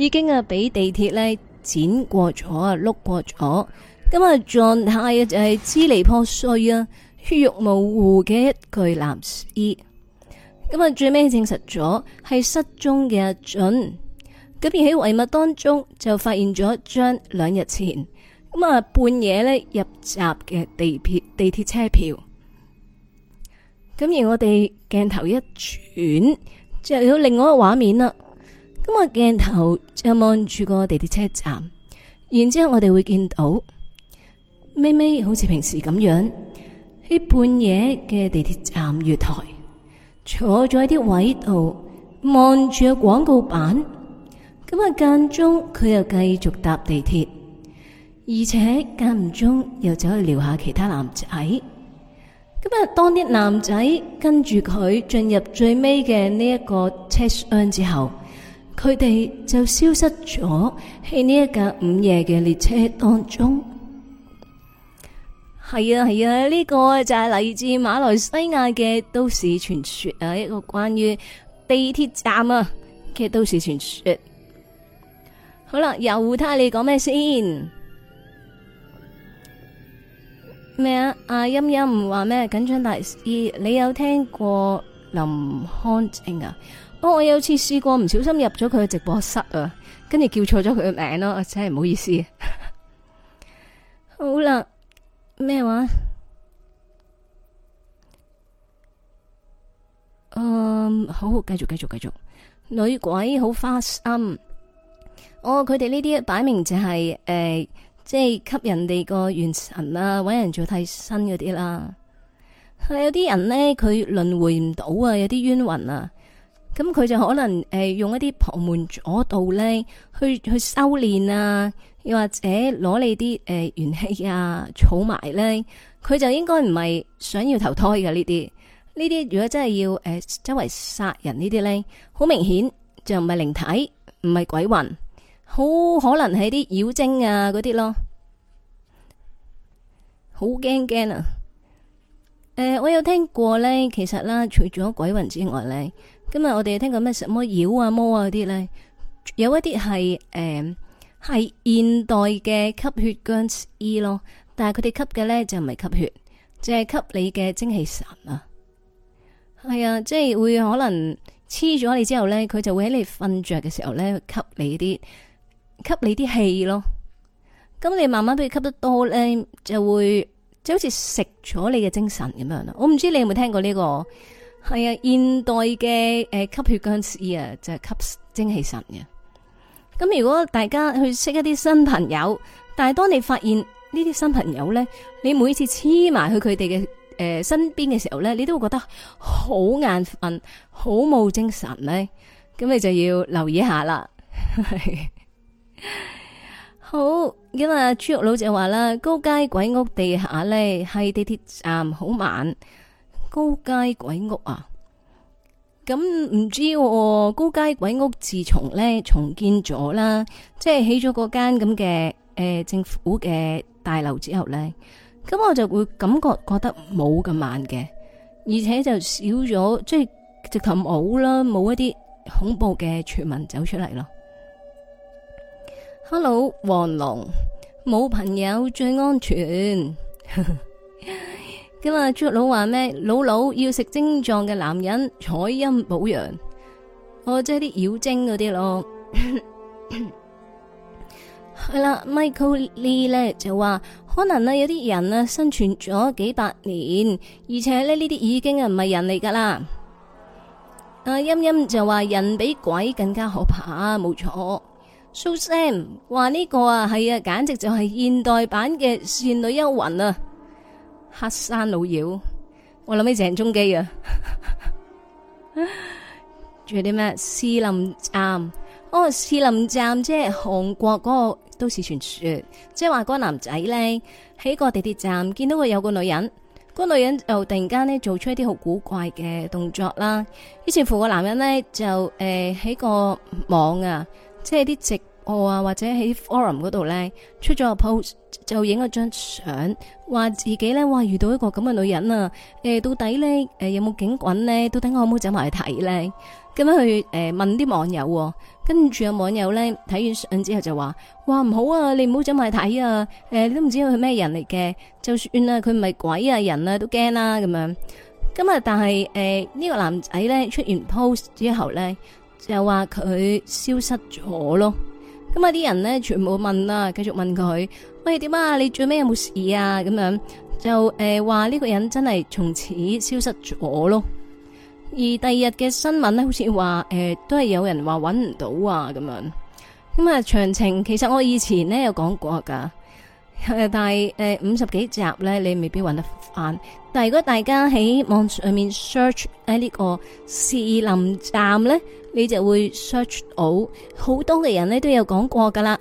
已經啊，俾地鐵咧剪過咗啊，碌過咗。咁啊，狀態就係支離破碎啊，血肉模糊嘅一具男屍。咁啊，最尾證實咗係失蹤嘅阿俊。咁而喺遺物當中就發現咗張兩日前咁啊半夜咧入閘嘅地鐵地鐵車票。咁而我哋鏡頭一轉，就到另外一個畫面啦。咁啊！鏡頭就望住個地鐵車站，然之後我哋會見到，咪咪好似平時咁樣喺半夜嘅地鐵站月台坐咗喺啲位度，望住個廣告板。咁啊，間中佢又繼續搭地鐵，而且間唔中又走去撩下其他男仔。咁啊，當啲男仔跟住佢進入最尾嘅呢一個車廂之後。佢哋就消失咗喺呢一架午夜嘅列車當中。係啊係啊，呢、啊啊這個就係嚟自馬來西亞嘅都市傳說啊，一個關於地鐵站啊嘅都市傳說。好啦，又睇下你講咩先？咩啊？阿、啊、音音唔話咩？緊張大師，你有聽過林康正啊？我、哦、我有次試過唔小心入咗佢嘅直播室啊，跟住叫錯咗佢嘅名咯，真係唔好意思。 好啦，咩話？嗯，好，好，繼續，繼續，繼續。女鬼好花心，哦，佢哋呢啲擺明就係、是、誒、即、呃、係、就是、吸人哋個元神啊，搵人做替身嗰啲啦。係有啲人呢，佢輪回唔到啊，有啲冤魂啊。咁佢就可能誒用一啲旁門左道咧，去去修煉啊，又或者攞你啲誒元氣啊儲埋咧，佢就應該唔係想要投胎嘅呢啲。呢啲如果真係要誒周圍殺人呢啲咧，好明顯就唔係靈體，唔係鬼魂，好可能係啲妖精啊嗰啲咯，好驚驚啊！誒，我有聽過咧，其實啦，除咗鬼魂之外咧。今日我哋聽過咩什麼妖啊魔啊嗰啲咧，有一啲係誒係現代嘅吸血僵屍囉，咯，但係佢哋吸嘅咧就唔係吸血，淨係吸你嘅精氣神啊。係啊，即係會可能黐咗你之後咧，佢就會喺你瞓着嘅時候咧吸你啲吸你啲氣咯。咁你慢慢俾佢吸得多咧，就會就好似食咗你嘅精神咁樣咯。我唔知你有冇聽過呢個？係啊，現代嘅誒、呃、吸血僵屍啊，就係、是、吸精氣神嘅。咁如果大家去識一啲新朋友，但係當你發現呢啲新朋友咧，你每次黐埋去佢哋嘅誒身邊嘅時候咧，你都會覺得好眼瞓，好冇精神咧，咁你就要留意下啦。 好，咁啊，豬肉佬就話啦，高街鬼屋地下咧，係地鐵站好慢。高街鬼屋啊，咁、嗯、唔知喎、啊。高街鬼屋自從呢重建咗啦，即係起咗個間咁嘅誒政府嘅大樓之後呢，咁我就會感覺覺得冇咁猛嘅，而且就少咗即係就冇啦，冇一啲恐怖嘅傳聞走出嚟咯。Hello，黃龍冇朋友最安全。 咁啊！朱老話咩？老老要食精壯嘅男人，採陰補陽。我即係啲妖精嗰啲咯。係啦 ，Michael Lee 呢就話，可能咧有啲人啊生存咗幾百年，而且咧呢啲已經啊唔係人嚟噶啦。啊，陰陰就話人比鬼更加可怕冇錯，Susan 話呢個啊係啊，簡直就係現代版嘅倩女幽魂啊！黑山老妖，我諗起鄭中基啊， 仲有啲咩士林站？哦，士林站即係韓國嗰、嗰個都市傳說，即係話嗰個男仔咧喺個地鐵站見到佢有個女人，嗰、嗰個、女人就突然間咧做出一啲好古怪嘅動作啦，以前扶個男人咧就誒喺、呃、個網啊，即係啲直。我、哦、或者喺 forum 嗰度咧出咗個 post 就影咗張相，話自己咧話遇到一個咁嘅女人啊。誒、呃，到底咧誒、呃、有冇警棍咧？到底我可唔可以走埋去睇咧？咁樣去誒、呃、問啲網友、啊，跟住有網友咧睇完相之後就話，哇唔好啊，你唔好走埋去睇啊。誒、呃，你都唔知佢係咩人嚟嘅，就算啦佢唔係鬼啊，人啊都驚啦。咁樣咁啊，樣但係誒呢個男仔咧出完 post 之後咧就話佢消失咗咯。咁啊！啲人咧全部問啦，繼續問佢，喂，點啊？你做咩？有冇事啊？咁樣就誒話呢個人真係從此消失咗咯。而第二日嘅新聞咧，好似話誒都係有人話搵唔到啊咁樣。咁啊，詳情其實我以前咧有講過噶，但係誒、呃、五十幾集咧，你未必搵得翻。如果大家喺網上面 search 喺呢個士林站呢，你就會 search 到好多嘅人呢都有講過噶啦。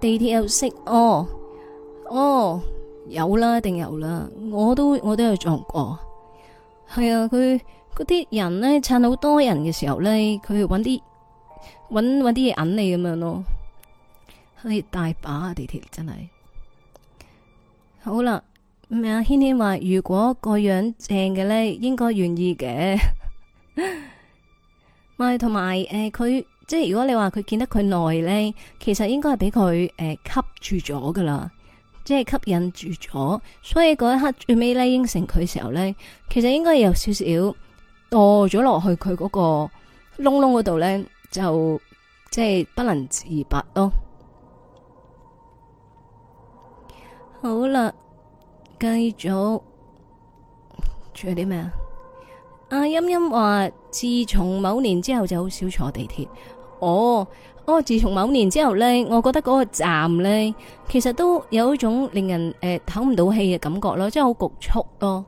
地鐵又識哦哦，有啦一定有啦，我都我都有撞過。係啊，佢嗰啲人呢，趁到好多人嘅時候呢，佢揾啲揾揾啲嘢引你咁樣咯。啲大把的地鐵真係好啦。咪啊，軒軒話，如果個樣正嘅咧，應該願意嘅。咪同埋，誒，佢、呃、即係如果你話佢見得佢耐咧，其實應該係俾佢，誒，吸住咗噶啦，即係吸引住咗。所以嗰一刻最尾咧，應承佢嘅時候咧，其實應該有少少墮咗落去佢嗰個窿窿嗰度咧，就即係不能自拔咯。好啦。繼續，仲有啲咩啊？阿音音話，自從某年之後就好少坐地鐵。哦，哦，自從某年之後呢，我覺得嗰個站呢，其實都有一種令人誒唞唔到氣嘅感覺咯，即係好局促咯。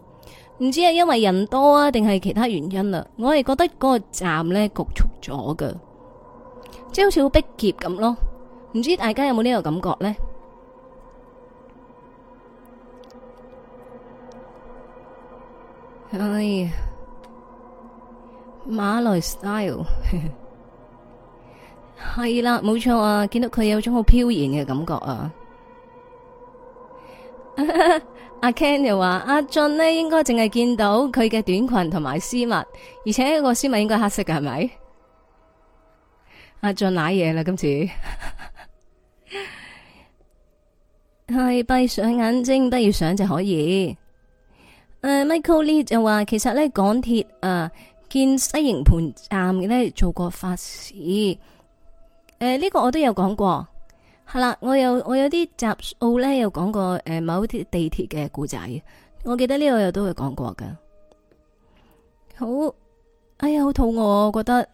唔知係因為人多啊，定係其他原因啦，啊？我係覺得嗰個站呢，局促咗㗎，即係好似好逼仄咁咯。唔知大家有冇呢個感覺呢？哎呀，馬來 style 係啦，冇錯啊！見到佢有一種好飄然嘅感覺啊！阿 Ken 又話阿俊呢應該淨係見到佢嘅短裙同埋絲襪，而且個絲襪應該黑色嘅，係咪？阿俊瀨嘢啦，今次係閉 上眼睛，不要想就可以。Michael Lee 就話其實咧，港鐵啊，建西營盤站嘅咧做過法事，誒，呢個我都有講過，係啦，我有我有啲集數咧有講過，誒、呃，某啲地鐵嘅故仔，我記得呢個又都有講過噶。好，哎呀，好肚餓，我覺得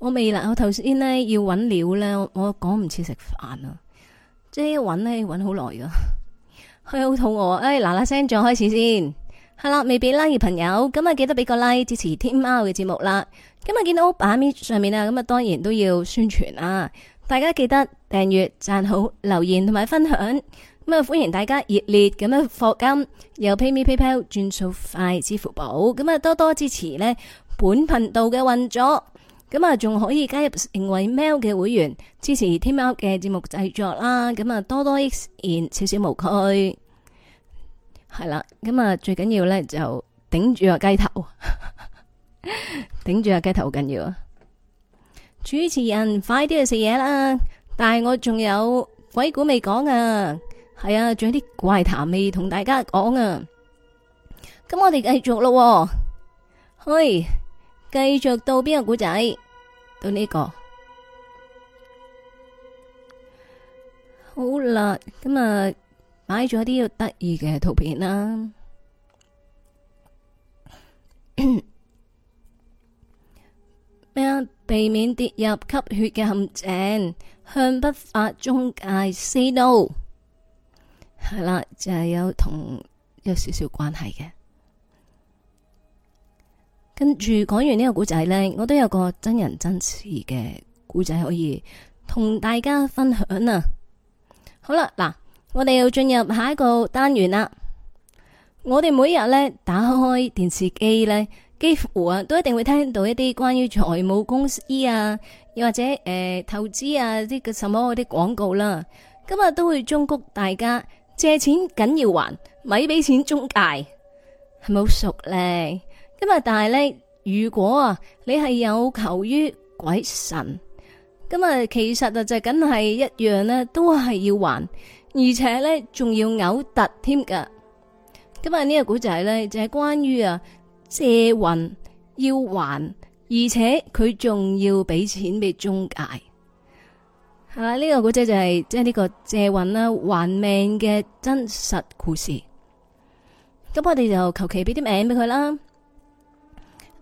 我未啦，我頭先咧要揾料咧，我趕唔切食飯啊，即係一揾咧揾好耐噶，係好肚餓，哎，嗱嗱聲再開始先。係、嗯、啦，未俾 like 嘅朋友，咁啊記得俾個 like 支持天喵嘅節目啦。今日見到 o p 上面啊，咁啊當然都要宣傳啦。大家記得訂閱、贊好、留言同埋分享。咁啊歡迎大家熱烈咁樣課金，有 PayMe PayPal 轉數快支付寶。咁啊多多支持呢本頻道嘅運作。咁啊仲可以加入成為喵嘅會員，支持天喵嘅節目製作啦。咁啊多多益善，少少唔拘。係啦，咁啊最緊要咧就頂住個雞頭，頂住個雞頭好緊要啊！主持人快啲去食嘢啦，但係我仲有鬼故未講啊！係啊，仲有啲怪談未同大家講啊！咁我哋繼續咯，去繼續到邊個故仔？到呢個，好啦，咁啊。買咗啲要得意嘅圖片啦，咩 啊？避免跌入吸血嘅陷阱，向不法中介 say no，係啦，就係、是、有同有少少關係嘅。跟住講完呢個古仔呢，我都有一個真人真事嘅古仔可以同大家分享啊！好啦，嗱。我哋要進入下一個單元啦。我哋每日咧打開電視機咧，幾乎啊都一定會聽到一啲關於財務公司啊，又或者誒投資啊啲嘅什麼嗰啲廣告啦。今日都會忠告大家借錢緊要還，咪俾錢中介係咪好熟咧？今日但係咧，如果啊你係有求於鬼神，咁啊其實啊就梗係一樣咧，都係要還。而且咧，仲要嘔突添噶。今日，呢個古仔咧，就係關於啊借運要還，而且佢仲要俾錢俾中介。係啦，呢個古仔就係即係呢個借運啦，還命嘅真實故事。咁我哋就求其俾啲名俾佢啦。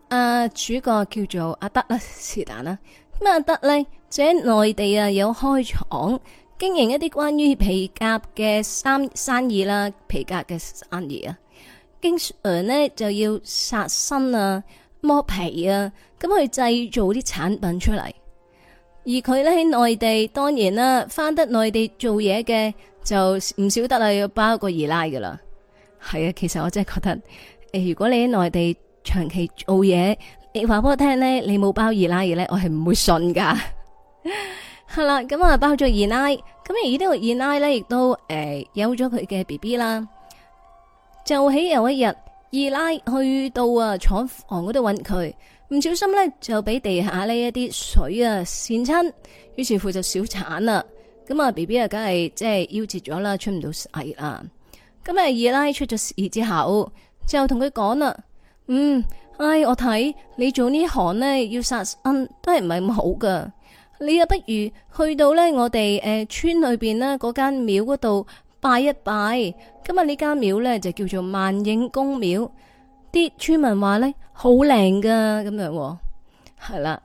啊，主角叫做阿德啦，是但啦。咁阿德咧，喺內地啊有開廠。經營一啲關於皮革嘅生意啦，皮革嘅生意啊，經常咧就要殺身啊，剝皮啊，咁去製造啲產品出嚟。而佢咧喺內地，當然啦，返得內地做嘢嘅就唔少得啦，要包個二奶噶啦。係啊，其實我真係覺得，誒、呃，如果你喺內地長期做嘢，你話俾我聽咧，你冇包二奶嘅咧，我係唔會信噶。 係啦，咁啊、嗯、包咗二奶，咁而呢個二奶咧，亦都誒有咗佢嘅 B B 啦。就喺有一日，二奶去到啊廠房嗰度揾佢，唔小心咧就俾地下呢一啲水啊濺親，於是乎就小產啦。咁啊 B B 啊，梗係即係夭折咗啦，出唔到世啦。咁啊二奶出咗事之後，就同佢講啦，嗯，唉，我睇你做呢行咧，要殺生都係唔係咁好噶。你啊，不如去到咧我哋誒村裏邊咧嗰間廟嗰度拜一拜。今日呢間廟咧就叫做萬影公廟，啲村民話咧好靚噶咁樣，係啦。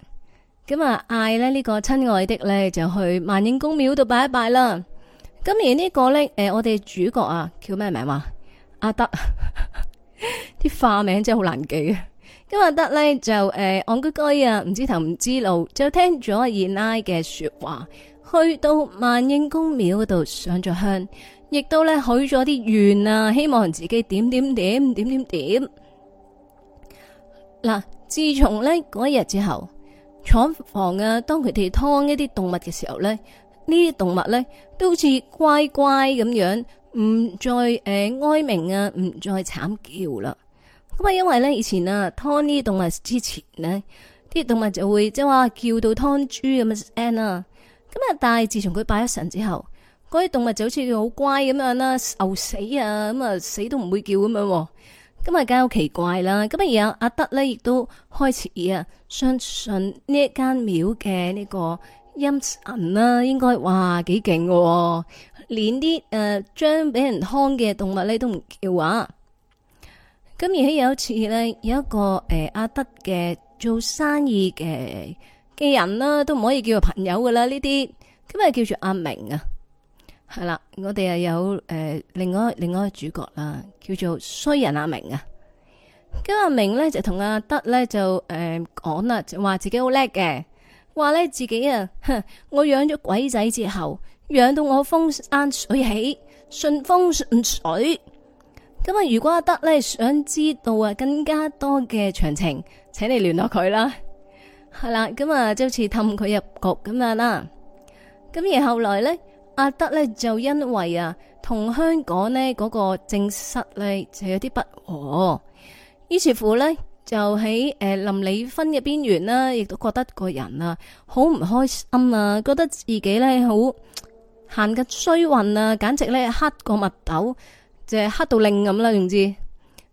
咁啊嗌咧呢個親愛的咧就去萬影公廟度拜一拜啦。今年呢個咧誒，我哋主角啊叫咩名話阿德， 啲化名真係好難記啊！因為得呢，就誒戇居居啊，唔知頭唔知路，就聽咗二奶嘅說話，去到萬應公廟嗰度上咗香，亦都呢，許咗啲願啊，希望自己點點點點點點。嗱，自從呢嗰一日之後，廠房啊，當佢哋劏一啲動物嘅時候呢，呢啲動物呢，都好似乖乖咁樣，唔再誒哀鳴啊，唔再慘叫啦。咁啊，因為咧以前啊，劏啲動物之前咧，啲動物就會即係話叫到劏豬咁嘅聲啊。咁啊，但係自從佢拜咗神之後，嗰啲動物就好似佢好乖咁樣啦，受死啊，咁啊死都唔會叫咁樣。咁啊，梗係好奇怪啦。咁啊，而阿阿德咧，亦都開始啊，相信呢一間廟嘅呢個陰神啦、啊，應該哇幾勁噶喎，連啲誒、呃、將俾人劏嘅動物咧都唔叫啊。咁而且有一次咧，有一個誒、呃、阿德嘅做生意嘅嘅人啦，都唔可以叫做朋友噶啦呢啲，咁係叫做阿明啊，係啦，我哋啊有誒、呃、另外另外一個主角啦，叫做衰人阿明啊，咁阿明咧就同阿德咧就誒講啦，就話、呃、自己好叻嘅，話咧自己啊，我養咗鬼仔之後，養到我風生水起，順風順水。咁啊，如果阿德咧想知道啊更加多嘅詳情，請你聯絡佢啦。係啦，咁啊，即好似氹佢入局咁樣啦。咁而後來呢，阿德呢就因為啊同香港呢嗰個正室呢就有啲不和，於是乎呢，就喺誒臨離婚嘅邊緣啦，亦都覺得個人啊好唔開心啊，覺得自己呢好行緊衰運啊，簡直呢黑過墨斗。就係黑到令咁啦，總之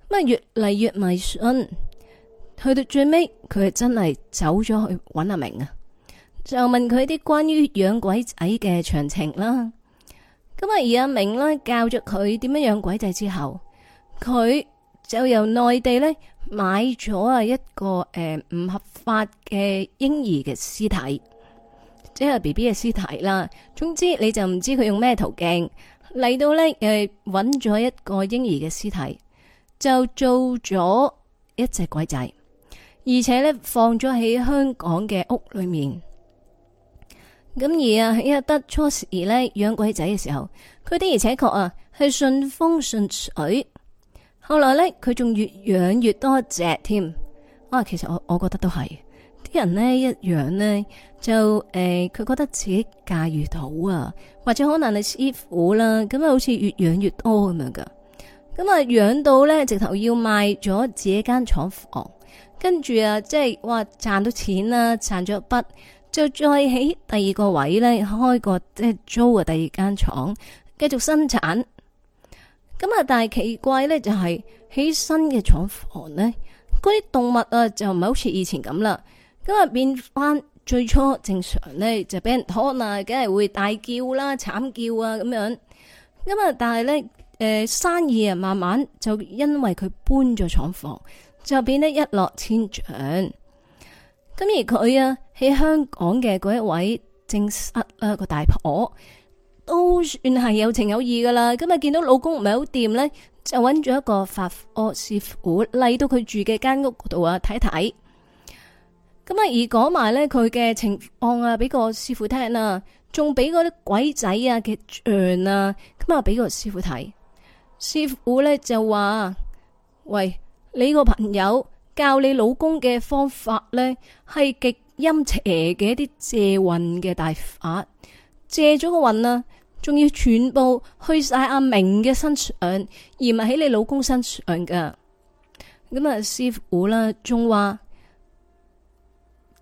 乜越嚟越迷信，去到最尾佢係真係走咗去揾阿明啊，就問佢啲關於養鬼仔嘅詳情啦。咁啊，而阿明咧教咗佢點樣養鬼仔之後，佢就由內地咧買咗啊一個誒唔、呃、合法嘅嬰兒嘅屍體，即係 B B 嘅屍體啦。總之你就唔知佢用咩途徑。嚟到呢，誒，揾咗一個嬰兒嘅屍體，就做咗一隻鬼仔，而且呢，放咗喺香港嘅屋裏面。咁而啊，喺一得初時呢，養鬼仔嘅時候，佢的而且確啊係順風順水。後來呢，佢仲越養越多一隻添。啊，其實我我覺得都係。啲人呢一樣呢，就誒，佢、呃、覺得自己駕馭到啊，或者可能你師傅啦，咁啊，好似越養越多咁樣㗎，咁啊養到呢，直頭要賣咗自己間廠房，跟住啊，即係哇賺到錢啦，賺咗筆，就再起第二個位呢，開個即係租啊，第二間廠繼續生產，咁啊，但係奇怪呢，就係、是、起新嘅廠房呢，嗰啲動物啊，就唔係好似以前咁啦。咁啊變翻最初正常咧，就俾人拖啦，梗係會大叫啦，慘叫啊咁樣。咁啊，但係咧，誒，生意啊慢慢就因為佢搬咗廠房，就變得一落千丈。咁而佢啊喺香港嘅嗰一位正室啊個大婆，都算係有情有義噶啦。咁啊見到老公唔係好掂咧，就揾咗一個法科師傅嚟到佢住嘅間屋度啊睇睇。看咁啊，而講埋咧佢嘅情況啊，俾個師傅聽啊，仲俾嗰啲鬼仔啊嘅像啊，咁啊俾個師傅睇。師傅咧就話：喂，你個朋友教你老公嘅方法咧，係極陰邪嘅一啲借運嘅大法，借咗個運啊，仲要全部去晒阿明嘅身上，而唔係喺你老公身上噶。咁啊，師傅啦，仲話。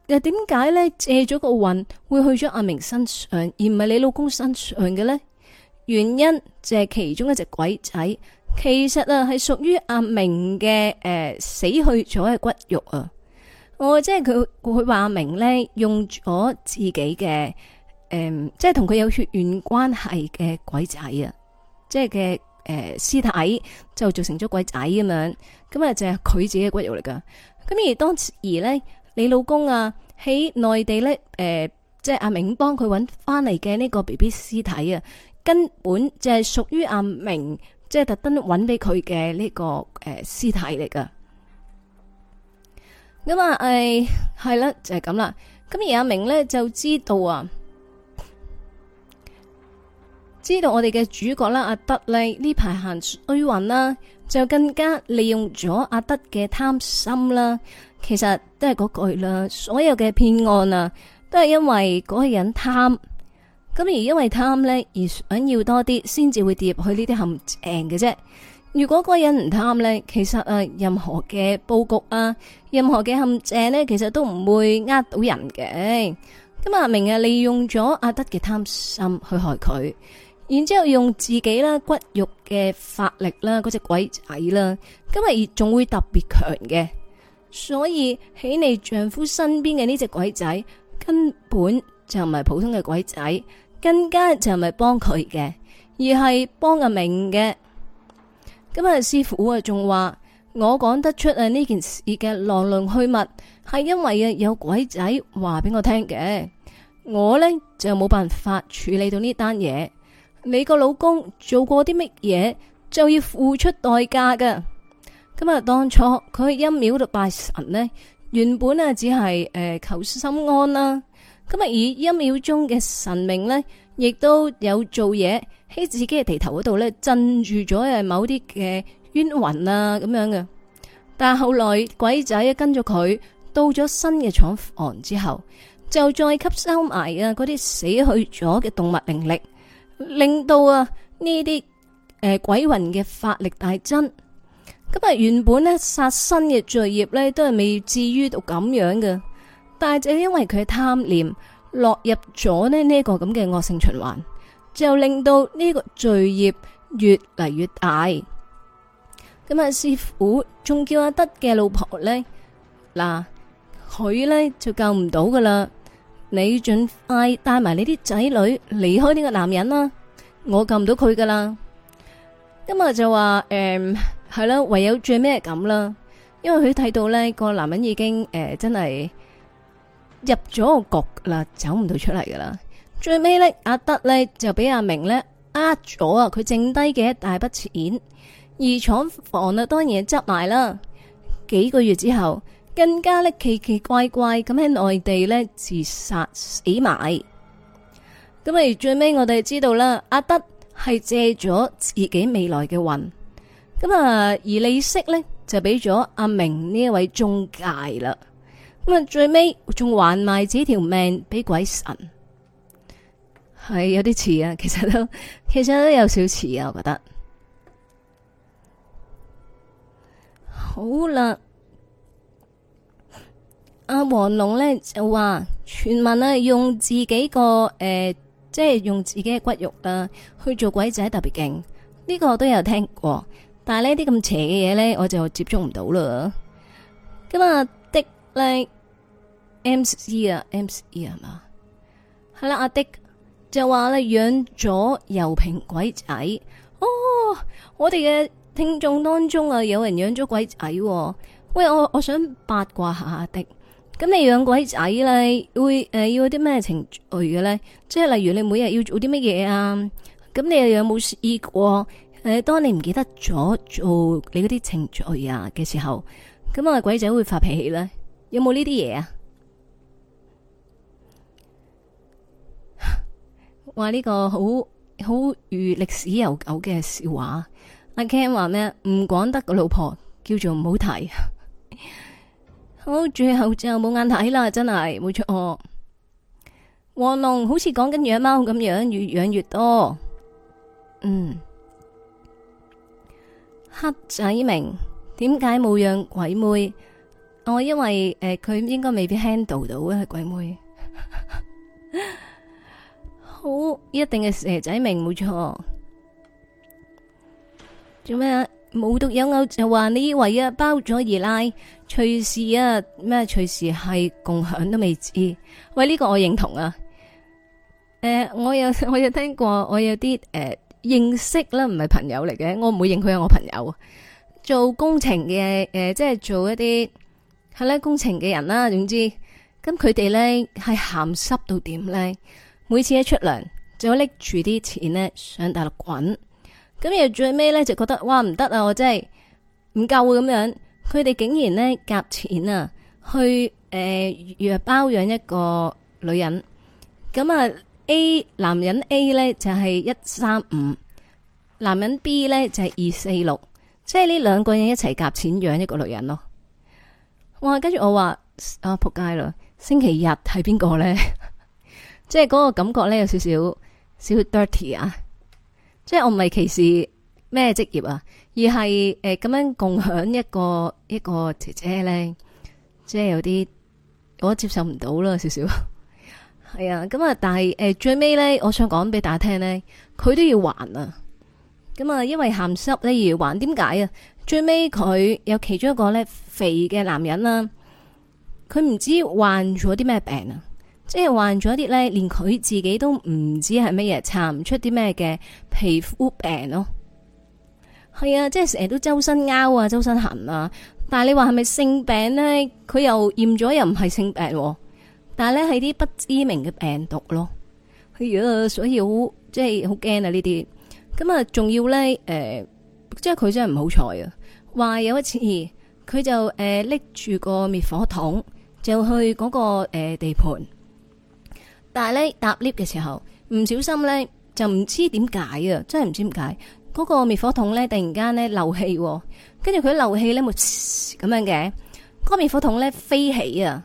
又點解咧，借咗個運會去咗阿明身上，而唔係你老公身上嘅咧？原因就係其中一隻鬼仔，其實啊係屬於阿明嘅、誒、呃、死去咗嘅骨肉啊！我、哦、即係佢佢話阿明咧用咗自己嘅、誒、呃，即係同佢有血緣關係嘅鬼仔啊，即係嘅誒屍體就做成咗鬼仔咁樣，咁啊就係佢自己嘅骨肉嚟噶。咁而當時而咧。你老公啊，喺內地咧，誒、呃，即係阿明幫佢揾翻嚟嘅呢個 B B 屍體啊，根本就係屬於阿明，即係特登揾俾佢嘅呢個誒屍、呃、體嚟噶。咁啊，誒係啦，就係咁啦。咁而阿明咧就知道啊，知道我哋嘅主角啦，啊，阿德咧呢排行衰運啦，就更加利用咗阿德嘅貪心啦、啊。其實都係嗰句啦，所有嘅騙案啊，都係因為嗰個人貪，咁而因為貪呢，而想要多啲，先至會跌入去呢啲陷阱嘅啫。如果嗰個人唔貪呢，其實啊任何嘅布局啊，任何嘅陷阱呢，其實都唔會呃到人嘅。咁阿明啊利用咗阿德嘅貪心去害佢，然之後用自己啦骨肉嘅法力啦，嗰隻鬼仔啦，咁啊仲會特別強嘅。所以喺你丈夫身邊嘅呢隻鬼仔，根本就唔係普通嘅鬼仔，更加就唔係幫佢嘅，而係幫阿明嘅。咁啊，師傅啊，仲話我講得出啊呢件事嘅來龍去脈，係因為啊有鬼仔話俾我聽嘅。我呢，就冇辦法處理到呢單嘢。你個老公做過啲乜嘢，就要付出代價噶。咁當初佢喺陰廟度拜神呢，原本啊，只係誒、呃、求心安啦。咁啊，以陰廟中嘅神明呢，亦都有做嘢喺自己嘅地頭嗰度呢，鎮住咗誒某啲嘅冤魂啊，咁樣嘅。但後來鬼仔啊跟咗佢到咗新嘅廠房之後，就再吸收埋啊嗰啲死去咗嘅動物靈力，令到啊呢啲誒鬼魂嘅法力大增。咁啊，原本殺呢殺身嘅罪孽呢都係未至於到咁樣嘅，但係就因為佢嘅貪念，落入咗呢個咁嘅惡性循環，就令到呢個罪孽越嚟越大。咁啊，師傅仲叫阿德嘅老婆呢，嗱，佢呢就救唔到噶啦，你盡快帶埋你啲仔女離開呢個男人啦，我救唔到佢噶啦。今日就話誒。嗯係啦，唯有最尾係咁啦，因為佢睇到呢個男人已經誒、呃、真係入咗個局啦，走唔到出嚟噶啦。最尾呢，阿德呢就俾阿明呢呃咗啊，佢剩低嘅一大筆錢，而廠房呢當然執埋啦。幾個月之後，更加呢奇奇怪怪咁喺內地呢自殺死埋。咁啊最尾我哋就知道啦，阿德係借咗自己未來嘅運。咁啊，而利息呢，就俾咗阿明呢一位中介啦。咁啊，最尾仲還埋自己條命俾鬼神，係有啲似啊。其實都其實都有少似啊，我覺得。好啦，阿黃龍呢，就話，傳聞啊用自己個誒，即係用自己嘅骨肉啊去做鬼仔特別勁。呢個都有聽過。但係咧，啲咁邪嘅嘢咧，我就接觸唔到啦。咁啊，阿迪，咧，MC 啊，MC 啊，係嘛？係啦，阿迪，就話咧養咗油瓶鬼仔。哦，我哋嘅聽眾當中啊，有人養咗鬼仔，啊。喂，我我想八卦下阿迪，咁你養鬼仔咧，會誒、呃、要有啲咩程序嘅咧？即係例如你每日要做啲乜嘢啊？咁你又有冇試過？當你唔記得咗做你嗰啲程序啊嘅時候，咁啊鬼仔會發脾氣呢？有冇呢啲嘢啊？話 呢、這個好好如歷史悠久嘅笑話。阿 Ken 話咩？唔講得個老婆叫做唔好睇。 好，最後就冇眼睇啦，真係冇錯。黃龍好似講緊養貓咁樣，越養越多。嗯。黑仔明點解冇養鬼妹？我、哦、因為誒，佢、呃、應該未必 handle 到啊！鬼妹 好，一定係蛇仔明冇錯。做咩啊？無獨有偶就話你以為，啊、包咗二奶，隨時啊咩？隨時係共享都未知。喂、呢、這個我認同啊。誒、呃，我有我有聽過，我有啲誒。呃認識啦，唔係朋友嚟嘅，我唔會認佢係我朋友。做工程嘅，誒、呃，即係做一啲係啦工程嘅人啦。總之，咁佢哋咧係咸濕到點咧？每次一出糧，就拎住啲錢咧上大陸滾。咁又最尾咧，就覺得哇唔得啊，我真係唔夠咁樣。佢哋竟然咧夾錢啊，去誒約、呃、包養一個女人。咁啊。A 男人 A 呢就係一三五，男人 B 呢就係二四六，即係呢兩個人一齊夾錢養一個女人咯。哇，我跟住我話啊仆街咯，星期日係邊個呢？ 即係嗰個感覺呢有少少少 dirty 啊！即係我唔係歧視咩職業啊，而係誒咁樣共享一個一個姐姐呢，即係有啲我接受唔到啦少少。 係啊，咁啊，但係誒，最尾咧，我想講俾大家聽咧，佢都要還啊。咁啊，因為咸濕咧要還，點解啊？最尾佢有其中一個咧肥嘅男人啦，佢唔知患咗啲咩病啊，即係患咗啲咧，連佢自己都唔知係乜嘢，查唔出啲咩嘅皮膚病咯。係啊，即係成日都周身拗啊，周身痕啊。但係你話係咪性病咧？佢又驗咗又唔係性病喎。但係咧，係啲不知名嘅病毒咯，哎。佢如果所以好，即係好驚啊呢啲。咁啊，仲要咧，誒、呃，即係佢真係唔好彩啊！話有一次，佢就誒拎住個滅火筒，就去嗰、嗰個誒、呃、地盤。但係咧，搭 lift 嘅時候，唔小心咧，就唔知點解啊！真係唔知點解，嗰、嗰個滅火筒咧，突然間咧漏氣，跟住佢漏氣咧，冇咁樣嘅，嗰、嗰、滅、個、火筒咧飛起啊！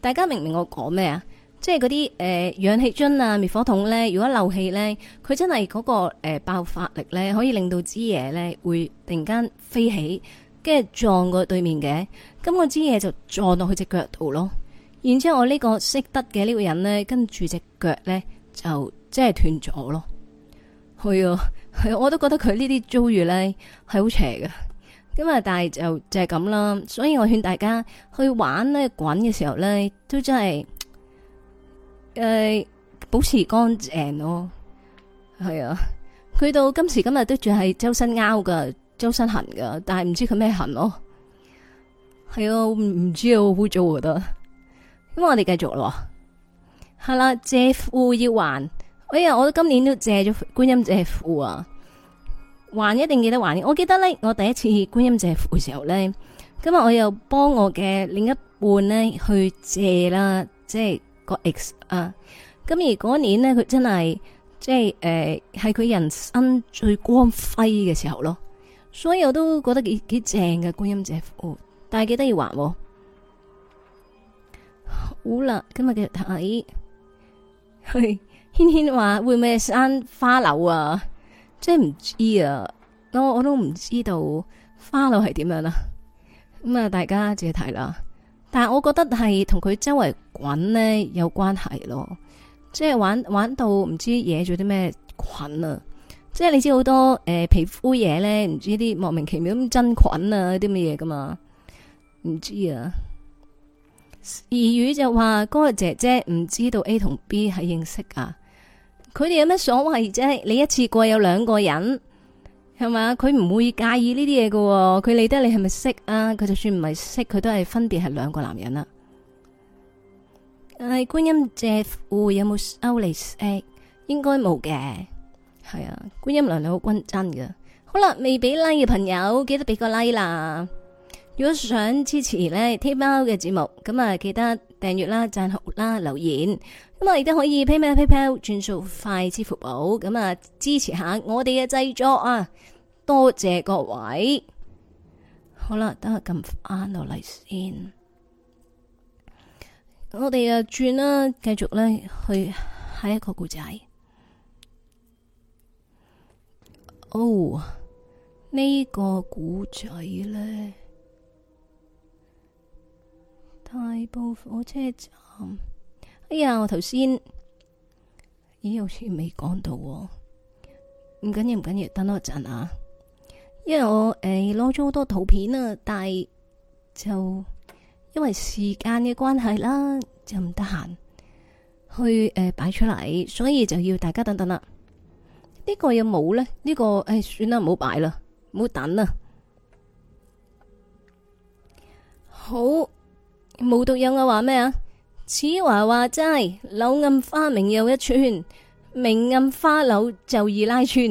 大家明唔明我講咩啊？即係嗰啲誒氧氣樽啊、滅火筒呢，如果漏氣呢，佢真係嗰、嗰個誒、呃、爆發力呢，可以令到支嘢呢會突然間飛起，跟住撞過對面嘅，咁我支嘢就撞落佢隻腳度咯。然之後我呢個識得嘅呢個人呢，跟住隻腳呢，就即係斷咗咯。係啊，係我都覺得佢呢啲遭遇呢，係好邪㗎。咁啊！但係就就係咁啦，所以我勸大家去玩咧、滾嘅時候咧，都真係誒、呃、保持乾淨咯。係啊，佢到今時今日都仲係周身拗噶、周身痕噶，但係唔知佢咩痕咯。係啊，唔知啊，污糟啊，我覺得。因為我哋繼續咯，係啦、啊，借庫要還。哎呀，我今年都借咗觀音借庫啊。還一定記得還，我記得咧，我第一次觀音借庫嘅時候咧，今日我又幫我嘅另一半咧去借啦，即係個 X 啊，咁而嗰年咧佢真係即係誒係佢人生最光輝嘅時候咯，所以我都覺得幾幾正嘅觀音借庫、哦，但係記得要還喎，好、哦、啦，今日繼續睇，去，軒軒話會唔會生花柳啊？即係唔知啊，我我都唔知道花柳係點樣啦。咁啊，大家自己睇啦。但係我覺得係同佢周圍滾呢有關係咯。即係玩玩到唔知惹咗啲咩菌啊。即係你知好多誒、呃、皮膚嘢呢，唔知啲莫名其妙咁真菌啊啲乜嘢噶嘛，唔知啊。二語就話嗰、嗰個姐姐唔知道 A 同 B 係認識啊。佢哋有咩所謂啫？你一次過有兩個人，係嘛？佢唔會介意呢啲嘢嘅，佢理得你係咪識啊？佢就算唔係識，佢都係分別係兩個男人啦。但係、哎、觀音借戶、哦、有冇收嚟識？應該冇嘅。係啊，觀音娘娘好均真嘅。好啦，未俾 like 嘅朋友記得俾個 like 啦。如果想支持咧 t e 嘅節目，咁啊記得訂閱啦、讚好啦、留言。咁啊，我哋都可以 PayPal、PayPal 轉數快，支付寶咁啊，支持下我哋嘅製作啊！多謝各位，好啦，等下撳翻落嚟先。我哋啊，轉啦，繼續咧去下一個故仔。哦，這個、故呢個古仔咧，大埔火車站。哎呀，我頭先咦，好似未講到，唔緊要，唔緊要，等多陣啊！因為我誒攞咗好多圖片啊，但係就因為時間嘅關係啦，就唔得閒去誒擺、欸、出嚟，所以就要大家等等啦。呢個有冇呢？呢、這個誒、欸，算啦，唔好擺啦，唔好等啦。好，冇讀音啊，話咩啊？此話話齋，柳暗花明又一村；明暗花柳就易拉穿。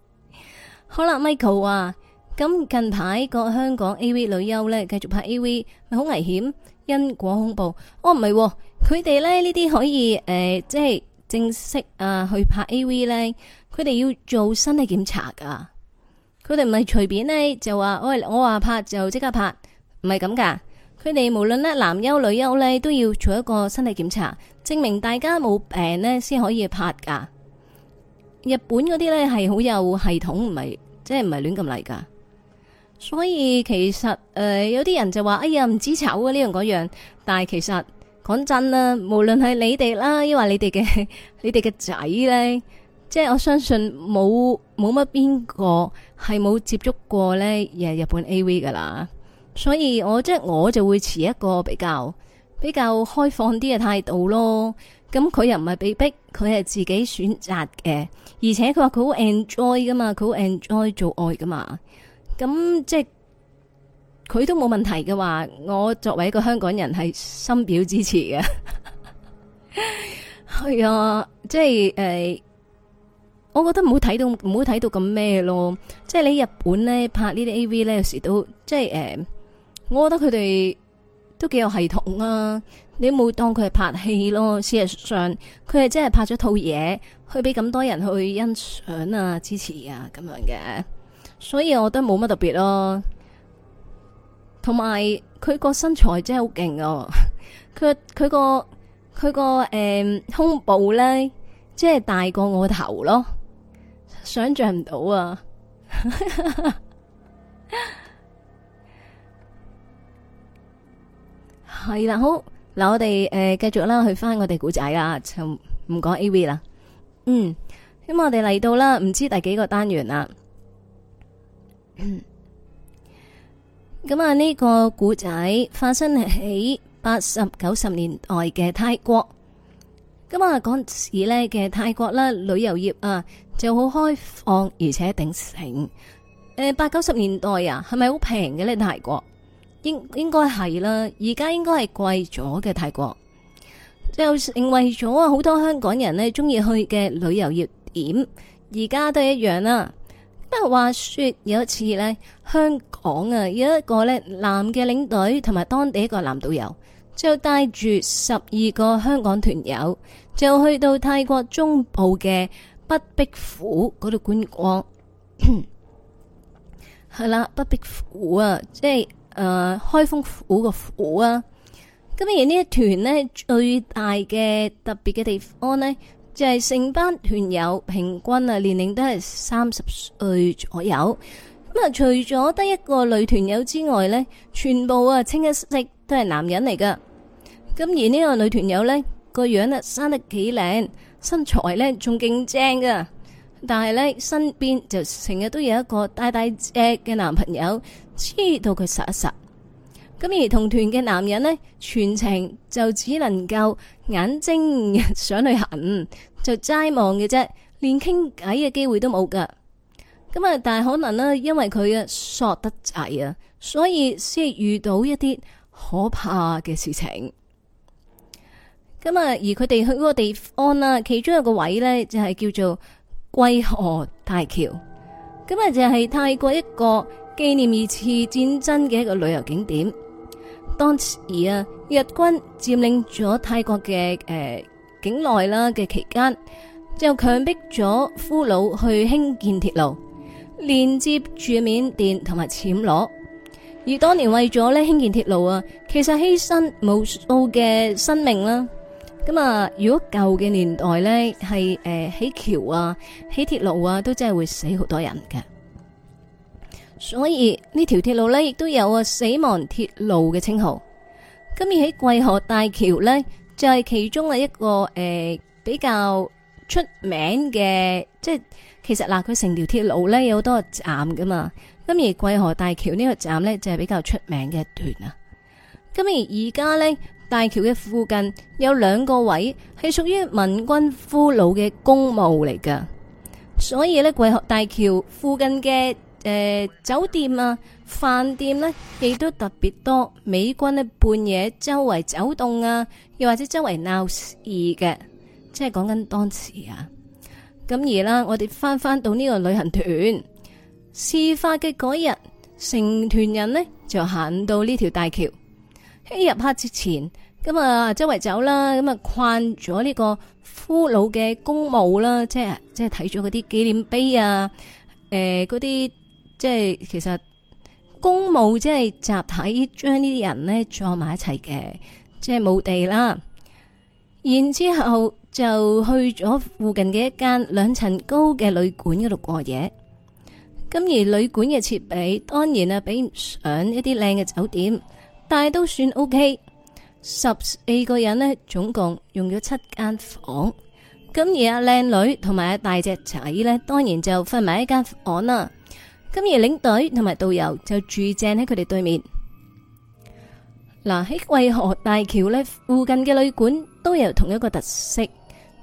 好啦，Michael 話：咁近排個香港 A V 女優呢繼續拍 A V 咪好危險因果恐怖哦，唔係，佢哋咧呢啲可以誒，即、呃、係、即係，正式啊去拍 A V 呢，佢哋要做身體檢查噶，佢哋唔係隨便呢，就話，我我話拍就即刻拍，唔係咁噶。佢哋無論咧男優女優咧，都要做一個身體檢查，證明大家冇病咧先可以拍噶。日本嗰啲咧係好有系統，唔係即係唔係亂咁嚟噶。所以其實誒、呃、有啲人就話：哎呀唔知醜啊呢樣嗰樣。但係其實講真啦，無論係你哋啦，抑或你哋嘅你哋嘅仔呢，即係我相信冇冇乜邊個係冇接觸過咧日日本 AV 噶啦。所以我即係、就是、我就會持一個比較比較開放啲嘅態度咯。咁佢又唔係被逼，佢係自己選擇嘅。而且佢話佢好 enjoy 噶嘛，佢好 enjoy 做愛噶嘛。咁即係佢都冇問題嘅話，我作為一個香港人係深表支持嘅。係 啊，即係誒，我覺得唔好睇到唔好睇到咁咩咯。即、就、係、是、你日本咧拍呢啲 AV 咧，有時都即係誒。就是哎我覺得佢哋都幾有系統啊！你冇當佢係拍戲咯，事實上佢係真係拍咗套嘢，去俾咁多人去欣賞啊、支持啊咁樣嘅。所以我覺得冇乜特別咯。同埋佢個身材真係好勁哦！佢佢個佢個誒、呃、胸部咧，即係大過我頭咯，想象唔到啊！ 係啦，好嗱，我哋誒繼續啦，去翻我哋古仔啦，就唔講 A V 啦。嗯，咁我哋嚟到啦，唔知第幾個單元啦。咁啊，呢個古仔發生喺八十九十年代嘅泰國。咁啊，嗰時呢嘅泰國啦，旅遊業啊就好開放而且鼎盛。誒、啊，八九十年代啊，係咪好平嘅呢？泰國？應應該係啦，而家應該係貴咗嘅泰國，就成為咗好多香港人呢中意去嘅旅遊熱點，而家都一樣啦。不過話說有一次呢，香港啊有一個呢男嘅領隊同埋當地一個男導遊，就帶住十二個香港團友，就去到泰國中部嘅北壁府嗰度觀光，係 啦，北壁府啊，即係。誒，開封府個府啊，咁而呢一團呢最大嘅特別嘅地方呢，就係成班團友平均啊年齡都係三十歲左右，咁啊除咗得一個女團友之外呢，全部啊清一色都係男人嚟噶，咁而呢個女團友呢個樣啊生得幾靚，身材呢仲勁正噶。但係咧，身邊就成日都有一個大大隻嘅男朋友，黐到佢實一實。咁而同團嘅男人呢，全程就只能夠眼睛上去行，就齋望嘅啫，連傾偈嘅機會都冇噶。咁啊，但係可能呢，因為佢啊索得滯啊，所以先遇到一啲可怕嘅事情。咁啊，而佢哋去嗰個地方啦，其中一個位呢，就係叫做。桂河大橋咁啊，就係泰國一個紀念二次戰爭嘅一個旅遊景點。當時啊，日軍佔領咗泰國嘅誒、呃、境內啦嘅期間，就強迫咗俘虜去興建鐵路，連接住緬甸同埋暹羅。而當年為咗呢興建鐵路啊，其實犧牲無數嘅生命啦。咁啊，如果舊嘅年代咧，係誒起橋啊、起鐵路啊，都真係會死好多人嘅。所以呢條鐵路咧，亦都有啊死亡鐵路嘅稱號。今日喺桂河大橋咧，就係其中嘅一個誒比較出名嘅，即係其實嗱，佢成條鐵路咧有好多站噶嘛。今日桂河大橋呢個站咧，就係比較出名嘅一段啊。今日而家咧。大橋嘅附近有兩個位係屬於民軍俘虜嘅公墓嚟噶，所以呢桂河大橋附近嘅誒、呃、酒店啊飯店呢，亦都特別多，美軍呢半夜周圍走動啊，又或者周圍鬧事嘅，即係講緊當時啊。咁而啦，我哋翻翻到呢個旅行團事發嘅嗰日，成團人呢就行到呢條大橋。喺入黑之前，咁啊周圍走啦，咁啊逛咗呢個俘虜嘅公墓啦，即係即係睇咗嗰啲紀念碑啊，誒嗰啲即係其實公墓即係集體將呢啲人呢坐埋一齊嘅，即係墓地啦。然之後就去咗附近嘅一間兩層高嘅旅館嗰度過夜。咁而旅館嘅設備當然啊比唔上一啲靚嘅酒店。但係都算 O K，十四個人咧，總共用咗七間房。咁而阿靚女同埋阿大隻仔咧，當然就分埋一間房啦。咁而領隊同埋導遊就住正喺佢哋對面。嗱，喺惠河大橋咧附近嘅旅館都有同一個特色，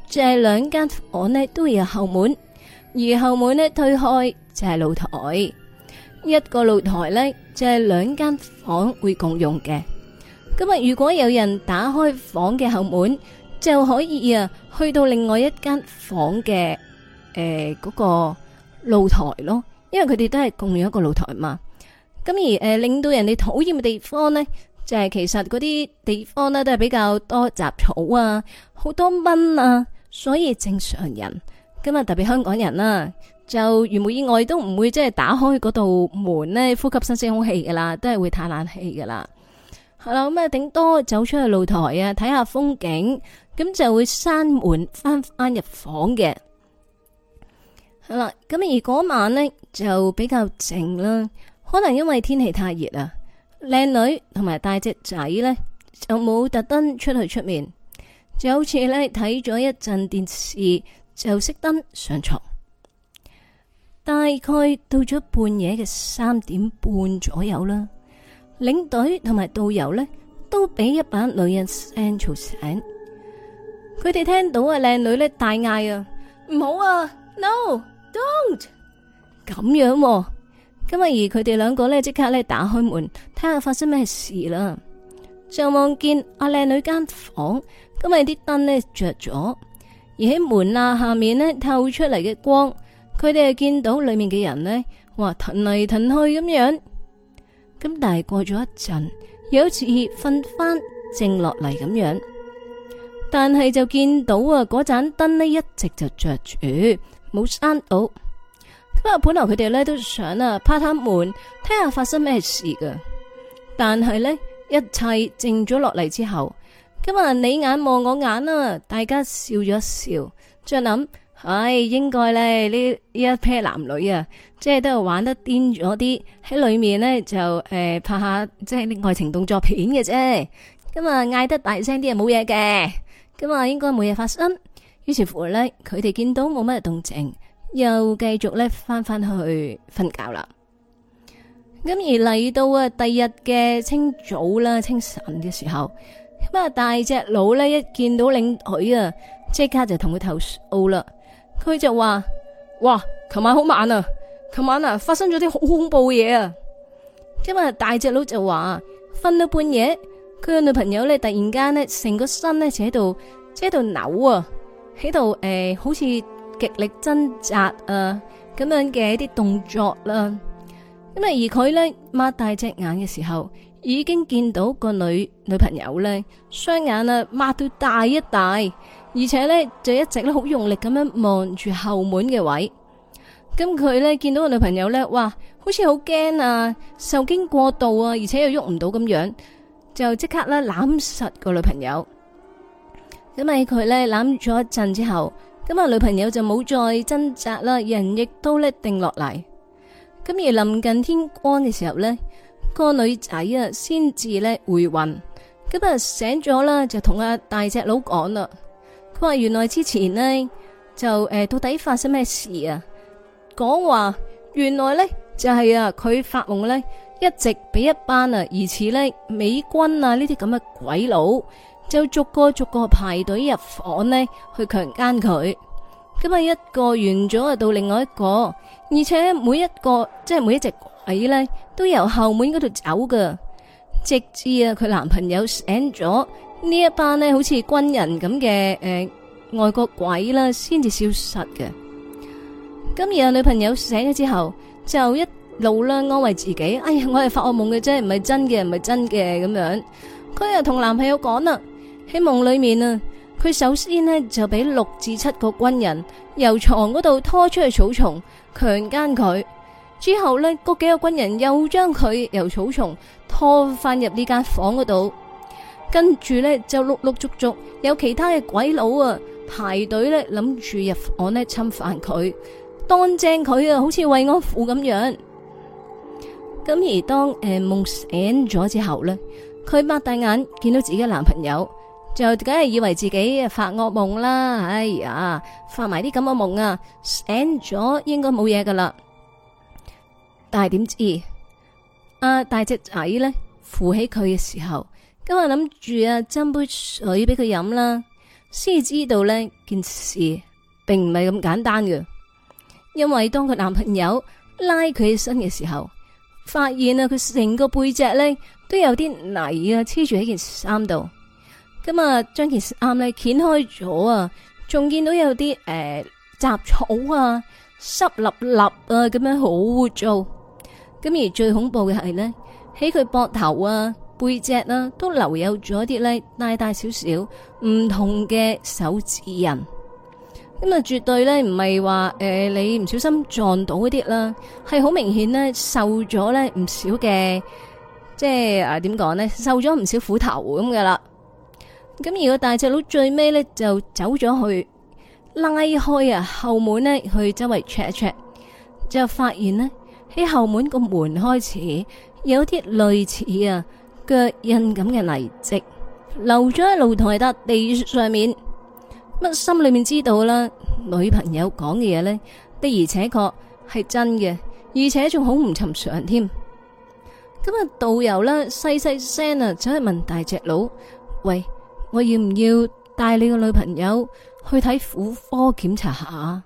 就係兩間房咧都係有後門，而後門咧推開就係露台。一個露台呢，就係兩間房會共用嘅。咁啊，如果有人打開房嘅後門，就可以啊去到另外一間房嘅嗰、呃嗰個露台咯。因為佢哋都係共用一個露台嘛。咁而誒、呃、令到人哋討厭嘅地方呢，就係、是、其實嗰啲地方呢，都係比較多雜草啊，好多蚊啊，所以正常人，今日特別香港人啦、啊。就如無意外都唔會即係打開嗰道門咧，呼吸新鮮空氣噶啦，都係會嘆冷氣噶啦。係啦，咁啊，頂多走出去露台啊，睇下風景，咁就會閂門翻翻入房嘅。係啦，咁而嗰晚呢，就比較靜啦，可能因為天氣太熱啦，靚女同埋帶隻仔呢，就冇特登出去出面，就好似咧睇咗一陣電視就熄燈上床。大概到咗半夜嘅三點半左右啦，領隊同埋導遊呢都俾一把女人聲嘈醒，佢哋聽到啊，靚女咧大嗌啊，唔好啊，no，don't，咁樣，咁啊而佢哋兩個呢即刻咧打開門睇下發生咩事啦，就望見阿靚女間房，咁啊啲燈呢着咗，而喺門罅下面呢透出嚟嘅光，佢哋係見到裏面嘅人呢，話騰嚟騰去咁樣，咁但係過咗一陣，又好似瞓翻靜落嚟咁樣，但係就見到啊嗰盞燈呢一直就着住，冇閂到。咁啊，本來佢哋咧都想啊，拍下門，睇下發生咩事噶，但係呢，一切靜咗落嚟之後，咁啊你眼望我眼啊，大家笑咗一笑，再諗。唉，應該咧呢呢一 pair 男女啊，即係都係玩得癲咗啲喺裏面呢就，誒、呃、拍下即係啲愛情動作片嘅啫。咁啊嗌得大聲啲係冇嘢嘅，咁、嗯、啊應該冇嘢發生。於是乎呢，佢哋見到冇乜動靜，又繼續咧翻翻去瞓覺啦。咁、嗯、而嚟到啊第二日嘅清早啦，清晨嘅時候，咁啊大隻佬呢，一見到領隊啊，即刻就同佢投訴啦。佢就話，哇，琴晚好晚啊，琴晚啊發生咗啲好恐怖嘅嘢啊！因啊，大隻佬就話，瞓到半夜，佢嘅女朋友咧突然間咧成個身咧就喺度，喺度扭啊，喺度誒，好似極力掙扎啊咁樣嘅一啲動作啦。因啊，而佢咧擘大隻眼嘅時候，已經見到個女女朋友咧雙眼啊擘到大一大。而且咧就一直咧好用力咁樣望住後門嘅位，咁佢咧見到個女朋友咧，哇，好似好驚啊，受驚過度啊，而且又喐唔到咁樣，就即刻咧攬實個女朋友。咁咪佢咧攬咗一陣之後，咁啊，女朋友就冇再掙扎啦，人亦都咧定落嚟。咁而臨近天光嘅時候咧，個女仔啊先至咧回魂，咁啊醒咗啦，就同阿大隻佬講啦。佢話原來之前呢，就誒、呃、到底發生咩事啊？講話原來呢，就係啊佢發夢呢，一直俾一班啊疑似呢，美軍啊呢啲咁嘅鬼佬就逐個逐個排隊入房呢，去強姦佢。咁啊一個完咗啊到另外一個，而且每一個即係每一隻鬼呢，都由後門嗰度走噶，直至啊佢男朋友醒咗。呢一班呢，好似軍人咁嘅誒外國鬼啦，先至消失嘅。咁而家女朋友醒咗之後，就一路咧安慰自己，哎呀，我係發惡夢嘅啫，唔係真嘅，唔係真嘅咁樣。佢又同男朋友講啦，喺夢裏面啊，佢首先呢，就俾六至七個軍人由床嗰度拖出去草叢強姦佢，之後呢，嗰幾個軍人又將佢由草叢拖翻入呢間房嗰度。跟住呢，就陸陸續續，有其他嘅鬼佬啊排隊呢，諗住入房呢，侵犯佢，當正佢啊好似慰安婦咁樣。咁而當誒夢、呃、醒咗之後呢，佢擘大眼見到自己嘅男朋友，就梗係以為自己發惡夢啦。哎呀，發埋啲咁嘅夢啊，醒咗應該冇嘢噶啦。但係點知啊大隻仔呢，扶起佢嘅時候？今日諗住啊，斟杯水俾佢飲啦。先知道呢件事並唔係咁簡單嘅。因為當佢男朋友拉佢起身嘅時候，發現啊，佢成個背脊呢都有啲泥啊黐住喺件衫度。咁啊，將件衫呢掀開咗啊，仲見到有啲誒雜草啊，濕立立啊咁樣好污糟。咁而最恐怖嘅係呢，喺佢膊頭啊。背脊啦，都留有咗啲咧，大大小小唔同嘅手指印。咁啊，絕對咧唔係話誒，你唔小心撞到嗰啲啦，係好明顯咧，受咗咧唔少嘅，即係啊點講咧，受咗唔少苦頭咁噶啦。咁而個大隻佬最尾咧就走咗去拉開啊後門咧，去周圍 check 一 check，就發現咧喺後門個門開始有啲類似啊。腳印咁嘅泥跡，留咗喺露台笪地上面，乜心裏面知道啦？女朋友講嘅嘢呢，的而且確係真嘅，而且仲好唔尋常添。咁啊，導遊呢細細聲啊，走去問大隻佬：「喂，我要唔要帶你個女朋友去睇婦科檢查下？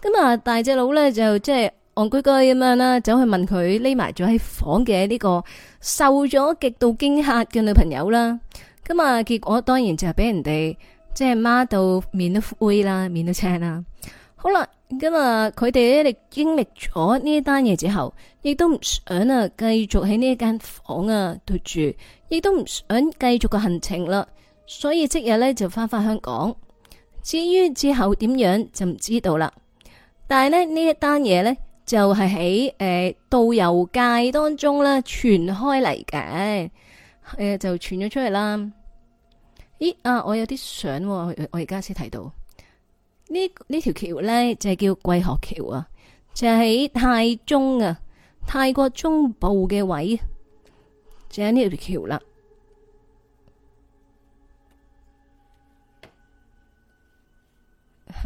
咁啊，大隻佬呢就即係，戇居居咁樣啦，走去問佢匿埋咗喺房嘅呢個受咗極度驚嚇嘅女朋友啦。咁啊，結果當然就係俾人哋即係媽到面都灰啦，面都青啦。好啦，咁啊，佢哋咧，經歷咗呢單嘢之後，亦都唔想啊，繼續喺呢一間房啊度住，亦都唔想繼續嘅行程啦。所以即日咧就翻返香港。至於之後點樣就唔知道啦。但係咧呢一單嘢咧。就係喺誒導遊界當中咧傳開嚟嘅，誒、呃、就傳咗出嚟啦。咦啊！我有啲相、啊，我我而家先睇到、這個這個、橋呢呢條橋咧就係叫桂河橋啊，就喺、是、泰中啊泰國中部嘅位，就喺呢條橋啦。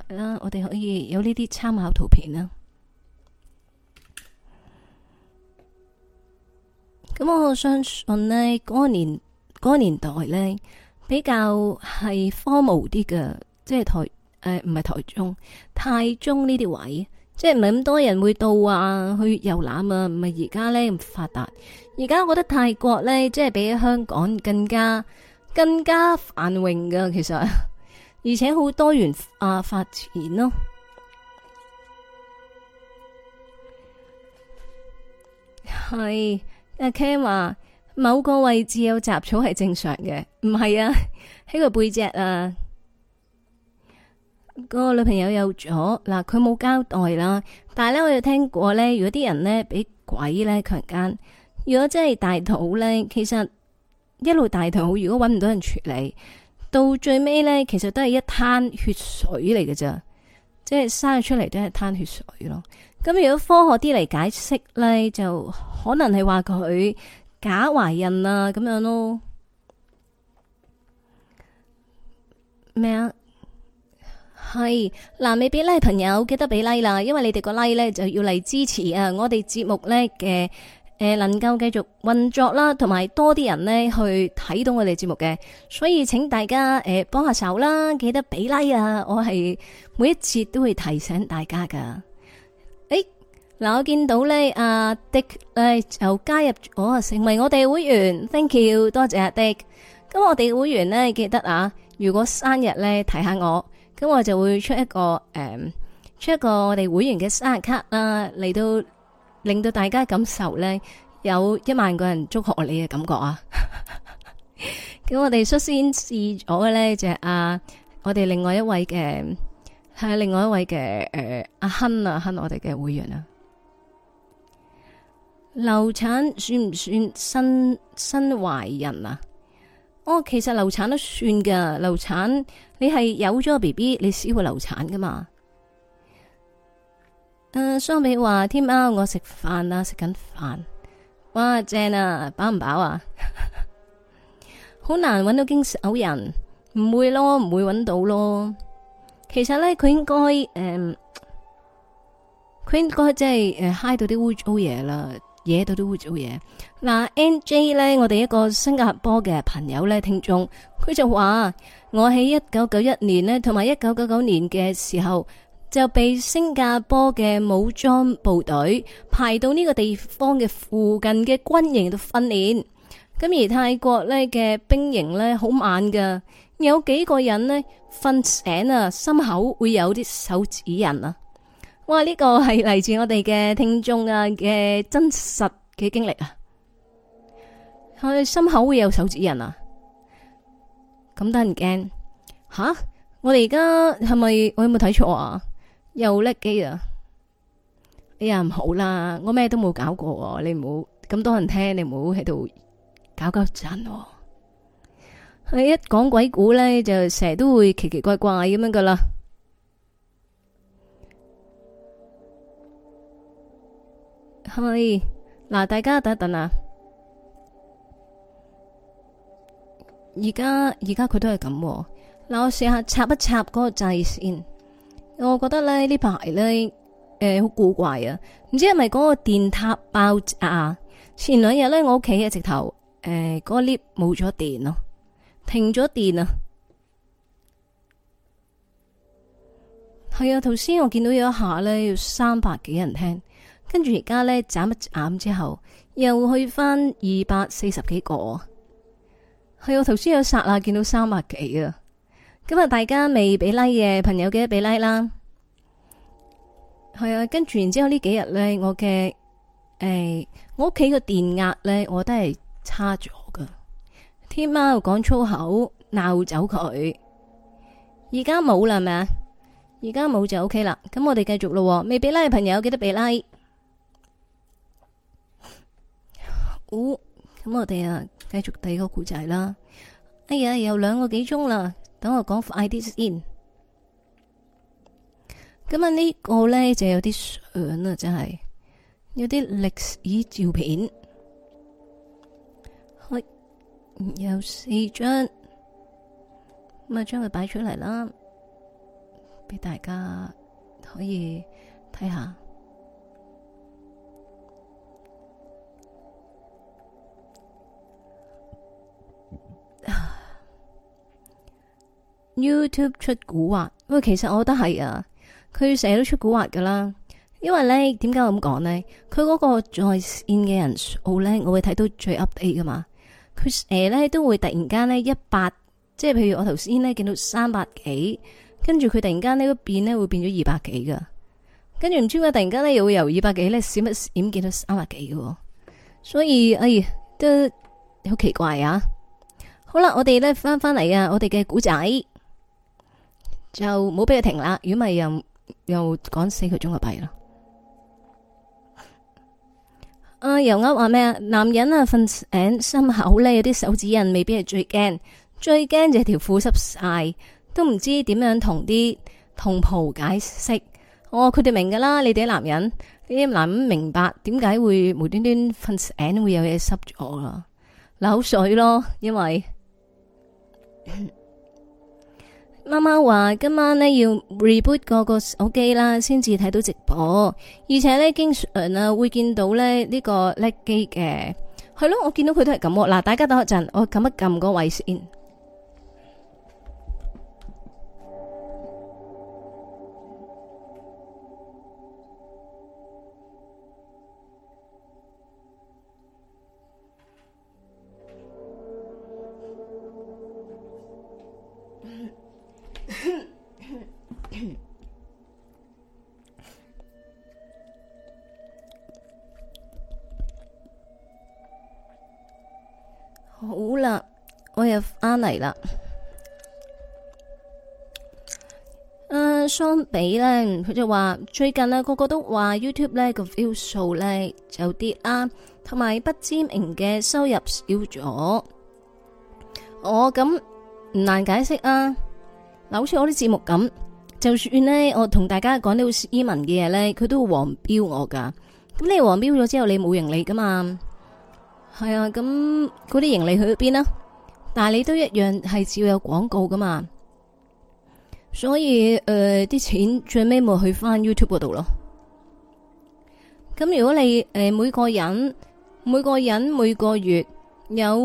係啦，我哋可以有呢啲參考圖片啦、啊。咁我相信呢嗰、嗰個年、嗰個年代呢，比較係荒蕪啲嘅，即係台、誒唔係台中泰中呢啲位置，即係唔係咁多人會到啊，去遊覽啊，唔係而家呢，咁發達。而家我覺得泰國呢，即係比香港更加更加繁榮噶，其實而且好多元發啊發展咯，係。阿 Ken 話某個位置有雜草係正常嘅，唔係啊，喺個背脊啊，個女朋友有咗嗱，佢冇交代啦。但係咧，我就聽過咧，如果啲人咧俾鬼咧強姦，如果真係大肚咧，其實一路大肚，如果搵唔到人處理，到最尾咧，其實都係一灘血水嚟嘅咋，即係生咗出嚟都係灘血水咯。咁如果科學啲嚟解釋呢，就可能係話佢假懷孕啊咁樣咯。咩啊？係，嗱，你俾 like 朋友記得俾 like 啦，因為你哋個 like 咧就要嚟支持啊，我哋節目呢，嘅誒能夠繼續運作啦，同埋多啲人呢去睇到我哋節目嘅，所以請大家誒幫、呃、下手啦，記得俾 like 啊！我係每一次都會提醒大家噶。誒，嗱我見到咧，阿 Dick 咧就加入咗成為我哋會員。Thank you，多謝阿 Dick。咁我哋會員咧，記得啊，如果生日咧，睇下我，咁我就會出一個誒，出一個我哋會員嘅生日卡啦，嚟到令到大家感受咧，有一萬個人祝賀你嘅感覺啊。咁我哋率先試咗嘅咧，就係阿我哋另外一位嘅。係另外一位嘅誒、呃、阿亨啊亨，我哋嘅會員啊。流產算唔算身身懷孕啊？哦，其實流產都算噶，流產你係有咗 B B，你先會流產噶嘛。誒、呃，相比話添啱，我食飯啊，食緊飯。哇，正啊，飽唔飽啊？好 難揾到經手人，唔會咯，唔會揾到咯。其實咧，佢應該誒，佢、呃、應該即係誒，揩到啲污糟嘢啦，惹到啲污糟嘢。嗱，N J 呢，我哋一個新加坡嘅朋友咧，聽眾，佢就話：我喺一九九一年呢，同埋一九九九年嘅時候，就被新加坡嘅武裝部隊派到呢個地方嘅附近嘅軍營度訓練。咁而泰國呢嘅兵營呢，好猛噶。有幾個人呢，瞓醒啊，心口會有啲手指印啊！哇，呢個係嚟自我哋嘅聽眾啊嘅真實嘅經歷啊！我哋心口會有手指印啊，咁多人驚嚇，我哋而家係咪我有冇睇錯啊？又叻機啊！哎呀，唔好啦，我咩都冇搞過，你唔好咁多人聽，你唔好喺度搞搞震啊。佢一講鬼故咧，就成日都會奇奇怪怪咁樣噶啦。係咪嗱，大家等一等啊。而家而家佢都係咁嗱，我試下插一插嗰個掣先。我覺得咧呢排咧誒好古怪啊，唔知係咪嗰個電塔爆炸啊，前兩日咧，我屋企一直頭誒嗰個 lift 冇咗電咯。停咗電啊！係啊，頭先我見到有一下咧，要三百幾人聽，跟住而家咧眨一眨眼之後，又去翻二百四十幾個。係呀，頭先有殺啊，見到三百幾、like、啊。今日大家未俾拉嘅朋友記得俾拉、like、啦。係啊，跟住然之後呢幾日咧，我嘅誒、哎，我屋企嘅電壓咧，我都係差咗。天貓講粗口鬧走佢，而家冇啦，係咪啊？而家冇就 OK 啦。咁我哋繼續咯，未俾拉嘅朋友記得俾拉。嗚，咁我哋啊，繼續第二個故仔啦。哎呀，有兩個幾鐘啦，等我講快啲先。咁啊，呢個呢就有啲相啦，真係有啲歷史照片。開。有四張，咁啊，將佢擺出嚟啦，俾大家可以睇下。 YouTube 出蠱惑，不過其實我覺得係啊，佢成日都出蠱惑噶啦，因為呢點解我咁講呢？佢嗰個在線嘅人數呢，我會睇到最 update 噶嘛。佢誒咧都會突然間咧一百，即係譬如我頭先咧見到三百幾，跟住佢突然間咧變咧會變咗二百幾噶，跟住唔知點解突然間咧又會由二百幾咧閃乜閃見到三百幾喎。所以哎呀都好奇怪啊。好啦，我哋咧翻翻嚟，啊，我哋嘅古仔就冇俾佢停啦，如果唔係又又講四個鐘嘅幣啦。啊，又噏話咩啊？男人啊，瞓醒心口咧，有啲手指印，未必係最驚，最驚就係條褲濕晒，都唔知點樣同啲同袍解釋。我話佢哋明噶啦，你哋啲男人啲男唔明白點解會無端端瞓醒會有嘢濕咗啦，漏水咯，因為。 媽媽話今晚咧要 reboot 個個手機啦，先至睇到直播，而且咧經常啊會見到咧呢個叻機嘅，係咯，我見到佢都係咁。嗱，大家等一陣，我撳一撳個位先。好啦，我又翻嚟啦。相比呢，佢就話最近咧，個個都話 YouTube 呢個 view 數呢就跌啦，同埋不知名嘅收入少咗。我咁唔難解釋啊。嗱，好似我啲節目咁，就算呢我同大家講呢個英文嘅嘢呢，佢都會黃標我噶。咁你黃標咗之後，你冇盈利噶嘛？係啊，咁嗰啲盈利去咗邊啦？但係你都一樣係照有廣告噶嘛？所以誒、啲、呃、錢最尾咪去翻 YouTube 度咯。咁如果你誒、呃、每個人每個人每個月有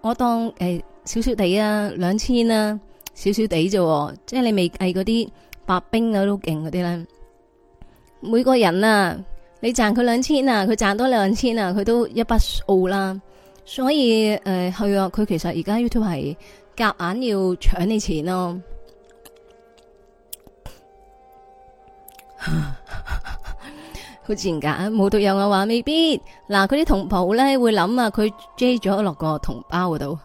我當誒少少地啊兩千啊少少地啫，即係你未計嗰啲白冰啊都勁嗰啲啦。每個人啊。你賺佢兩千啊，佢賺多兩千啊，佢都一筆數啦。所以誒，係、呃、啊，佢其實而家 YouTube 係夾硬要搶你錢咯。 好賤格冇獨有我話未必。嗱，佢啲同袍咧會諗啊，佢追咗落個同胞嗰度。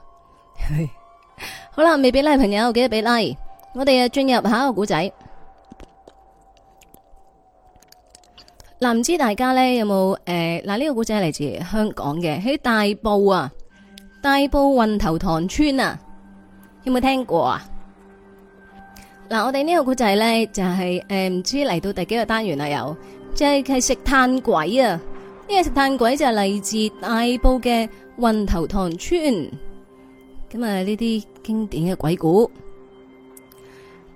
好啦，未俾啦，朋友，記得俾啦、like。我哋啊，進入下一個古仔。嗱，唔知大家咧有冇誒，嗱、呃、呢、這個古仔係嚟自香港嘅喺大埔啊，大埔運頭塘村啊，有冇聽過啊？嗱、呃，我哋呢個古仔咧就係、是、誒，唔、呃、知嚟到第幾個單元啦？又即係係食炭鬼啊！呢、這個食炭鬼就係嚟自大埔嘅運頭塘村，咁啊呢啲經典嘅鬼故，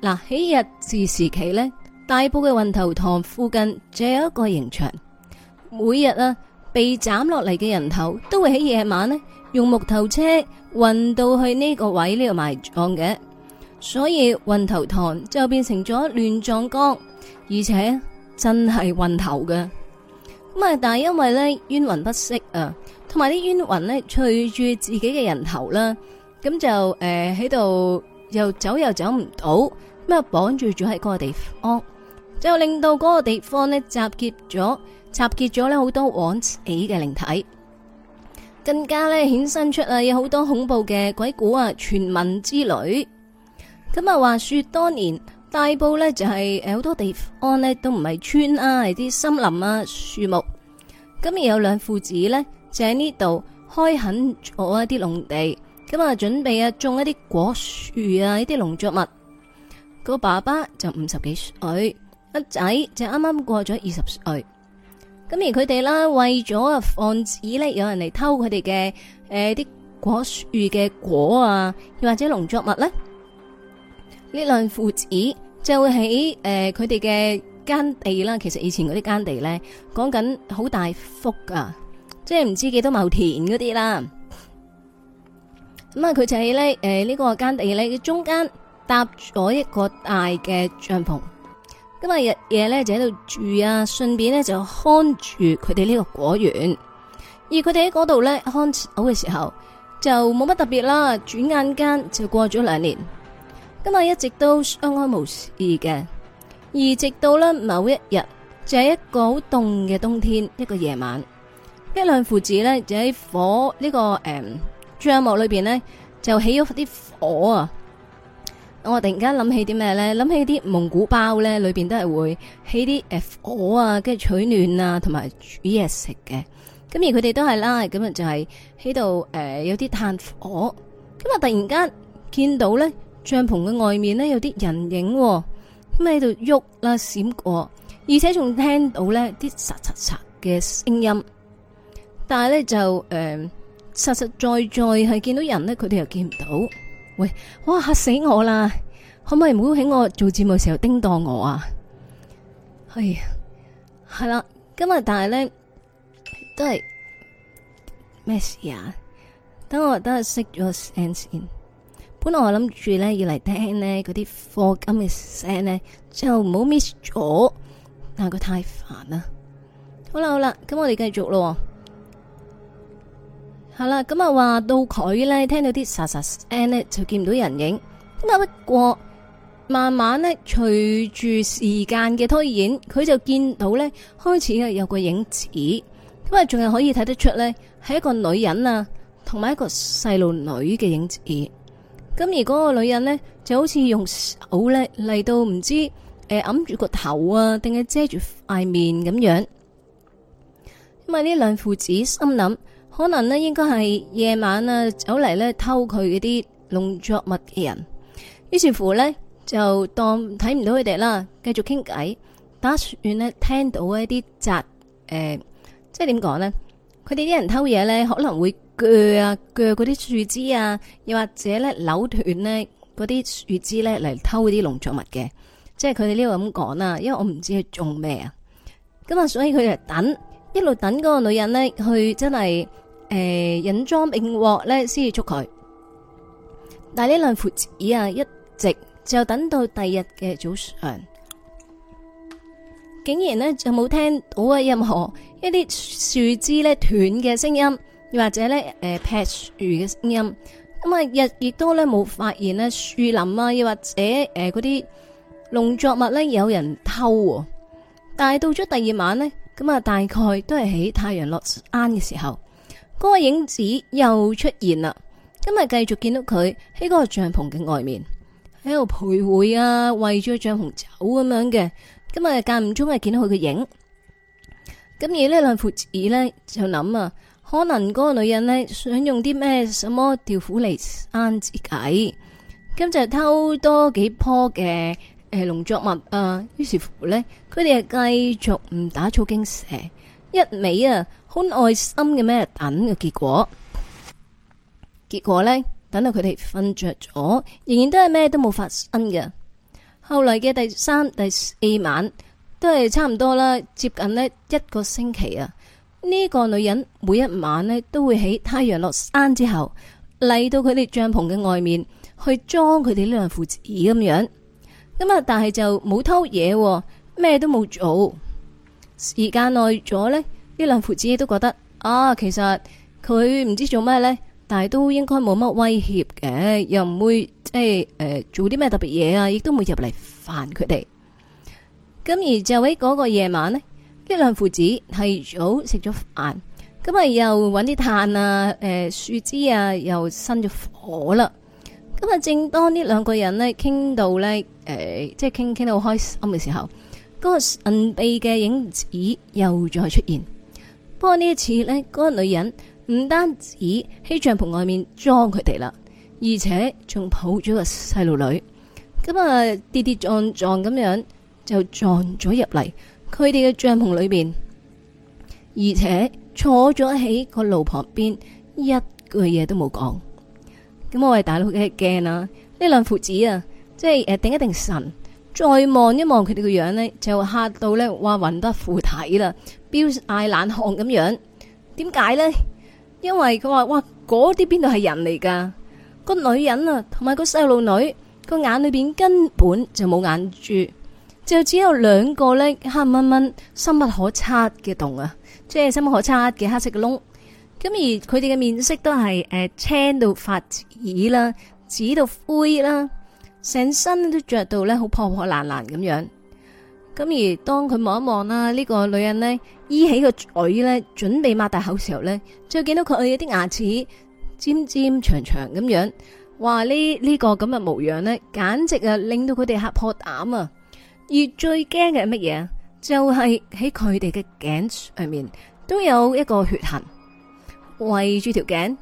嗱、呃，喺日治時期咧。大埔嘅運頭塘附近，就有一個刑場。每日啊，被斬落嚟嘅人頭，都會喺夜晚呢，用木頭車運到去呢個位呢度埋葬嘅。所以運頭塘就變成咗亂葬崗，而且真係運頭㗎。咁啊，但係因為咧冤魂不息啊，同埋啲冤魂咧隨住自己嘅人頭啦，咁就誒喺度又走又走唔到，咁啊綁住住喺嗰個地方。就令到嗰個地方呢集結咗，集結咗呢好多枉死嘅靈體，更加呢顯身出啊！有好多恐怖嘅鬼故啊，傳聞之旅。咁啊，話說當年大埔呢就係、是，好多地方呢都唔係村啊，係啲森林啊、樹木。咁而有兩父子呢就喺呢度開墾咗一啲農地，咁啊準備啊種一啲果樹啊呢啲農作物。個爸爸就五十幾歲。個仔就啱啱過咗二十歲，咁而佢哋啦，為咗防止咧有人嚟偷佢哋嘅誒啲果樹嘅果啊，又或者農作物咧，呢兩父子就會喺誒佢哋嘅耕地啦。其實以前嗰啲耕地咧，講緊好大幅㗎、啊，即係唔知幾多畝田嗰啲啦。咁、呃、啊，佢就喺咧誒呢個耕地咧中間搭咗一個大嘅帳篷。今日日夜咧就喺度住啊，順便咧就看住佢哋呢個果園。而佢哋喺嗰度咧看守嘅時候，就冇乜特別啦。轉眼間就過咗兩年，今日一直都相安無事嘅。而直到咧某一日，就係、是、一個好凍嘅冬天，一個夜晚，一兩父子咧就喺火呢、這個誒帳幕裏邊呢，就起咗啲火啊！我突然間諗起啲咩咧？諗起啲蒙古包咧，裏邊都係會起啲誒、呃、火啊，跟住取暖啊，同埋煮嘢食嘅。咁而佢哋都係啦，咁啊就係喺度誒有啲炭火。咁啊突然間見到咧帳篷嘅外面咧有啲人影，啊，咁喺度喐啦，閃、啊、過，而且仲聽到咧啲刷刷刷嘅聲音。但係咧就誒、呃、實實在在係見到人咧，佢哋又見唔到。喂，哇，嚇死我啦！可唔可以唔好喺我做節目嘅時候叮當我啊？係係啦，今日但係咧都係咩事啊？等我等我熄咗個 sense 先。本來我諗住咧要嚟聽呢嗰啲課金嘅聲咧，就唔好 miss 咗。但係佢太煩啦。好啦好啦，咁我哋繼續咯。係啦，咁啊，話到佢呢，聽到啲沙沙聲呢，就見唔到人影。不過慢慢呢，隨住時間嘅推演，佢就見到呢，開始有個影子，因為仲係可以睇得出呢，係一個女人啊，同埋一個細路女嘅影子。咁而嗰個女人呢，就好似用手呢嚟到唔知揞住個頭啊，定係遮住塊面咁樣。咁啊，呢兩父子心諗。可能咧，應該係夜晚啊，走嚟，咧偷佢嗰啲農作物嘅人，於是乎咧就當睇唔到佢哋啦，繼續傾偈，打算咧聽到一啲扎誒，即係點講咧？佢哋啲人偷嘢咧，可能會鋸啊鋸嗰啲樹枝啊，又或者咧扭斷咧嗰啲樹枝咧嚟偷啲農作物嘅，即係佢哋呢度咁講啦，因為我唔知佢做咩啊，咁啊，所以佢哋等一路等嗰個女人咧去真係。誒，隱、呃、裝並獲咧，先至捉佢。但係呢兩父子啊，一直就等到第二日嘅早上，竟然呢就冇聽到啊任何一啲樹枝咧斷嘅聲音，又或者咧誒、呃、劈樹嘅聲音。咁啊，日亦都咧冇發現咧樹林啊，又或者誒嗰啲農作物咧有人偷，啊。但係到咗第二晚呢，咁、呃、啊，大概都係喺太陽落山嘅時候。嗰個影子又出現啦，今日繼續見到佢喺個帳篷嘅外面，喺度徘徊啊，圍住帳篷走咁樣嘅。今日間唔中係見到佢嘅影，咁而呢兩父子呢，就諗啊，可能嗰個女人呢，想用啲咩什麼調虎離山之計，咁就偷多幾棵嘅，誒農作物啊。呃、於是乎呢，佢哋係繼續唔打草驚蛇，一味啊。本愛心嘅咩等嘅結果，結果呢，等到佢哋瞓着咗，仍然都係咩都冇發生嘅。後來嘅第三、第四晚都係差唔多啦，接近呢一個星期啊。呢、這個女人每一晚呢都會喺太陽落山之後嚟到佢哋帳篷嘅外面去裝佢哋呢兩父子咁樣。咁啊，但係就冇偷嘢，咩都冇做。時間耐咗呢。呢兩父子都覺得啊，其實佢唔知做咩呢，但係都應該冇乜威脅嘅，又唔會即係誒做啲咩特別嘢啊，亦都冇入嚟煩佢哋。咁而就喺嗰個夜晚咧，呢兩父子係早食咗飯，咁啊又搵啲炭啊，誒、呃、樹枝啊，又生咗火啦。咁啊，正當呢兩個人咧傾到呢，誒、呃，即係傾傾到好開心嘅時候，嗰、那個神秘嘅影子又再出現。不過呢一次呢，嗰個女人唔單止喺帳篷外面裝佢哋啦，而且仲抱咗個細路女，咁啊跌跌撞撞咁樣就撞咗入嚟佢哋嘅帳篷裏邊，而且坐咗喺個路旁邊，一句嘢都冇講。咁我哋大佬梗係驚啦，呢兩父子啊，即係誒定一定神。再望一望佢哋個樣呢，就嚇到呢，哇，魂不附體啦，飆嗌冷汗咁樣。點解呢？因為佢話哇，嗰啲邊度係人嚟噶？個女人啊，同埋個細路女個眼裏邊根本就冇眼珠，就只有兩個呢，黑蚊蚊、深不可測嘅洞啊，即係深不可測嘅黑色嘅窿。咁而佢哋嘅面色都係誒、呃、青到發紫啦，紫到灰啦。成身都着到咧，好破破爛爛咁樣。咁而當佢望一望啦，呢個女人呢，依起個嘴咧，準備擘大口時候呢，就見到佢有啲牙齒尖尖長長咁樣，哇！呢呢個咁嘅模樣呢，簡直啊令到佢哋嚇破膽啊！而最驚嘅係乜嘢？就係喺佢哋嘅頸上面都有一個血痕，圍住條頸，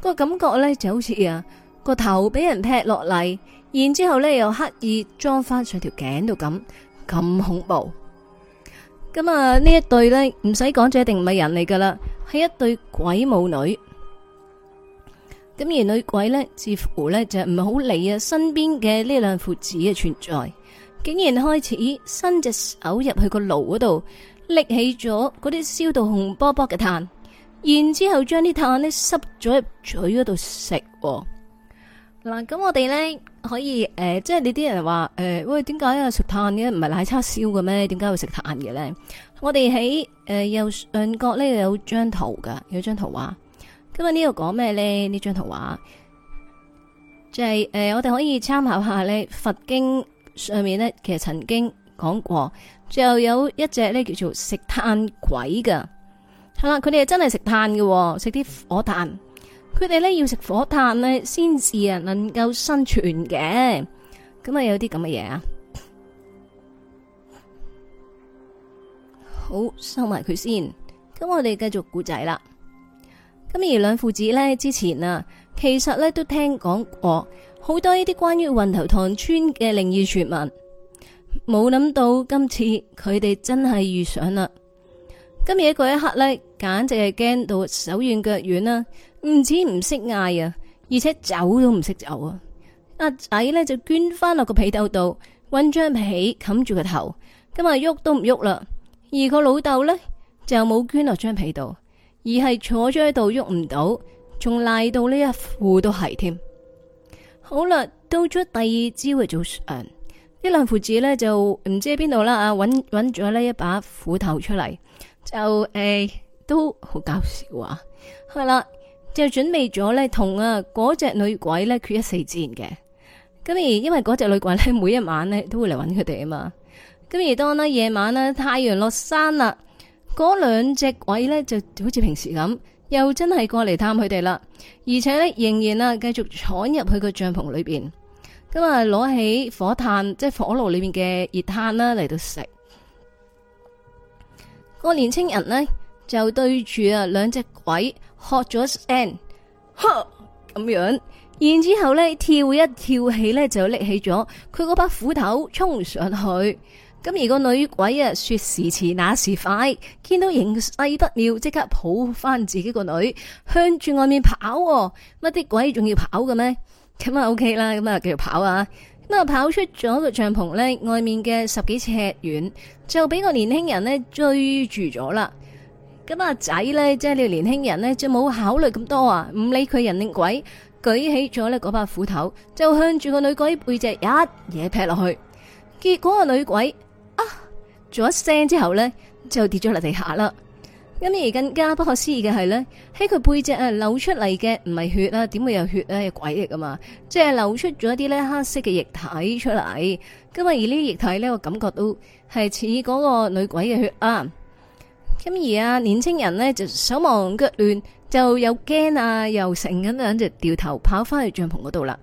個感覺呢就好似啊個頭俾人劈落嚟。然之後呢又刻意裝翻上條頸度咁，咁恐怖。咁啊，呢一對呢，唔使講，就一定唔係人嚟噶啦，係一對鬼母女。咁而女鬼呢，似乎呢就唔係好理啊身邊嘅呢兩父子嘅存在，竟然開始伸隻手入去個爐嗰度，拎起咗嗰啲燒到紅卜卜嘅炭，然之後將啲炭呢濕咗入嘴嗰度食。嗱，咁、啊、我哋咧可以誒、呃，即係你啲人話誒、呃，喂，點解啊食炭嘅唔係奶叉燒嘅咩？點解會食炭嘅咧？我哋喺誒右上角呢度有張圖噶，有張圖畫。今日呢度講咩咧？呢張圖畫就係、是、誒、呃，我哋可以參考下咧，佛經上面咧其實曾經講過，最後有一隻咧叫做食炭鬼㗎。係、嗯、啦，佢哋係真係食炭嘅，食啲火炭。佢哋呢要食火炭呢，先至啊能夠生存嘅。咁啊有啲咁嘅嘢啊，好收埋佢先。咁我哋繼續古仔啦。今而兩父子呢，之前啊，其實呢都聽講過好多呢啲關於運頭塘村嘅靈異傳聞。冇諗到今次佢哋真係遇上啦。今日嗰一刻呢，簡直係驚到手軟腳軟啦。唔止唔識嗌啊，而且走都唔識走啊。阿仔咧就捐翻落個被竇度，搵張被冚住個頭，今日喐都唔喐啦。而個老豆咧就冇捐落張被度，而係坐咗喺度，喐唔到，仲賴到呢一褲都係添。好啦，到咗第二朝嘅早上呢兩父子咧就唔知喺邊度啦。啊，搵搵咗呢一把斧頭出嚟，就誒、欸、都好搞笑啊。係啦。就準備咗咧，同啊嗰隻女鬼咧決一死戰嘅。咁而因為嗰隻女鬼咧，每一晚咧都會嚟搵佢哋啊嘛。咁而當咧夜晚咧，太陽落山啦，嗰兩隻鬼咧就好似平時咁，又真係過嚟探佢哋啦。而且咧仍然啊，繼續闖入去個帳篷裏邊，咁啊攞起火炭，即係火爐裏面嘅熱炭啦嚟到食。個年青人呢，就對住啊兩隻鬼。喝咗聲，an, 呵咁樣然，然之後咧跳一跳起咧就拎起咗佢嗰把斧頭衝上去，咁而個女鬼啊說時遲那時快，見到形勢不妙，即刻抱翻自己個女向住外面跑，哦，乜啲鬼仲要跑嘅咩？咁啊 OK 啦，咁啊繼續跑啊，咁啊跑出咗個帳篷咧，外面嘅十幾尺遠就俾個年輕人咧追住咗啦。咁阿仔咧，即係呢個年輕人咧，就冇考慮咁多啊，唔理佢人定鬼，舉起咗咧嗰把斧頭，就向住個女鬼背脊一嘢劈落去。結果個女鬼啊，做一聲之後咧，就跌咗落地下啦。咁而更加不可思議嘅係咧，喺佢背脊啊流出嚟嘅唔係血啊，點會有血咧？有鬼嚟噶嘛？即係流出咗啲咧黑色嘅液體出嚟。咁啊而呢液體咧，我感覺到係似嗰個女鬼嘅血啊。咁而啊，年輕人呢就手忙腳亂，就又驚啊，又成咁樣就掉頭跑翻去帳篷嗰度啦。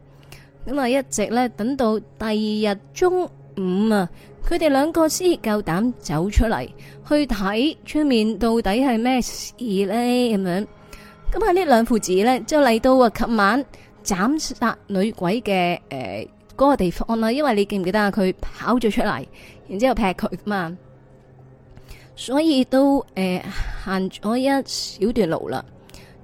咁啊，一直咧等到第二日中午啊，佢哋兩個先夠膽走出嚟，去睇出面到底係咩事呢？咁樣。咁啊，呢兩父子咧就嚟到啊，琴晚斬殺女鬼嘅誒嗰個地方啦，因為你記唔記得啊，佢跑咗出嚟，然之後劈佢噶嘛。所以都誒行咗一小段路啦。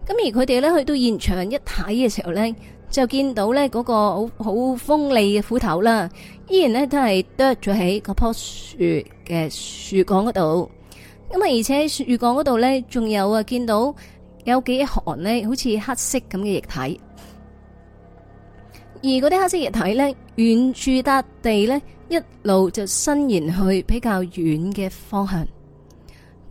咁而佢哋呢去到現場一睇嘅時候呢，就見到呢嗰個好好鋒利嘅斧頭啦，依然呢都係剁咗喺嗰樖樹嘅樹幹嗰度。咁啊，而且樹幹嗰度呢，仲有啊見到有幾行呢好似黑色咁嘅液體。而嗰啲黑色液體呢，遠處笪地呢，一路就伸延去比較遠嘅方向。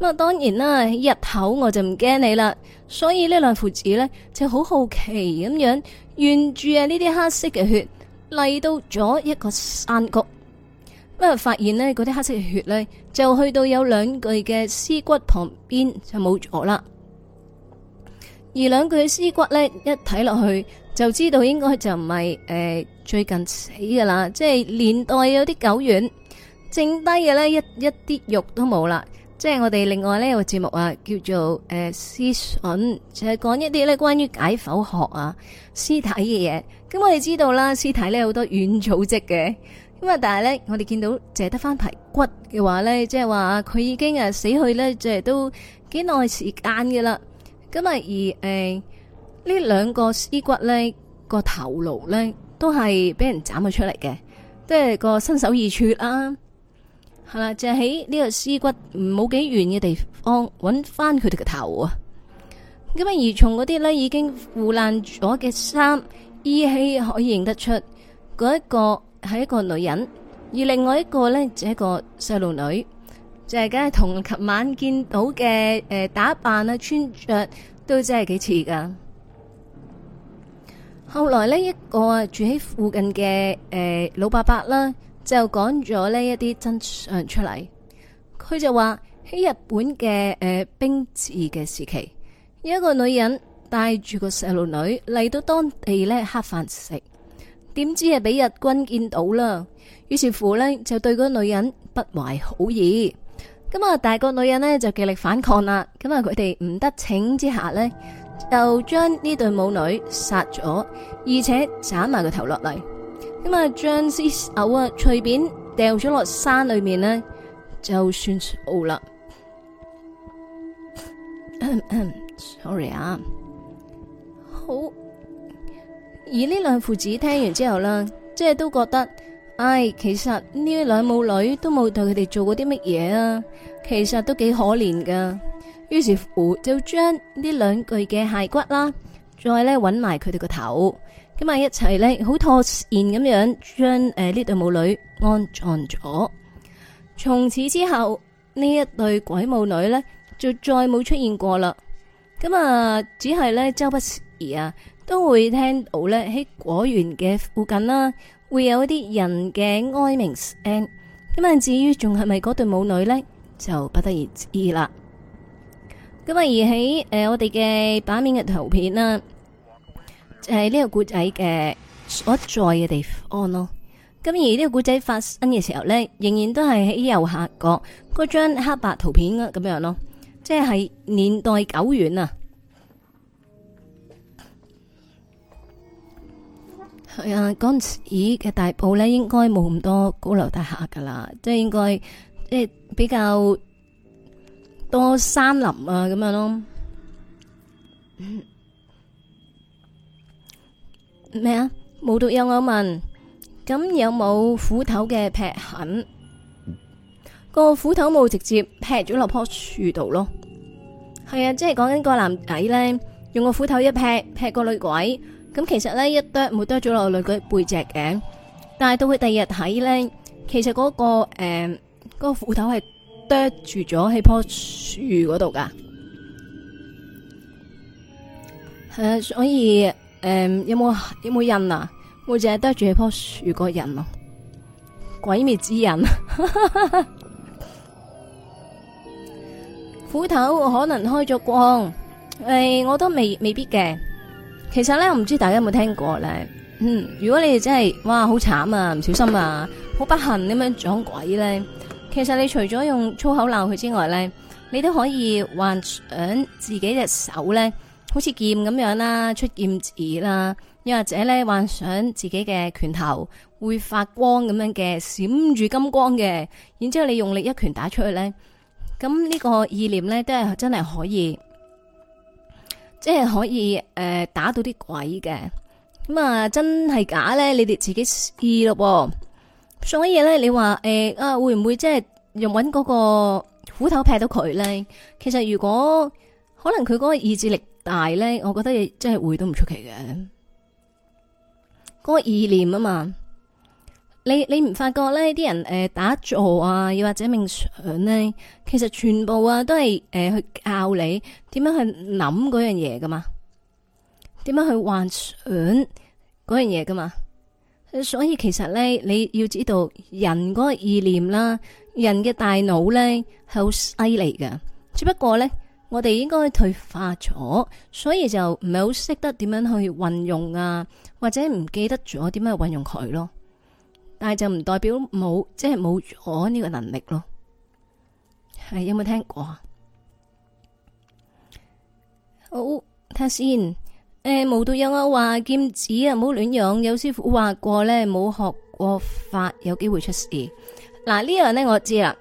咁當然啦，日頭我就唔驚你啦。所以呢兩父子呢就好好奇咁樣，沿住啊呢啲黑色嘅血嚟到咗一個山谷。不過，發現呢嗰啲黑色嘅血呢，就去到有兩具嘅屍骨旁邊就冇咗啦。而兩具嘅屍骨呢，一睇落去就知道應該就唔係誒最近死噶啦，即係年代有啲久遠，剩低嘅呢一一啲肉都冇啦。即係我哋另外呢有個節目啊，叫做誒屍訊，就係、是、講一啲咧關於解剖學啊屍體嘅嘢。咁、嗯、我哋知道啦，屍體咧好多軟組織嘅，咁、嗯嗯呃、啊，但係咧我哋見到淨係得翻排骨嘅話咧，即係話佢已經誒死去咧，即係都幾耐時間嘅啦。咁啊而誒呢兩個屍骨咧個頭顱咧都係俾人斬咗出嚟嘅，即係個身首異處啦。係啦，就喺呢個屍骨冇幾遠嘅地方揾翻佢哋嘅頭啊！咁啊，而從嗰啲咧已經腐爛咗嘅衫依稀可以認得出，嗰一個係一個女人，而另外一個呢，就係一個細路女，就係梗係同琴晚見到嘅誒打扮啊穿着都真係幾似噶。後來呢，一個住喺附近嘅誒老伯伯啦。就講咗呢一啲真相出嚟，佢就話喺日本嘅誒兵治嘅時期，有一個女人帶住個細路女嚟到當地呢乞飯食，點知係俾日軍見到啦，於是乎呢，就對嗰個女人不懷好意，咁啊大個女人呢，就極力反抗啦，咁啊佢哋唔得逞之下呢，就將呢對母女殺咗，而且斬埋個頭落嚟。咁啊，將啲牛啊，隨便掉咗落山裏面就算好啦。sorry 啊，好。而呢兩父子聽完之後呢即係都覺得，唉，其實呢兩母女都冇對佢哋做過啲乜嘢啊，其實都幾可憐噶。於是乎，就將呢兩具嘅骸骨啦，再揾埋佢哋個頭。起埋一齊呢，好妥善咁樣將誒呢對母女安葬咗。從此之後，呢一對鬼母女呢，就再冇出現過啦。咁啊，只係呢周不時啊都會聽到呢喺果園嘅附近啦，會有一啲人嘅哀鳴聲。咁啊，至於仲係咪嗰對母女呢，就不得而知啦。咁啊，而喺誒我哋嘅版面嘅圖片啦。就係呢個古仔嘅所在嘅地方咯。咁而呢個古仔發生嘅時候呢，仍然都係喺右下角嗰張黑白圖片啊，咁樣咯，即係年代久遠啊，啊。係啊，嗰陣時嘅大埔呢，應該冇咁多高樓大廈噶啦，即係應該即係比較多山林啊，咁樣咯。咩啊？冇毒，有我問。咁有冇斧頭嘅劈痕？個斧頭冇直接劈咗落棵樹度咯。係啊，即係講緊個男仔呢，用個斧頭一劈劈個女鬼。咁其實呢，一剁冇剁咗落女鬼背脊嘅。但係到佢第二日睇呢，其實嗰個誒，嗰個斧頭係剁住咗喺棵樹嗰度噶。係啊，所以。誒、嗯，有冇有冇印啊？我淨係得住喺棵樹個印咯，鬼滅之人， 斧頭可能開咗光，誒、欸，我都未未必嘅。其實咧，我唔知大家有冇聽過咧。嗯，如果你真係哇好慘啊，唔小心啊，好不幸咁樣撞鬼咧。其實你除咗用粗口鬧佢之外咧，你都可以幻想自己隻手咧。好似劍咁樣啦，出劍指啦，又或者咧，幻想自己嘅拳頭會發光咁樣嘅，閃住金光嘅，然之後你用力一拳打出去咧，咁呢個意念咧都係真係可以，即係可以誒打到啲鬼嘅。咁啊真係假咧？你哋自己試咯噃。所以咧，你話誒啊會唔會即係用搵嗰個斧頭劈到佢咧？其實如果可能，佢嗰個意志力。大咧，但我覺得真係會都唔出奇嘅。嗰個意念啊嘛，你，你你唔發覺咧？啲人誒打坐啊，又或者冥想咧，其實全部啊都係誒、呃、去教你點樣去諗嗰樣嘢噶嘛，點樣去幻想嗰樣嘢噶嘛。所以其實咧，你要知道人嗰個意念啦，人嘅大腦咧係好犀利㗎。只不過咧。我哋應該退化咗，所以就唔係好識得點樣去運用啊，或者唔記得咗點樣去運用佢咯。但係就唔代表冇，即係冇咗呢個能力咯。係、哎、有冇聽過啊？好睇下先，誒，無獨有偶，話劍指啊，唔好亂用。有師傅話過咧，冇學過法，有機會出事。嗱呢樣咧，我知啦。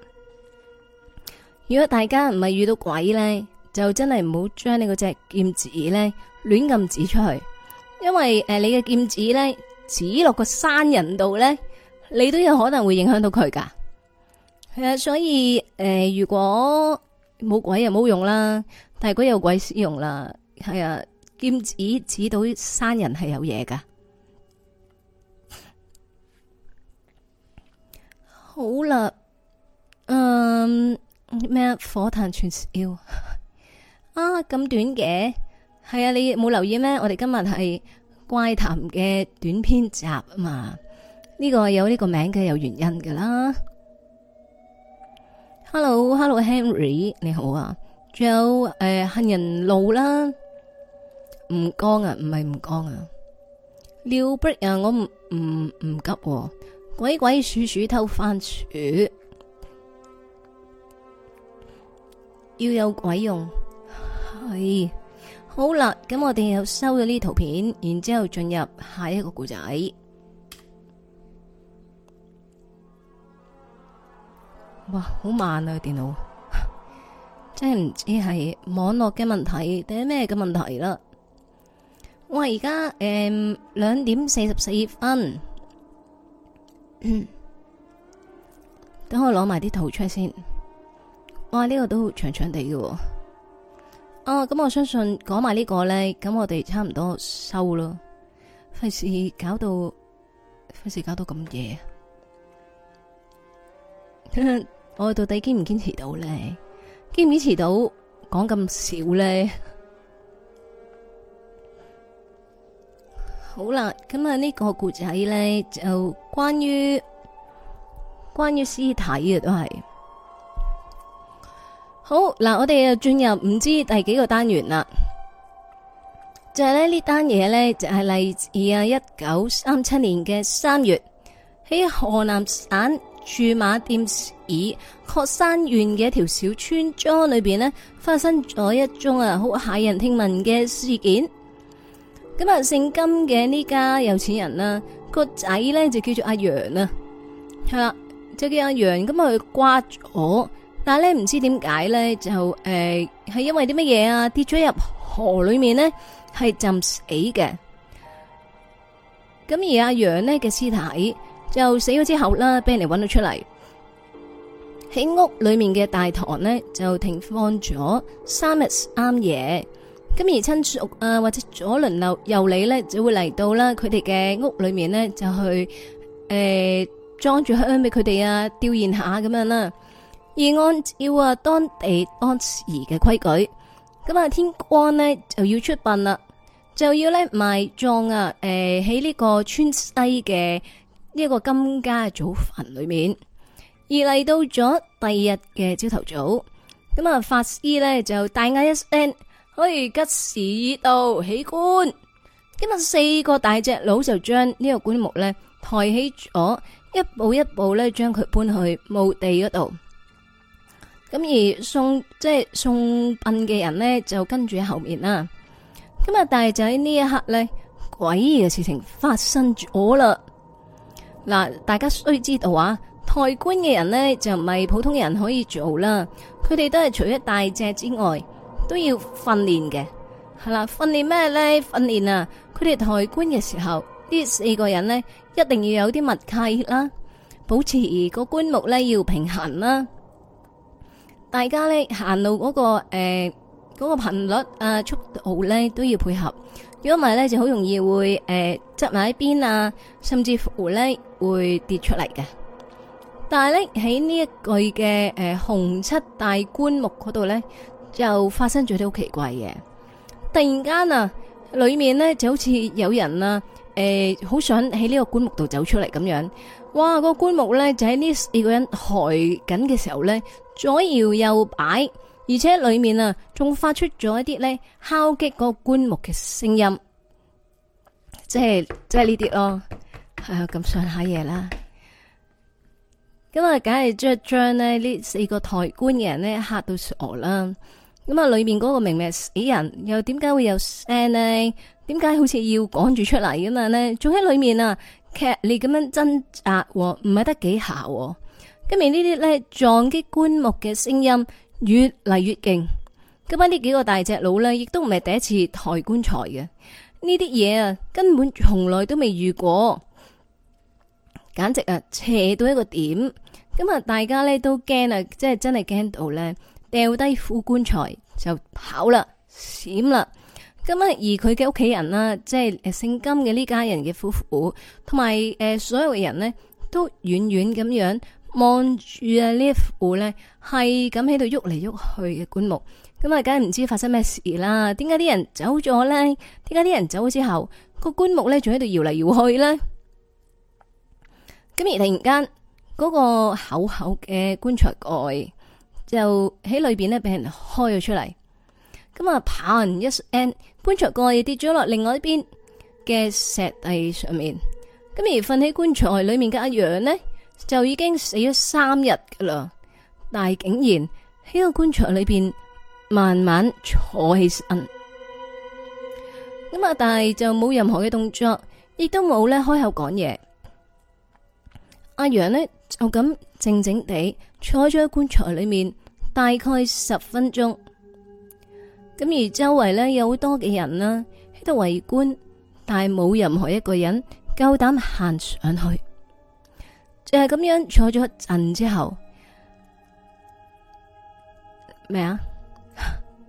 如果大家唔係遇到鬼咧，就真係唔好將你嗰隻劍指咧亂咁指出去，因為誒你嘅劍指咧指落個山人度咧，你都有可能會影響到佢噶。係啊，所以誒、呃、如果冇鬼又冇用啦，但係如果有鬼先用啦。係啊，劍指指到山人係有嘢噶。好啦，嗯咩火炭傳說。啊咁短嘅，係啊，你冇留意咩？我哋今日係怪談嘅短篇集啊嘛，呢、這個有呢個名梗係有原因㗎啦。Hello，Hello，Henry，你好啊。仲有誒、呃、杏仁露啦，唔干啊，唔係唔干啊。Brick 啊，我唔唔唔急，啊，鬼鬼鼠鼠偷番薯，要有鬼用。係好啦，咁我哋又收咗呢啲圖片，然之後進入下一個故仔。哇，好慢啊，電腦，真係唔知係網絡嘅問題定係咩嘅問題啦。我而家誒兩點四十四分，等 我攞埋啲圖出先。哇，呢、呢個都長長地嘅、啊。哦，咁、啊、我相信講埋呢個咧，咁我哋差唔多收咯，費事搞到費事搞到咁夜， 我到底堅唔堅持到咧？堅唔堅持到講咁少咧？好啦，咁啊呢個故仔咧就關於關於屍體嘅都係。好嗱，我哋又進入唔知第幾個單元啦，就係呢呢單嘢呢，就係嚟自啊一九三七年嘅三月，喺河南省駐馬店市確山縣嘅一條小村莊裏邊呢，發生咗一宗啊好駭人聽聞嘅事件。咁啊姓金嘅呢家有錢人啦個仔呢就叫做阿楊啦，係啦就叫阿楊咁啊佢掛咗。但係咧，唔知點解咧，就誒係、呃、因為啲乜嘢啊跌咗入河裏面呢，係浸死嘅。咁而阿楊呢嘅屍體就死咗之後啦，俾人哋揾到出嚟。喺屋裏面嘅大堂呢，就停放咗三日三夜。咁而親屬啊或者左鄰右里呢，就會嚟到啦，佢哋嘅屋裏面呢，就去誒裝住香俾佢哋啊，吊唁下咁樣啦。而按照啊當地安時嘅規矩，咁啊天光呢就要出殯啦，就要咧埋葬啊。誒，喺呢個村西嘅呢一個金家祖墳裏面。而嚟到咗第二日嘅朝頭早，咁啊法師咧就大嗌一聲，可以吉時到，起棺。今日四個大隻佬就將呢個棺木咧抬起咗，一步一步咧將佢搬去墓地嗰度。咁而送即係送殯嘅人呢，就跟住喺後面啦。咁啊，但係就喺呢一刻呢，詭異嘅事情發生咗啦。嗱，大家需知道啊，抬棺嘅人呢，就唔係普通人可以做啦。佢哋都係除咗大隻之外，都要訓練嘅。係啦，訓練咩呢？訓練啊！佢哋抬棺嘅時候，呢四個人呢，一定要有啲默契啦，保持而個棺木呢，要平衡啦。大家咧行路嗰、嗰個誒嗰、呃嗰個頻率啊，速度咧都要配合，如果唔係咧就好容易會誒執埋喺邊啊，甚至乎咧會跌出嚟嘅。但係咧喺呢一句嘅誒、呃、紅七大棺木嗰度咧，就發生咗啲好奇怪嘅。突然間啊，裏面咧就好似有人啊，誒、呃，好想喺呢個棺木度走出嚟咁樣。哇，個棺木咧就喺呢四個人抬緊嘅時候咧，左搖右擺，而且裏面啊，仲發出咗一啲咧敲擊嗰棺木嘅聲音，即係即係呢啲咯，係啊咁上下嘢啦。咁啊，梗係將將呢四個抬棺嘅人咧吓到傻啦。咁啊，裏面嗰個明明係死人又點解會有聲呢？點解好似要趕住出嚟咁啊？呢仲喺裏面啊，劇烈咁樣掙扎，唔係得幾下。因為呢啲咧撞擊棺木嘅聲音越嚟越勁，今晚呢幾個大隻佬咧，亦都唔係第一次抬棺材嘅呢啲嘢啊，根本從來都未遇過，簡直啊邪到一個點。咁啊，大家咧都驚啊，即係真係驚到咧掉低副棺材就跑啦，閃啦。咁啊，而佢嘅屋企人啦，即係姓金嘅呢家人嘅夫婦，同埋誒所有嘅人呢，都遠遠咁樣。望住啊呢一副咧，係咁喺度喐嚟喐去嘅棺木，咁啊梗係唔知發生咩事啦？點解啲人走咗咧？點解啲人走咗之後，個棺木咧仲喺度搖嚟搖去咧？咁而突然間，嗰個厚厚嘅棺材蓋就喺裏邊咧俾人開咗出嚟，咁啊嘭一聲，棺材蓋跌咗落另外一邊嘅石地上面，咁而瞓喺棺材裏面嘅阿楊咧。就已經死咗三日噶啦，但係竟然喺個棺材裏邊慢慢坐起身，咁啊，但係就冇任何嘅動作，亦都冇咧開口講嘢。阿楊呢就咁靜靜地坐咗喺棺材裏面，大概十分鐘。咁而周圍呢，有好多嘅人啦，喺度圍觀，但係冇任何一個人夠膽行上去。就係咁樣坐咗一陣之後，咩 啊？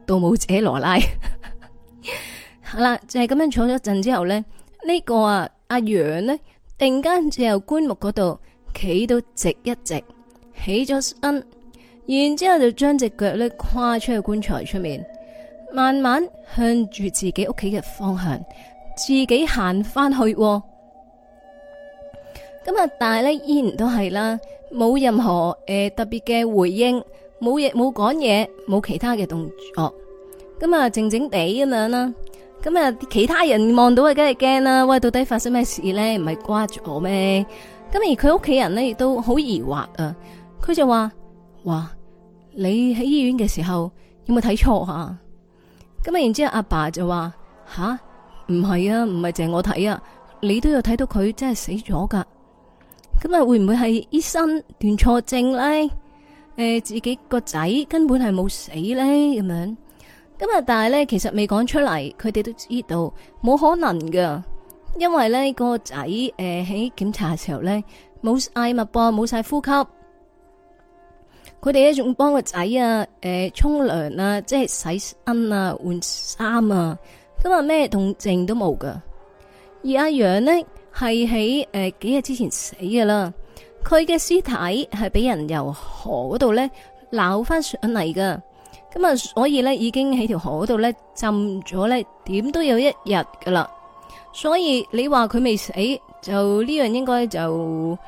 盜墓者，自己羅拉，好啦，就係咁樣坐咗一陣之後咧，呢個啊阿楊咧，突然間就由棺木嗰度企到直一直，起咗身，然之後就將隻腳咧跨出去棺材出面，慢慢向住自己屋企嘅方向，自己行翻去，啊。咁啊！但係咧，依然都係啦，冇任何誒、呃、特別嘅回應，冇嘢，冇講嘢，冇其他嘅動作。咁、哦、啊，靜靜地咁樣啦。咁、嗯、啊，其他人望到啊，梗係驚啦！喂，到底發生咩事咧？唔係掛住我咩？咁、嗯、而佢屋企人咧，亦都好疑惑啊！佢就話：哇你喺醫院嘅時候有冇睇錯啊？咁、嗯、啊，然之後阿爸就話：吓，唔係啊，唔係淨係我睇啊，你都有睇到佢真係死咗噶。今日會唔會係醫生斷錯症呢？誒、呃，自己個仔根本係冇死呢？咁樣。咁啊，但係咧，其實未講出嚟，佢哋都知道冇可能噶，因為咧個仔誒喺檢查嘅時候咧冇嗌脈搏，冇晒呼吸。佢哋仲幫個仔啊，誒沖涼啊，即係洗身啊，換衫啊，今日咩動靜都冇噶。而阿楊呢。係喺誒幾日之前死噶啦，佢嘅屍體係俾人由河嗰度咧撈翻上嚟噶，咁、嗯、啊所以咧已經喺條河嗰度咧浸咗咧，點都有一日噶啦，所以你話佢未死就呢樣應該就唔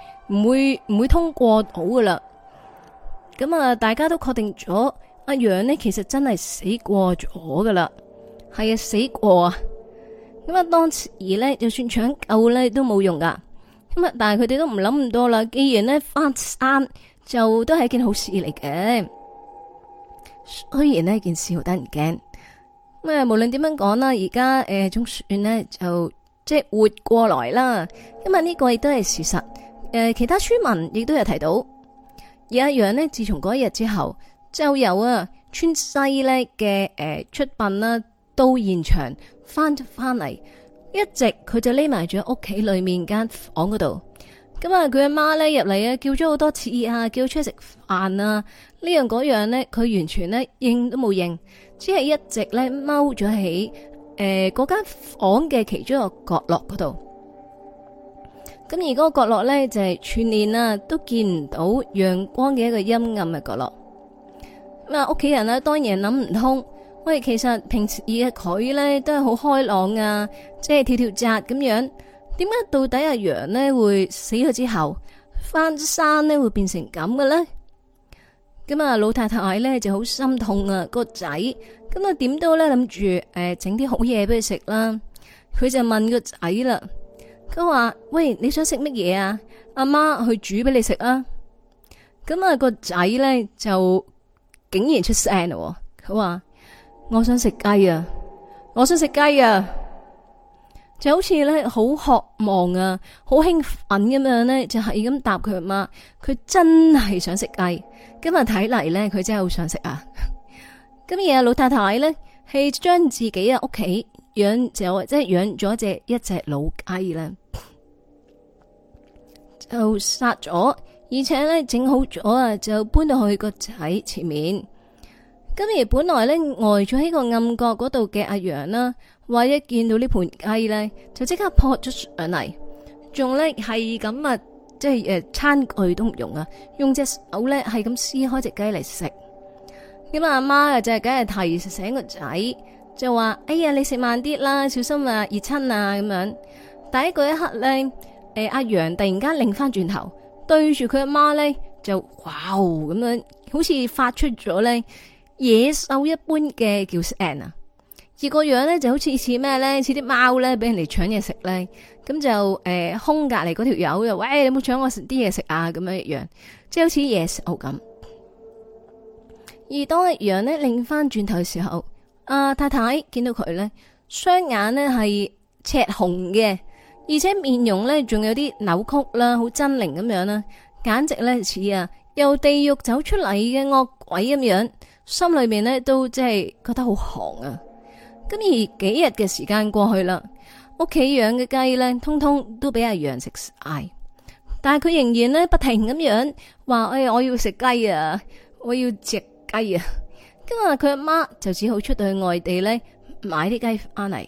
會唔會通過到噶啦，咁、嗯、啊、嗯、大家都確定咗阿楊呢其實真係死過咗噶啦，係啊死過啊。咁啊，當時咧，就算搶救咧，都冇用噶。咁啊，但係佢哋都唔諗咁多啦。既然咧翻山就都係一件好事嚟嘅，雖然呢件事好得人驚。咁啊，無論點樣講啦，而家誒總算呢就即係活過來啦。因為呢個亦都係事實、呃。其他村民亦都有提到。而一樣呢，自從嗰一日之後，就有啊，川西咧嘅誒出殯啦、啊。到現場翻翻嚟，一直佢就匿埋咗屋企裏面間房嗰度。咁啊，佢阿媽咧入嚟啊，叫咗好多次啊，叫出去食飯啊，呢樣嗰樣呢，佢完全呢應都冇應，只係一直咧踎咗喺誒嗰間房嘅其中一個角落嗰度。咁而嗰個角落呢，就係全年啊都見唔到陽光嘅一個陰暗嘅角落。咁啊，屋企人呢，當然諗唔通。喂，其實平時而家佢咧都係好開朗啊，即係跳跳扎咁樣。點解到底阿羊呢會死咗之後翻山呢會變成咁嘅咧？咁、嗯、啊，老太太咧就好心痛啊個仔。咁啊，點、嗯、都咧諗住誒整啲好嘢俾佢食啦。佢就問個仔啦，佢話喂，你想食乜嘢啊？阿媽去煮俾你食啊。咁、嗯、啊，個仔咧就竟然出聲咯，佢話。我想食雞啊！我想食雞啊！就好似咧，好渴望啊，好興奮咁樣咧，就係咁答佢阿媽。佢真係想食雞。今日睇嚟咧，佢真係好想食啊！今日啊，老太太咧係將自己啊屋企養就即係養咗隻一隻老雞啦，就殺咗，而且咧整好咗啊，就搬到去個仔前面。今日本來咧呆咗喺個暗角嗰度嘅阿陽啦、啊，話一見到盤雞，呢盤雞咧，就即刻撲咗上嚟，仲呢，係咁啊，即係誒、呃、餐具都唔用啊，用隻手咧係咁撕開隻雞嚟食。咁阿媽就梗係提醒個仔，就話：哎呀，你食慢啲啦，小心啊熱親啊咁樣。但喺嗰一刻咧，誒、呃、阿陽突然間擰翻轉頭對住佢阿媽咧，就哇哦咁樣，好似發出咗咧。野獸一般嘅叫、S、Anna，而個樣咧就好似似咩咧，似啲貓咧，俾人哋搶嘢食咧，咁就誒，空隔籬嗰條友又喂，你冇搶我食啲嘢食啊？咁樣一樣，即係好似野獸咁。而當羊咧擰翻轉頭嘅時候，阿、啊、太太見到佢咧，雙眼咧係赤紅嘅，而且面容咧仲有啲扭曲啦，好猙獰咁樣啦，簡直咧似啊由地獄走出嚟嘅惡鬼咁樣。心裏面呢都即係覺得好寒啊！咁而幾日嘅時間過去啦，屋企養嘅雞呢，通通都俾阿陽食晒。但係佢仍然呢不停咁樣話，哎，我要食雞啊，我要隻雞啊！咁啊，佢阿媽就只好出去外地呢買啲雞翻嚟。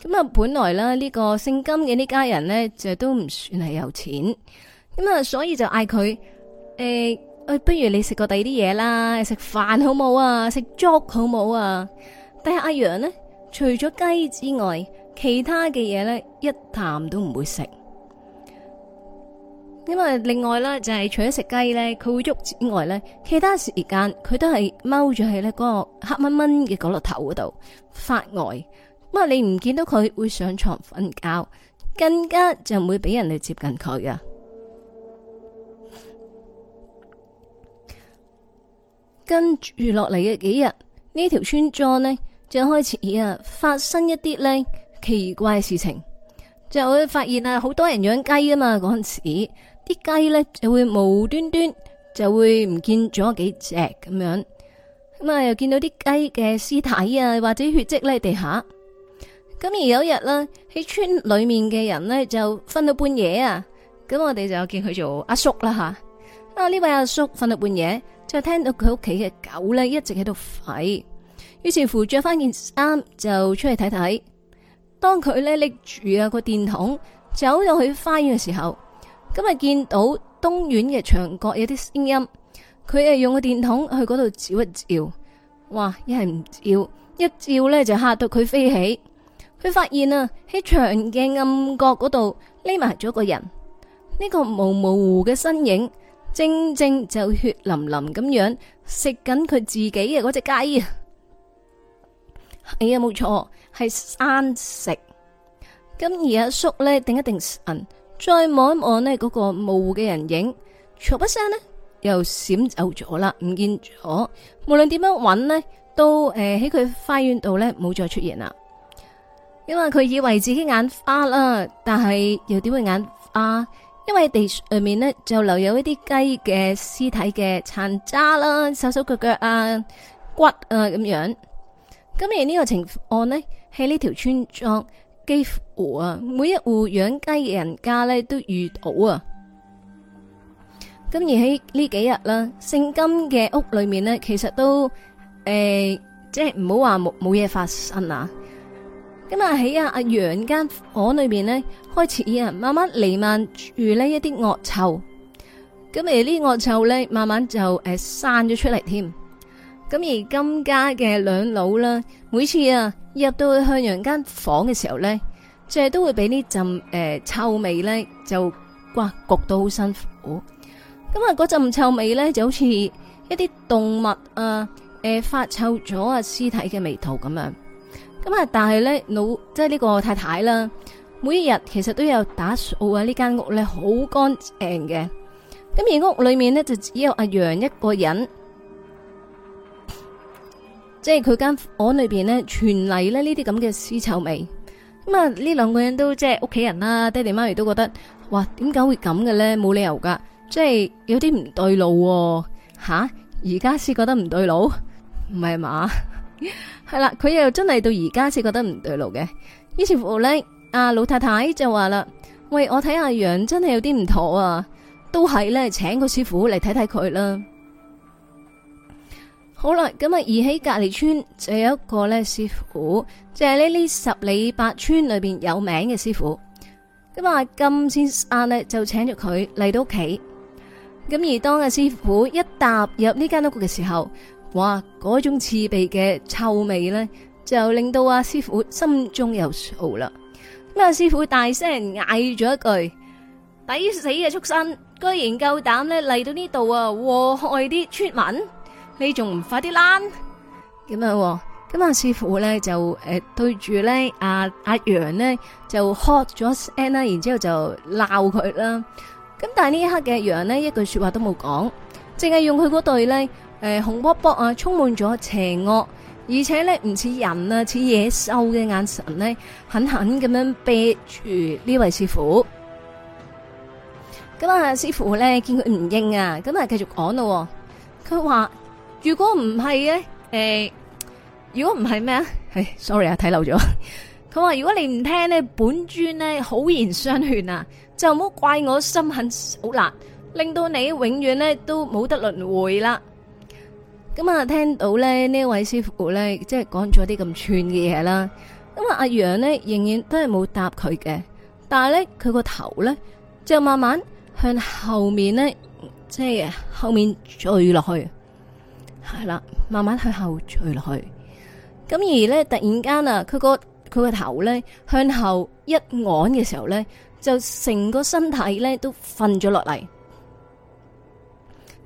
咁啊，本來呢呢個姓金嘅呢家人呢，就都唔算係有錢。咁啊，所以就嗌佢誒。誒、哎，不如你食過第二啲嘢啦，食飯好冇啊，食粥好冇啊。但係阿楊呢，除咗雞之外，其他嘅嘢呢，一啖都唔會食。咁啊，另外啦、就係、呢，就係除咗食雞呢，佢會喐之外呢，其他時間佢都係踎咗喺呢嗰個黑蚊蚊嘅角落頭嗰度發呆。咁啊，你唔見到佢會上床瞓覺，更加就唔會俾人哋接近佢㗎。跟住落嚟嘅幾日，呢條村莊呢就開始啊發生一啲呢奇怪嘅事情，就會發現啊好多人養雞啊嘛，嗰陣時啲雞呢，就會無端端就會唔見咗幾隻咁樣，咁啊又見到啲雞嘅屍體啊或者血跡呢喺地下，咁而有一日啦，喺村裏面嘅人呢，就瞓到半夜啊，咁我哋就叫佢做阿叔啦吓，啊呢位阿叔瞓到半夜。就聽到佢屋企嘅狗呢一直喺度吠，於是乎，着翻件衫就出去睇睇。當佢呢拎住個電筒走入去花園嘅時候，咁啊見到東院嘅牆角有啲聲音。佢係用個電筒去嗰度照一照，哇！一係唔照，一照呢就嚇到佢飛起。佢發現啊，喺牆嘅暗角嗰度匿埋咗個人。呢個模模糊糊嘅身影，正正就血淋淋咁樣食緊佢自己嘅嗰隻雞啊！哎呀，冇錯，係生食。咁而阿叔呢定一定神，再望一望呢嗰個模糊嘅人影，唰一聲呢又閃走咗啦，唔見咗。無論點樣揾呢，都誒喺佢花園度呢冇再出現啦。因為佢以為自己眼花啦，但係又點會眼花？因為地裏面咧就留有一啲雞嘅屍體嘅殘渣啦，手手腳腳啊、骨啊咁樣。咁而呢個情況咧喺呢條村莊幾乎啊每一戶養雞嘅人家咧都遇到啊。咁而喺呢幾日啦，聖金嘅屋裏面咧其實都誒即係唔好話冇冇嘢發生啊。咁啊喺阿阿楊間房裏邊咧，開始啊慢慢彌漫住咧一啲惡臭。咁而呢啲惡臭咧，慢慢就誒散咗出嚟添。咁而金家嘅兩老啦，每次啊入到去向陽間房嘅時候咧，即係都會俾呢陣誒臭味咧就刮焗到好辛苦。咁啊嗰陣臭味咧就好似一啲動物啊誒發臭咗啊屍體嘅味道咁樣。咁啊！但係咧，老，即係呢個太太啦，每一日其實都有打掃啊，這呢間屋咧好乾淨嘅。咁而屋裏面呢，就只有阿楊一個人，即係佢間房間裏邊呢，全係咧呢啲咁嘅屍臭味。咁啊，呢兩個人都即係屋企人啦，爹哋媽咪都覺得，哇，點解會咁嘅呢？冇理由噶，即係有啲唔對路喎、啊。吓、啊，而家先覺得唔對路，唔係嘛？ 係啦，佢又真係到而家先覺得唔對路嘅。於是乎呢，阿老太太就話啦：喂，我睇阿楊真係有啲唔妥啊！都係呢，請個師傅嚟睇睇佢啦。好啦，咁啊，而喺隔籬村就有一個呢師傅，就係呢呢十里八村裏邊有名嘅師傅。咁啊，金先生呢，就請咗佢嚟到屋企。咁而當阿師傅一踏入呢間屋嘅時候，哇！嗰種刺鼻嘅臭味咧，就令到阿師傅心中有數啦。咁阿師傅大聲嗌咗一句：抵死嘅畜生，居然夠膽咧嚟到呢度啊，禍害啲村民，你仲唔快啲攣？咁樣、啊，咁阿師傅咧就誒、呃、對住咧阿阿楊咧就喝咗聲啦，然之後就鬧佢啦。咁但係呢一刻嘅楊呢，一句說話都冇講，淨係用佢嗰對咧。誒、嗯，紅卜卜啊，充滿咗邪惡，而且咧唔似人啊，似野獸嘅眼神呢，狠狠咁樣啤住呢位師傅。咁啊，師傅咧見佢唔應啊，咁啊繼續講咯、哦。佢話如果唔係呢？誒，如果唔係咩啊？係、欸、sorry 啊，睇漏咗。佢話如果你唔聽呢，本尊呢，好言相勸啊，就唔好怪我心狠手辣，令到你永遠呢都冇得輪迴啦。咁啊，聽到咧呢一位師傅咧，即係講咗啲咁串嘅嘢啦。咁啊，阿楊咧仍然都係冇答佢嘅，但係咧佢個頭咧就慢慢向後面咧，即係後面墜落去，係啦，慢慢向後墜落去。咁而咧突然間啊，佢個佢個頭咧向後一按嘅時候咧，就成個身體咧都瞓咗落嚟。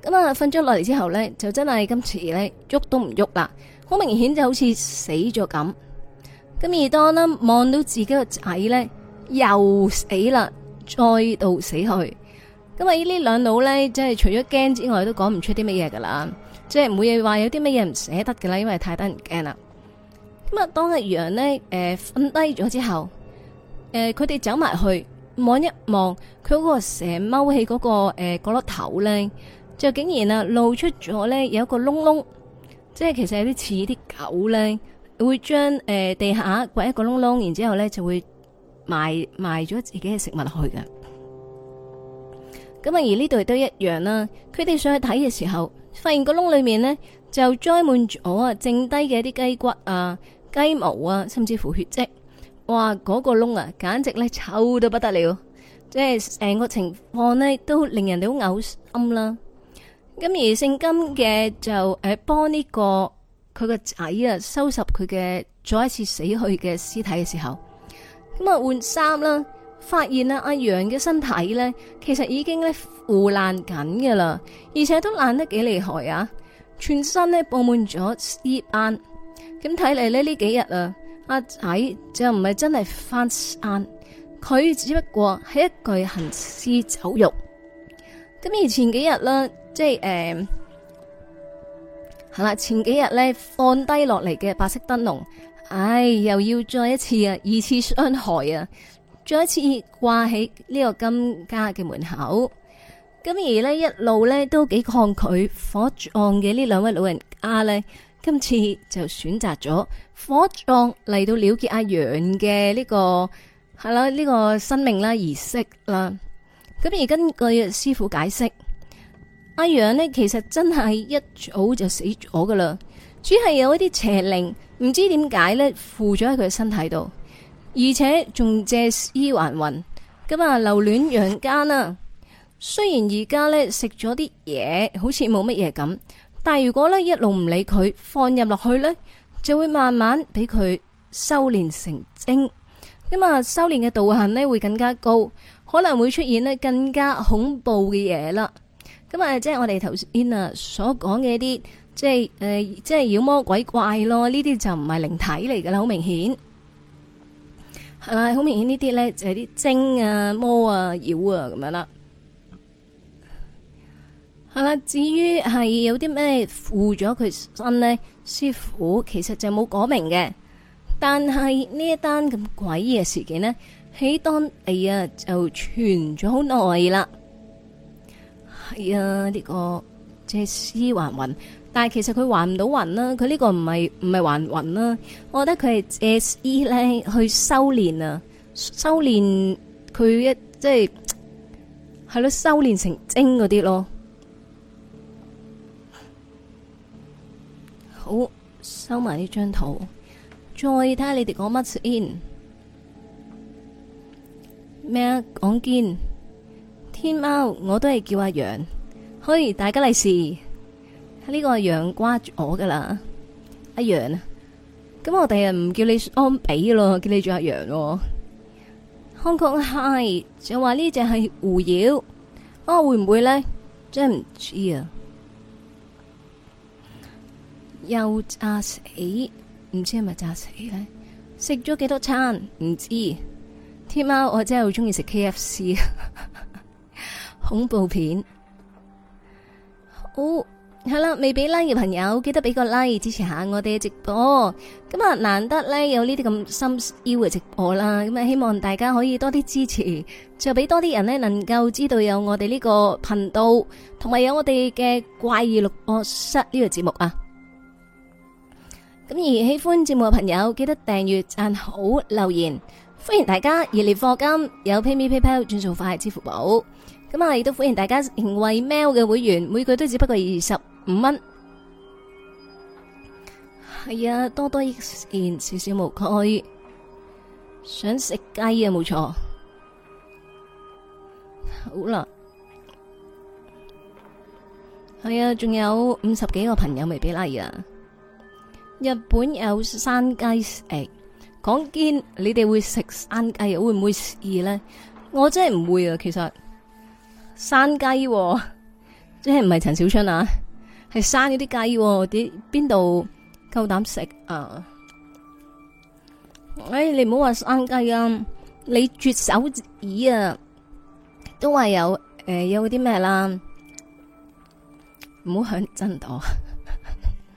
咁啊，瞓咗落嚟之後呢，就真係今次呢喐都唔喐啦，好明顯就好似死咗咁。咁而當呢望到自己個仔呢，又死啦，再度死去。咁啊呢兩老呢，真係除咗驚之外，都講唔出啲乜嘢噶啦，即係唔會話有啲乜嘢唔捨得㗎啦，因為太得人驚啦。咁啊，當阿楊呢誒瞓低咗之後，誒佢哋走埋去望一望佢嗰個蛇踎起嗰、那個誒嗰粒頭呢就竟然啊，露出咗呢，有一個窿窿，即係其實有啲似啲狗呢，會將誒地下掘一個窿窿，然之後咧就會埋埋咗自己嘅食物落去嘅。咁啊，而呢度都一樣啦。佢哋上去睇嘅時候，發現個窿裏面呢，就栽滿咗啊，剩低嘅一啲雞骨啊、雞毛啊、甚至乎血跡。哇！嗰、那個窿啊，簡直呢，臭到不得了，即係成個情況呢，都令人哋好嘔心啦、啊。咁而姓金嘅就誒，幫呢、這個佢個仔啊，收拾佢嘅再一次死去嘅屍體嘅時候，咁啊換衫啦，發現啦阿楊嘅身體咧，其實已經咧腐爛緊噶啦，而且都爛得幾厲害啊，全身咧布滿咗屍斑，咁睇嚟咧呢幾日啊，阿仔就唔係真係翻生，佢只不過係一具行屍走肉。咁而前幾日啦。即係誒，係啦。前幾日咧，放低落嚟嘅白色燈籠，唉，又要再一次啊，二次傷害啊，再一次掛喺呢個金家嘅門口。咁而呢一路咧都幾抗拒火葬嘅呢兩位老人家咧，今次就選擇咗火葬嚟到了結阿楊嘅呢個係啦呢個生命啦儀式啦。咁而根據師傅解釋。阿楊呢，其實真係一早就死咗噶啦，只係有一啲邪靈唔知點解呢，附咗喺佢身體度，而且仲借屍還魂咁啊，留戀陽間啦。雖然而家呢，食咗啲嘢，好似冇乜嘢咁，但係如果呢，一路唔理佢，放入落去呢，就會慢慢俾佢修煉成精咁啊。修煉嘅道行呢，會更加高，可能會出現呢，更加恐怖嘅嘢啦。咁啊，即係我哋頭先啊所講嘅一啲，即係誒，即係妖魔鬼怪咯，呢啲就唔係靈體嚟噶啦，好明顯。係啦，好明顯呢啲咧就係啲精啊、魔啊、妖啊咁樣啦。係啦，至於係有啲咩附咗佢身呢？師傅其實就冇講明嘅。但係呢一單咁詭異嘅事件呢，喺當地啊就傳咗好耐啦。係啊，呢、哎這個借屍還魂，但係其實佢還唔到魂啦，佢呢個唔係唔係還魂啦，我覺得佢係借屍咧去修煉啊，修煉佢一即係係咯，修煉成精嗰啲咯。好，收埋呢張圖，再睇下你哋講乜先咩啊講堅。天貓，我都係叫阿楊，可以大家嚟試呢個阿楊掛住我噶啦，阿楊，咁我第日唔叫你安比咯，叫你做阿楊咯。Hong Kong High 就話呢隻係狐妖，啊、哦、會唔會呢？真係唔知啊，又炸死，唔知係咪炸死咧？食咗幾多餐唔知，天貓我真係好中意食 K F C。恐怖片，好係啦！未俾 like 嘅朋友，記得俾個 like 支持下我哋嘅直播。咁啊，難得呢有呢啲咁深腰嘅直播啦，咁啊，希望大家可以多啲支持，就俾多啲人呢能夠知道有我哋呢個頻道，同埋有我哋嘅怪異錄播室呢個節目啊。咁而喜歡節目嘅朋友，記得訂閱、贊好、留言，歡迎大家熱烈課金，有 PayMe、PayPal 轉數快、支付寶。咁啊，亦都歡迎大家成為喵嘅會員，每個月都只不過二十五蚊。係啊，多多益善，少少無拘。想食雞啊，冇錯。好啦，係啊，仲有五十幾個朋友未俾例啊。日本有山雞誒，講堅你哋會食山雞啊？會唔會試咧？我真係唔會啊，其實。山雞啊，即係唔係陳小春啊？係山嗰啲雞，啲邊度夠膽食啊？哎，你唔好話山雞啊！你絕手指啊，都話有誒、呃，有嗰啲咩啦？唔好響真堂，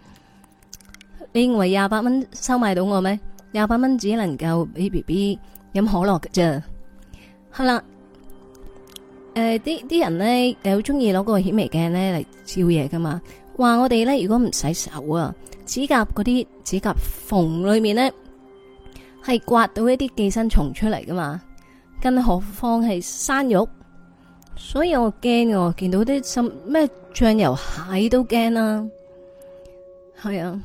你認為廿八蚊收買到我咩？廿八蚊只能夠俾 B B 飲可樂嘅啫，好啦。誒，啲啲、呃、人咧好中意攞個顯微鏡咧嚟照嘢噶嘛？話我哋咧如果唔洗手啊，指甲嗰啲指甲縫裏面咧係刮到一啲寄生蟲出嚟噶嘛？更何況係生肉，所以我驚喎，見到啲咩醬油蟹都驚啦、啊。係啊，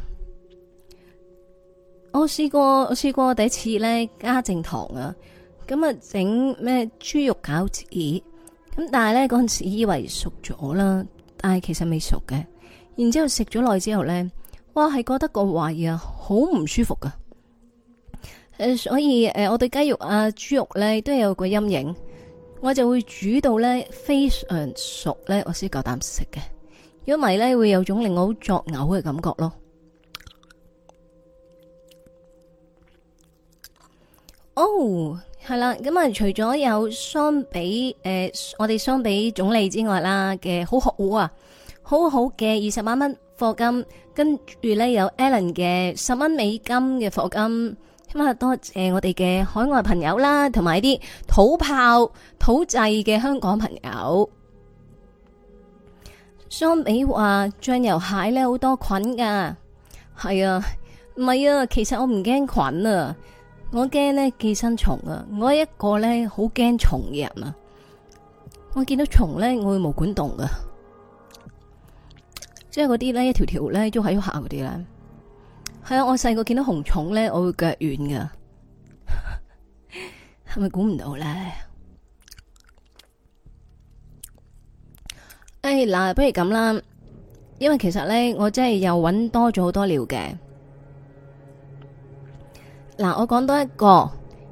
我試過我試過第一次咧，家政堂啊，咁啊整咩豬肉餃子。咁但係呢，嗰陣時以為熟咗啦，但係其實未熟嘅。然之後食咗耐之後呢，哇係覺得個胃啊好唔舒服噶。誒，所以誒我對雞肉啊、豬肉呢，都有個陰影，我就會煮到呢，非常熟呢，我先夠膽食嘅。如果唔係呢，會有種令我好作嘔嘅感覺咯。哦、oh!。係啦，咁啊、嗯，除咗有相比誒、呃，我哋相比總理之外啦，嘅好好啊，好好嘅二十萬蚊貨金，跟住呢，有 Alan 嘅十蚊美金嘅貨金，起碼多謝我哋嘅海外朋友啦，同埋啲土炮土製嘅香港朋友。相比話醬油蟹呢，好多菌噶，係啊，唔係啊，啊，其實我唔驚菌啊。我驚咧寄生蟲啊！我係一個咧好驚蟲嘅人啊！我見到蟲呢，我會毛管動噶，即係嗰啲呢，一條條呢，都喺度下嗰啲咧。係啊！我細個見到紅蟲呢，我會腳軟噶，係咪估唔到咧？誒，嗱，不如咁啦，因為其實呢，我真係又揾多咗好多料嘅。嗱，我講多一個，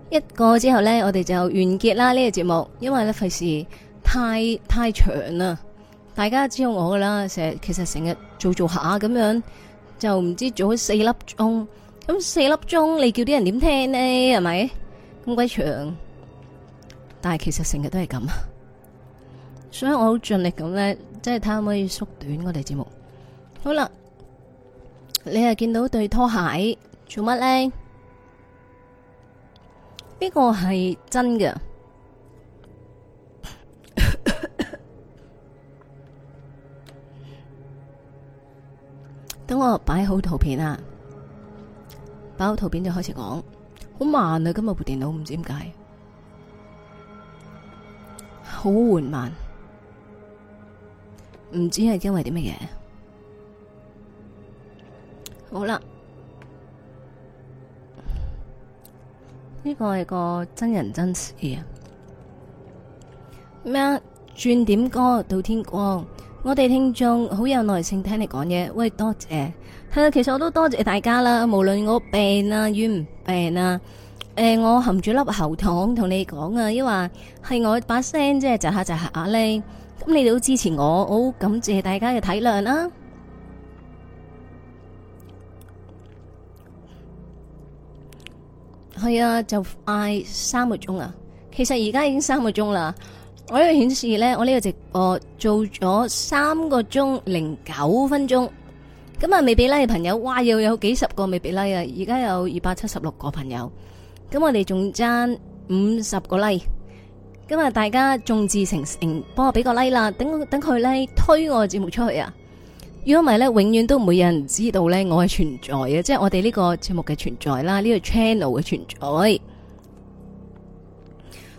一個之後呢，我哋就完結啦呢個節目，因為呢費事太太長啦。大家知道我噶啦，成其實成日做做下咁樣，就唔知做咗四粒鐘。咁四粒鐘，你叫啲人點聽呢？係咪咁鬼長？但係其實成日都係咁，所以我好盡力咁呢，即係睇下可唔可以縮短我哋節目。好啦，你係見到對拖鞋做乜呢？呢個係真嘅。 等我擺好圖片啊，擺好圖片就開始講。好慢啊，今日部電腦唔知點解，好緩慢，唔知係因爲啲乜嘢？好啦。呢個係個真人真事啊！咩啊，轉點歌到天光，我哋聽眾好有耐性聽你講嘢，喂，多謝。係啊，其實我都多謝大家啦，無論我病啊，遠唔病啊，誒、呃，我含住粒喉糖同你講啊，因為係我把聲即係窒下窒下啊咧，咁你哋都支持我，好感謝大家嘅體諒啦、啊。係啊，就快三個鐘啊！其實而家已經三個鐘啦。我呢度顯示呢，我呢個直播做咗三個鐘零九分鐘。咁啊，未俾 like 嘅朋友，哇，又有幾十個未俾 like 啊！而家有二百七十六個朋友。咁我哋仲爭五十個 like。咁啊，大家眾志成城，幫我俾個 like、like、啦！等等佢咧推我節目出去啊！如果唔係咧，永遠都唔會有人知道咧，我係存在嘅，即係我哋呢個節目嘅存在啦，呢個 channel 嘅存在。就是存在這個，存在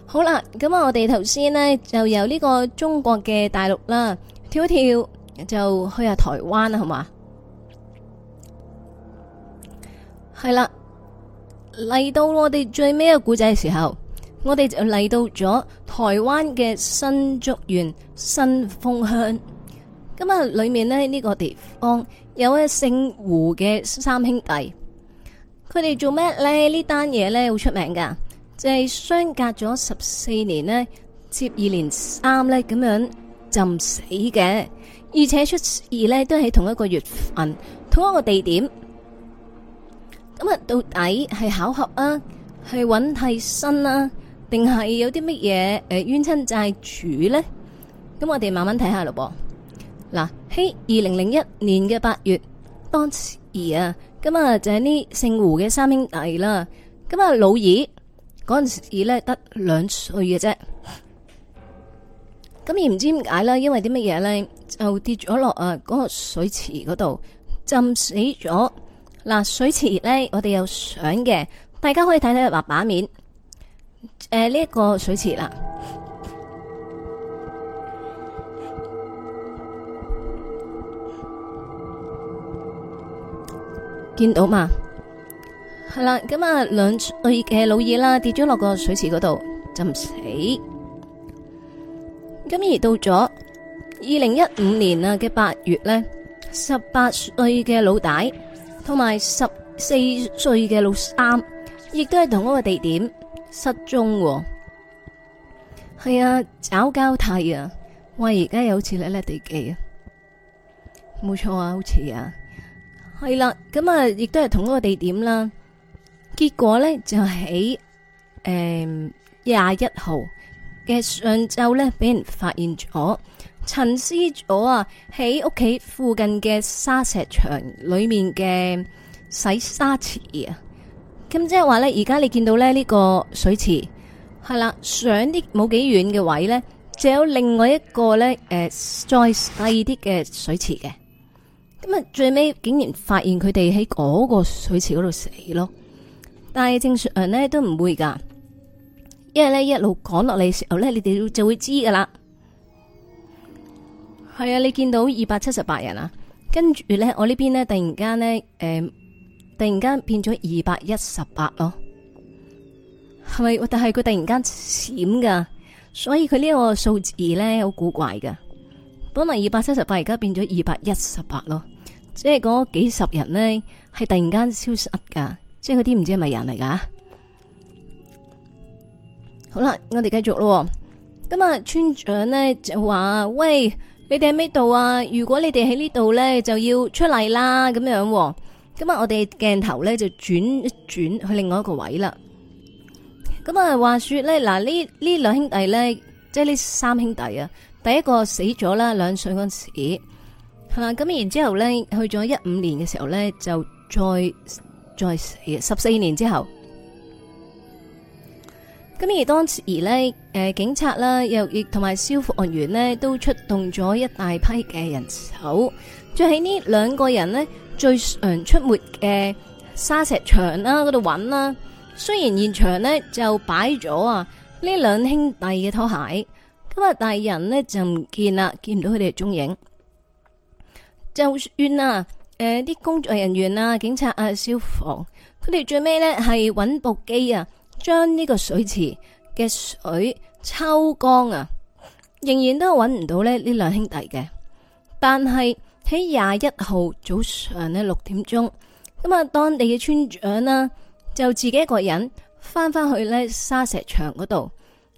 好啦，咁啊，我哋頭先呢，就由呢個中國嘅大陸啦跳一跳，就去下台灣啦，好嘛？係啦，嚟到我哋最尾嘅故仔嘅時候，我哋就嚟到咗台灣嘅新竹縣新豐鄉。咁啊，裏面呢、呢個地方有一個姓胡嘅三兄弟，佢哋做咩呢？呢單嘢呢，好出名噶就係、是、相隔咗十四年呢，接二連三呢咁樣浸死嘅，而且出事呢都係同一個月份，同一個地點。咁啊，到底係巧合啊？係揾替身啊？定係有啲乜嘢誒冤親債主呢？咁我哋慢慢睇下咯噃。嗱，喺二零零一年嘅八月，當時啊，咁啊就係呢姓胡嘅三兄弟啦，咁啊老二嗰陣時而呢，得兩歲嘅啫，咁而唔知點解啦，因為啲乜嘢呢，就跌咗落啊嗰個水池嗰度浸死咗。嗱，水池呢，我哋有相嘅，大家可以睇睇畫板面，誒呢一個水池啦。見到嘛，係啦，咁啊，兩歲嘅老二啦，跌咗落個水池嗰度，浸死。咁而到咗二零一五年啊嘅八月咧，十八歲嘅老大同埋十四歲嘅老三，亦都係同一個地點失蹤。係啊，找交替啊，喂，而家又好似叻叻地記啊，冇錯啊，好似啊。係啦，咁啊，亦都係同一個地點啦。結果咧就喺誒廿一號嘅上晝咧，俾人發現咗陳思祖啊喺屋企附近嘅沙石場裏面嘅洗沙池啊。咁即係話咧，而家你見到咧呢、這個水池係啦，上啲冇幾遠嘅位咧，就有另外一個咧誒、呃、再細啲嘅水池嘅。咁啊，最尾竟然發現佢哋喺嗰個水池嗰度死咯。但係正常人呢都唔會噶，因為呢一路講落嚟時候呢，你哋就會知噶啦。係啊，你見到二百七十八人啊，跟住呢，我呢邊呢，突然間呢，誒、嗯，突然間變咗二百一十八咯。係咪？但係佢突然間閃噶，所以佢呢個數字呢，好古怪噶。本來二百七十八，而家變咗二百一十八咯。即係嗰幾十人呢，係突然間消失噶，即係嗰啲唔知係咪人嚟噶？好啦，我哋繼續咯。咁啊，村長呢就話，喂，你哋喺呢度啊？如果你哋喺呢度呢，就要出嚟啦。咁樣。咁啊，我哋鏡頭呢就轉一轉去另外一個位啦。咁啊，話說呢，嗱，呢呢兩兄弟呢，即係呢三兄弟啊，第一個死咗啦，兩歲嗰陣時。係啦，咁然之後呢，去咗一五年嘅時候呢，就再再十四年之後，咁而當時呢，誒，警察啦，又亦同埋消防員呢，都出動咗一大批嘅人手，再喺呢兩個人呢，最常出沒嘅沙石場啦嗰度揾啦。雖然現場呢就擺咗啊呢兩兄弟嘅拖鞋，咁啊，大人呢就唔見啦，見唔到佢哋嘅蹤影。就算啊，誒、呃，啲工作人員啊，警察啊，消防，佢哋最尾咧係揾部機啊，將呢個水池嘅水抽乾啊，仍然都揾唔到咧呢兩兄弟嘅。但係喺廿一號早上咧六點鐘，咁啊，當地嘅村長啦就自己一個人翻翻去咧沙石場嗰度，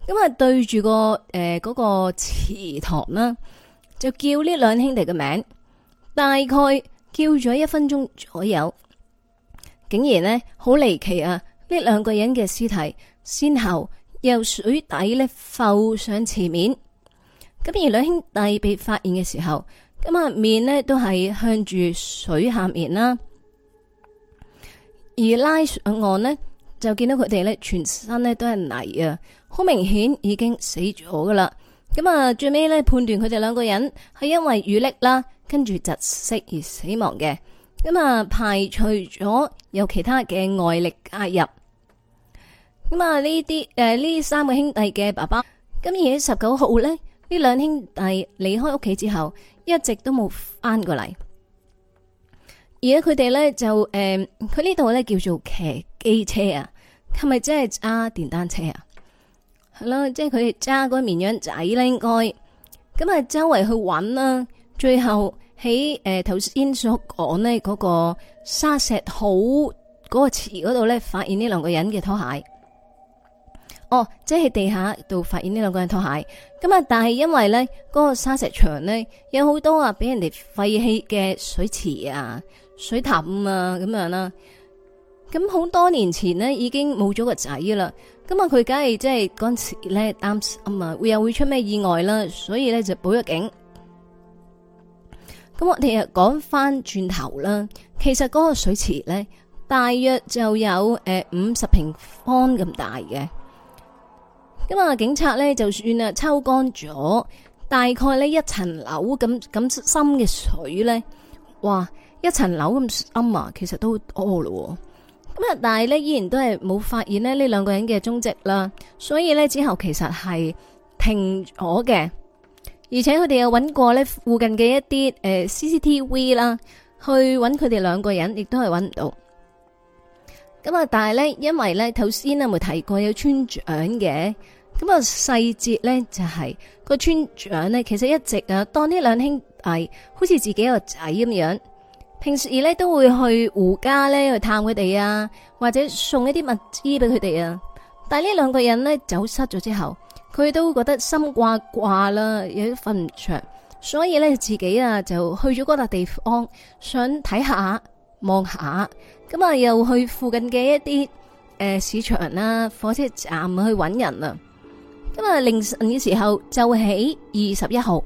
咁啊對住個誒嗰、呃那個池塘啦，就叫呢兩兄弟嘅名。大概叫咗一分鐘左右，竟然呢，好離奇啊！呢兩個人嘅屍體先後由水底呢浮上前面。咁而兩兄弟被發現嘅時候，咁啊面呢都係向住水下面啦。而拉上岸呢，就見到佢哋呢全身呢都係泥啊，好明顯已經死咗噶啦。咁啊，最尾呢判斷佢哋兩個人係因為遇溺啦。跟住窒息而死亡嘅，咁啊排除咗有其他嘅外力介入，咁啊呢啲誒呢三個兄弟嘅爸爸，咁而喺十九號咧，呢兩兄弟離開屋企之後，一直都冇翻過嚟，而家佢哋咧就誒，佢、呃、呢度咧叫做騎機車啊，係咪即係揸電單車啊？係咯，即係佢揸嗰個綿羊仔啦，應該咁啊，周圍去揾啦，最後。喺誒，頭先、呃、所講呢，嗰個沙石好，嗰個池嗰度咧，發現呢兩個人嘅拖、哦、拖鞋。哦，即係地下度發現呢兩個人拖鞋。咁啊，但係因為咧嗰、嗰個沙石場咧有好多啊，俾人哋廢棄嘅水池啊、水潭啊咁樣啦、啊。咁好多年前呢，已經冇咗個仔啦。咁啊、就是，佢梗係即係嗰陣時咧擔心會又會出咩意外啦，所以咧就報咗警。咁我哋又講翻轉頭啦，其實嗰個水池咧，大約就有誒五十平方咁大嘅。咁啊，警察咧就算啊抽乾咗，大概呢一層樓咁咁深嘅水咧，哇，一層樓咁深啊，其實都好多咯。咁啊，但係咧依然都係冇發現呢兩個人嘅蹤跡啦。所以咧之後其實係停咗嘅。而且佢哋又揾過呢附近嘅一啲誒 CCTV 啦，去揾佢哋兩個人，亦都係揾唔到。咁啊，但係呢，因為呢頭先咧冇提過有村長嘅。咁啊，細節呢，就係個村長呢，其實一直啊當呢兩兄弟好似自己個仔咁樣，平時呢都會去胡家呢去探佢哋啊，或者送一啲物資俾佢哋啊。但係呢兩個人呢，走失咗之後。佢都覺得心掛掛啦，有啲瞓唔着，所以咧自己啊就去咗嗰笪地方，想睇下望下。咁啊，又去附近嘅一啲誒、呃、市場啦、火車站去揾人啊。咁啊，凌晨嘅時候就喺二十一號，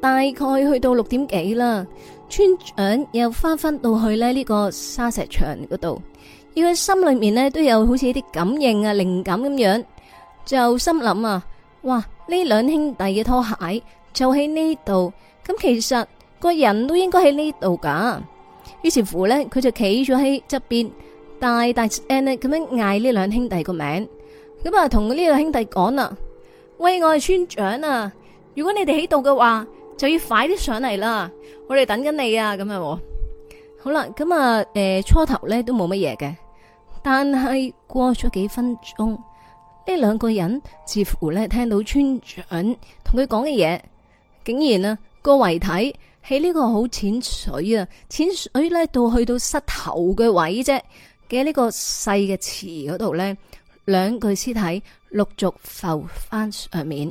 大概去到六點幾啦。村長又翻翻到去咧呢個沙石場嗰度，要佢心裏面咧都有好似一啲感應啊、靈感咁樣。就心諗啊，哇！呢兩兄弟嘅拖鞋就喺呢度，咁其實個人都應該喺呢度噶。於是乎呢，佢就企咗喺側邊，大大聲咁樣嗌呢兩兄弟個名。咁、嗯、啊，同呢兩兄弟講啦、啊：，喂，我係村長啊！如果你哋喺度嘅話，就要快啲上嚟啦，我哋等緊你啊！咁啊，好啦，咁啊，誒，初頭咧都冇乜嘢嘅，但係過咗幾分鐘。呢兩個人似乎咧聽到村長同佢講嘅嘢，竟然啊個遺體喺呢個好淺水啊，淺水咧到去到膝頭嘅位啫嘅呢個細嘅池嗰度咧，兩具屍體陸續浮翻上面。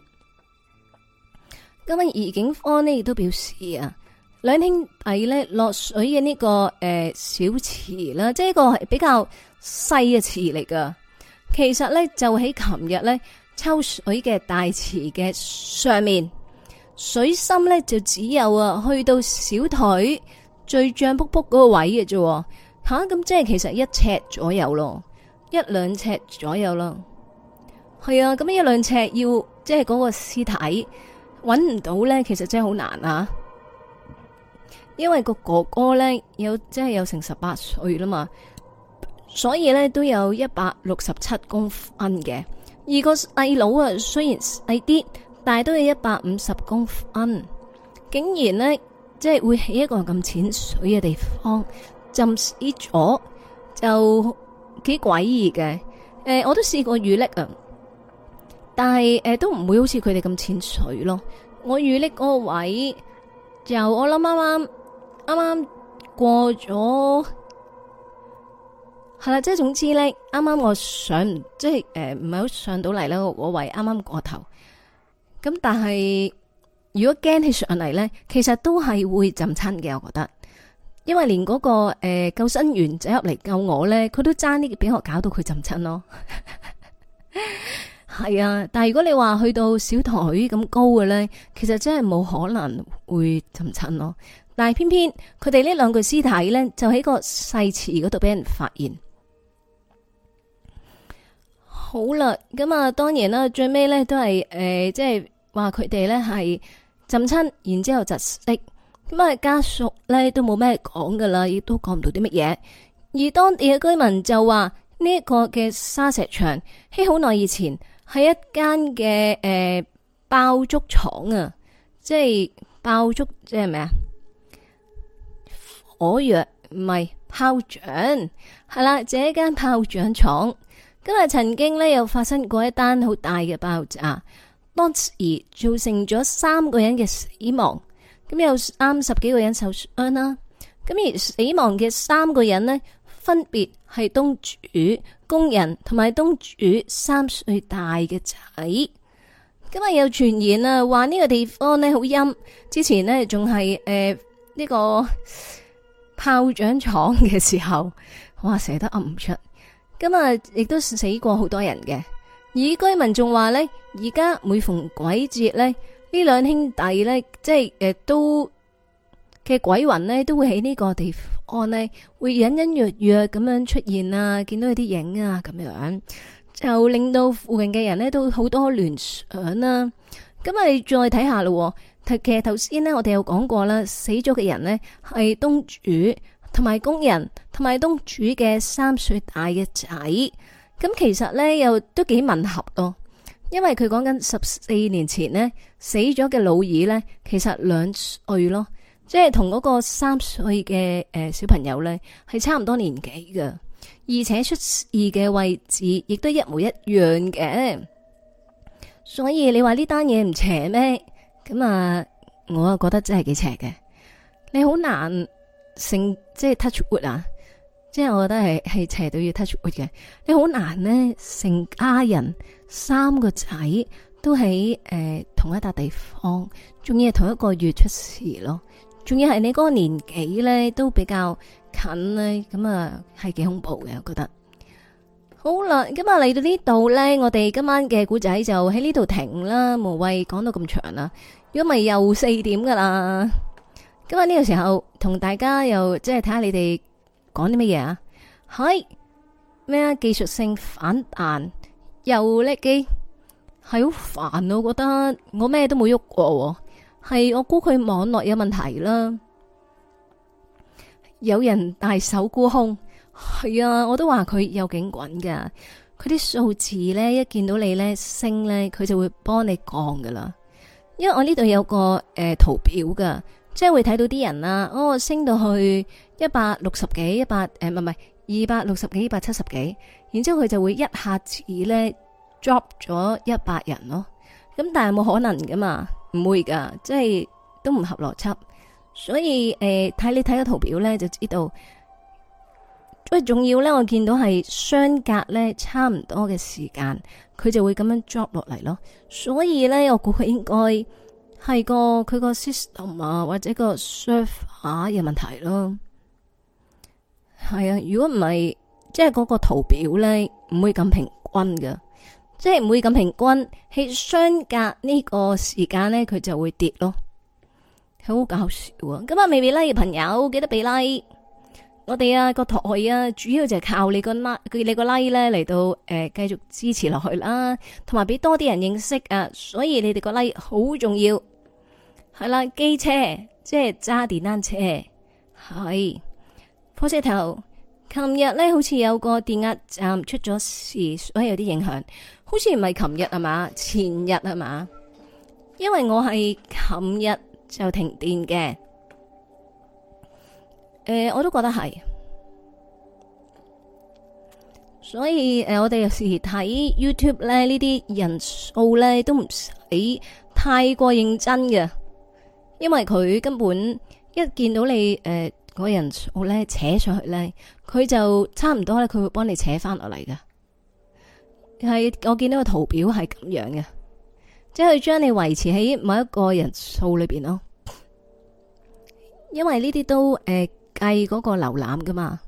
咁啊，而警方呢亦都表示啊，兩兄弟咧落水嘅呢、這個誒、呃、小池啦，即係一個係比較細嘅池嚟噶。其實呢，就喺琴日呢抽水嘅大池嘅上面，水深呢，就只有啊去到小腿最脹卜卜嗰個位嘅啫，吓、啊、咁即係其實一尺左右咯，一兩尺左右咯，係啊，咁一兩尺要即係嗰個屍體揾唔到呢，其實真係好難啊，因為個哥哥呢，有即係有成十八歲啦嘛。所以咧都有一百六十七公分嘅，而個細佬啊雖然細啲，但係都有一百五十公分，竟然呢，即係會喺一個咁淺水嘅地方浸死咗，就幾詭異嘅。誒、欸，我都試過遇溺啊，但係誒、欸、都唔會好似佢哋咁淺水咯。我遇溺嗰個位就我諗啱啱啱啱過咗。係啦、嗯，即係總之咧，啱啱我上即係誒，唔係好上到嚟啦。我位啱啱過頭，咁但係如果驚起上嚟咧，其實都係會浸親嘅。我覺得，因為連嗰、那個誒、呃、救生員走入嚟救我咧，佢都爭啲俾我搞到佢浸親咯。係 啊，但係如果你話去到小台咁高嘅咧，其實真係冇可能會浸親咯。但係偏偏佢哋呢兩具屍體咧，就喺個細池嗰度俾人發現。好啦，咁啊，當然啦，最尾咧都係誒、呃，即係話佢哋咧係浸親，然之後窒息。咁啊家屬咧都冇咩講噶啦，亦都講唔到啲乜嘢。而當地嘅居民就話呢、這個嘅沙石場喺好耐以前，係一間嘅誒爆竹廠啊，即係爆竹即係咩啊？火藥唔係炮仗，係啦，這間炮仗廠。咁啊，曾經咧又發生過一單好大嘅爆炸，當時造成咗三個人嘅死亡，咁有三十幾個人受傷啦。咁而死亡嘅三個人呢，分別係東主、工人同埋東主三歲大嘅仔。咁啊，有傳言啊話呢個地方咧好陰，之前咧仲係誒呢個炮仗廠嘅時候，哇，寫得噏唔出。咁啊，亦都死過好多人嘅。而居民仲話咧，而家每逢鬼節咧，呢兩兄弟咧，即係誒都嘅鬼魂咧，都會喺呢個地方咧，會隱隱約約咁樣出現啊，見到有啲影啊，咁樣就令到附近嘅人咧都好多聯想啦。咁啊，再睇下喎。其實頭先咧，我哋有講過啦，死咗嘅人咧係東主。同埋工人，同埋東主嘅三歲大嘅仔，咁其實呢又都幾吻合咯，因為佢講緊十四年前呢，死咗嘅老二呢，其實兩歲咯，即係同嗰個三歲嘅誒小朋友呢，係差唔多年紀㗎，而且出事嘅位置亦都一模一樣嘅，所以你話呢單嘢唔邪咩？咁啊，我啊覺得真係幾邪嘅，你好難。成即係 touch wood 啊！即係我覺得係係斜到要 touch wood 嘅。你好難呢，成家人三個仔都喺誒、呃、同一笪地方，仲要係同一個月出事咯，仲要係你嗰個年紀咧都比較近咧，咁啊係幾恐怖嘅，我覺得。好啦，咁啊嚟到呢度咧，我哋今晚嘅古仔就喺呢度停啦，無謂講到咁長啦，如果咪又四點噶啦。今日呢個時候同大家又即係睇下你哋講啲乜嘢啊？係咩啊？技術性反彈又叻機係好煩啊！我覺得我咩都冇喐過，係我估佢網絡有問題啦。有人大手沽空係啊，我都話佢有警棍噶。佢啲數字呢，一見到你呢升呢，佢就會幫你降噶啦。因為我呢度有個誒、呃、圖表噶。即係會睇到啲人啦、啊，哦升到去一百六十幾，一百誒唔係唔係二百六十幾，一百七十幾，然之後佢就會一下子咧 drop 咗一百人咯。咁但係冇可能噶嘛，唔會噶，即係都唔合邏輯。所以誒睇、呃、你睇個圖表咧就知道。喂，仲要咧，我見到係相隔咧差唔多嘅時間，佢就會咁樣 drop 落嚟咯。所以咧，我估佢應該。是係個佢個 system 啊，或者個 server 嘅有問題咯。係啊，如果唔係，即係嗰個圖表咧唔會咁平均㗎。即係唔會咁平均。喺相隔呢個時間咧，佢就會跌咯。好搞笑啊！咁啊，未未 like 嘅朋友記得俾 like。我哋啊個台啊，主要就係靠你個 like，佢你個 like 咧嚟到誒繼續支持落去啦，同埋俾多啲人認識啊。所以你哋個 like 好重要。係啦，機車即係揸電單車，係火車頭。琴日咧，好似有個電壓站出咗事，所以有啲影響。好似唔係琴日係嘛，前日係嘛？因為我係琴日就停電嘅。誒、呃，我都覺得係，所以誒、呃，我哋有時睇 YouTube 咧呢啲人數咧都唔使太過認真嘅。因為佢根本一見到你誒、呃、人數咧扯上去咧，佢就差唔多咧，佢會幫你扯翻落嚟噶。係我見到個圖表係咁樣嘅，即係佢將你維持喺某一個人數裏邊咯。因為呢啲都誒計嗰個瀏覽噶嘛，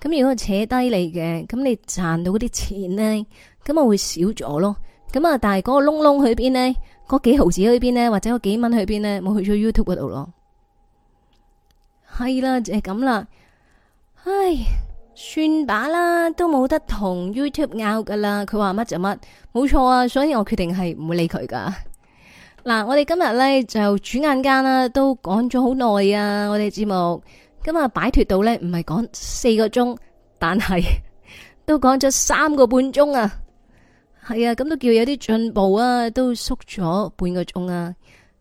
咁如果佢扯低你嘅，咁你賺到嗰啲錢呢，咁啊會少咗咯。咁啊！但係嗰個窿窿去邊呢？嗰幾毫紙去邊呢？或者嗰幾蚊去邊呢？冇去咗 YouTube 嗰度咯，係啦，就係咁啦。唉，算把啦，都冇得同 YouTube 拗噶啦。佢話乜就乜，冇錯啊。所以我決定係唔會理佢噶。嗱，我哋今日呢就轉眼間啦，都講咗好耐啊。我哋節目今日擺脱到呢，唔係講四個鐘，但係都講咗三個半鐘啊。係啊，咁都叫有啲進步啊，都縮咗半個鐘啊。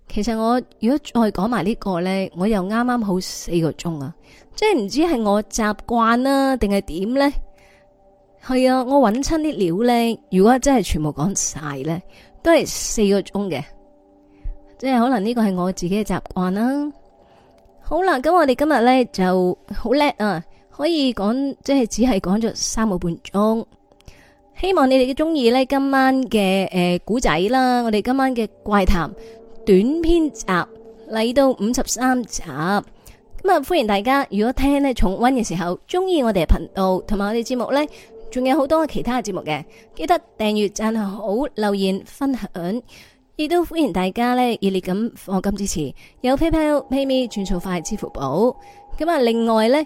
其實我如果再講埋呢個呢，我又啱啱好四個鐘啊。即係唔知係我習慣啦，定係點呢？係啊，我揾親啲料呢，如果真係全部講晒呢，都係四個鐘嘅。即係可能呢個係我自己嘅習慣啦。好啦，咁我哋今日呢就好叻啊，可以講即係只係講咗三個半鐘。希望你哋都中意呢今晚嘅誒古仔啦，我哋今晚嘅怪談短篇集嚟到五十三集。咁啊，歡迎大家如果聽呢重溫嘅時候，中意我哋嘅頻道同埋我哋節目呢，仲有好多其他嘅節目嘅，記得訂閱、讚好、留言、分享。亦都歡迎大家呢熱烈咁放金支持，有 PayPal、PayMe 轉數快、支付寶。咁啊，另外呢。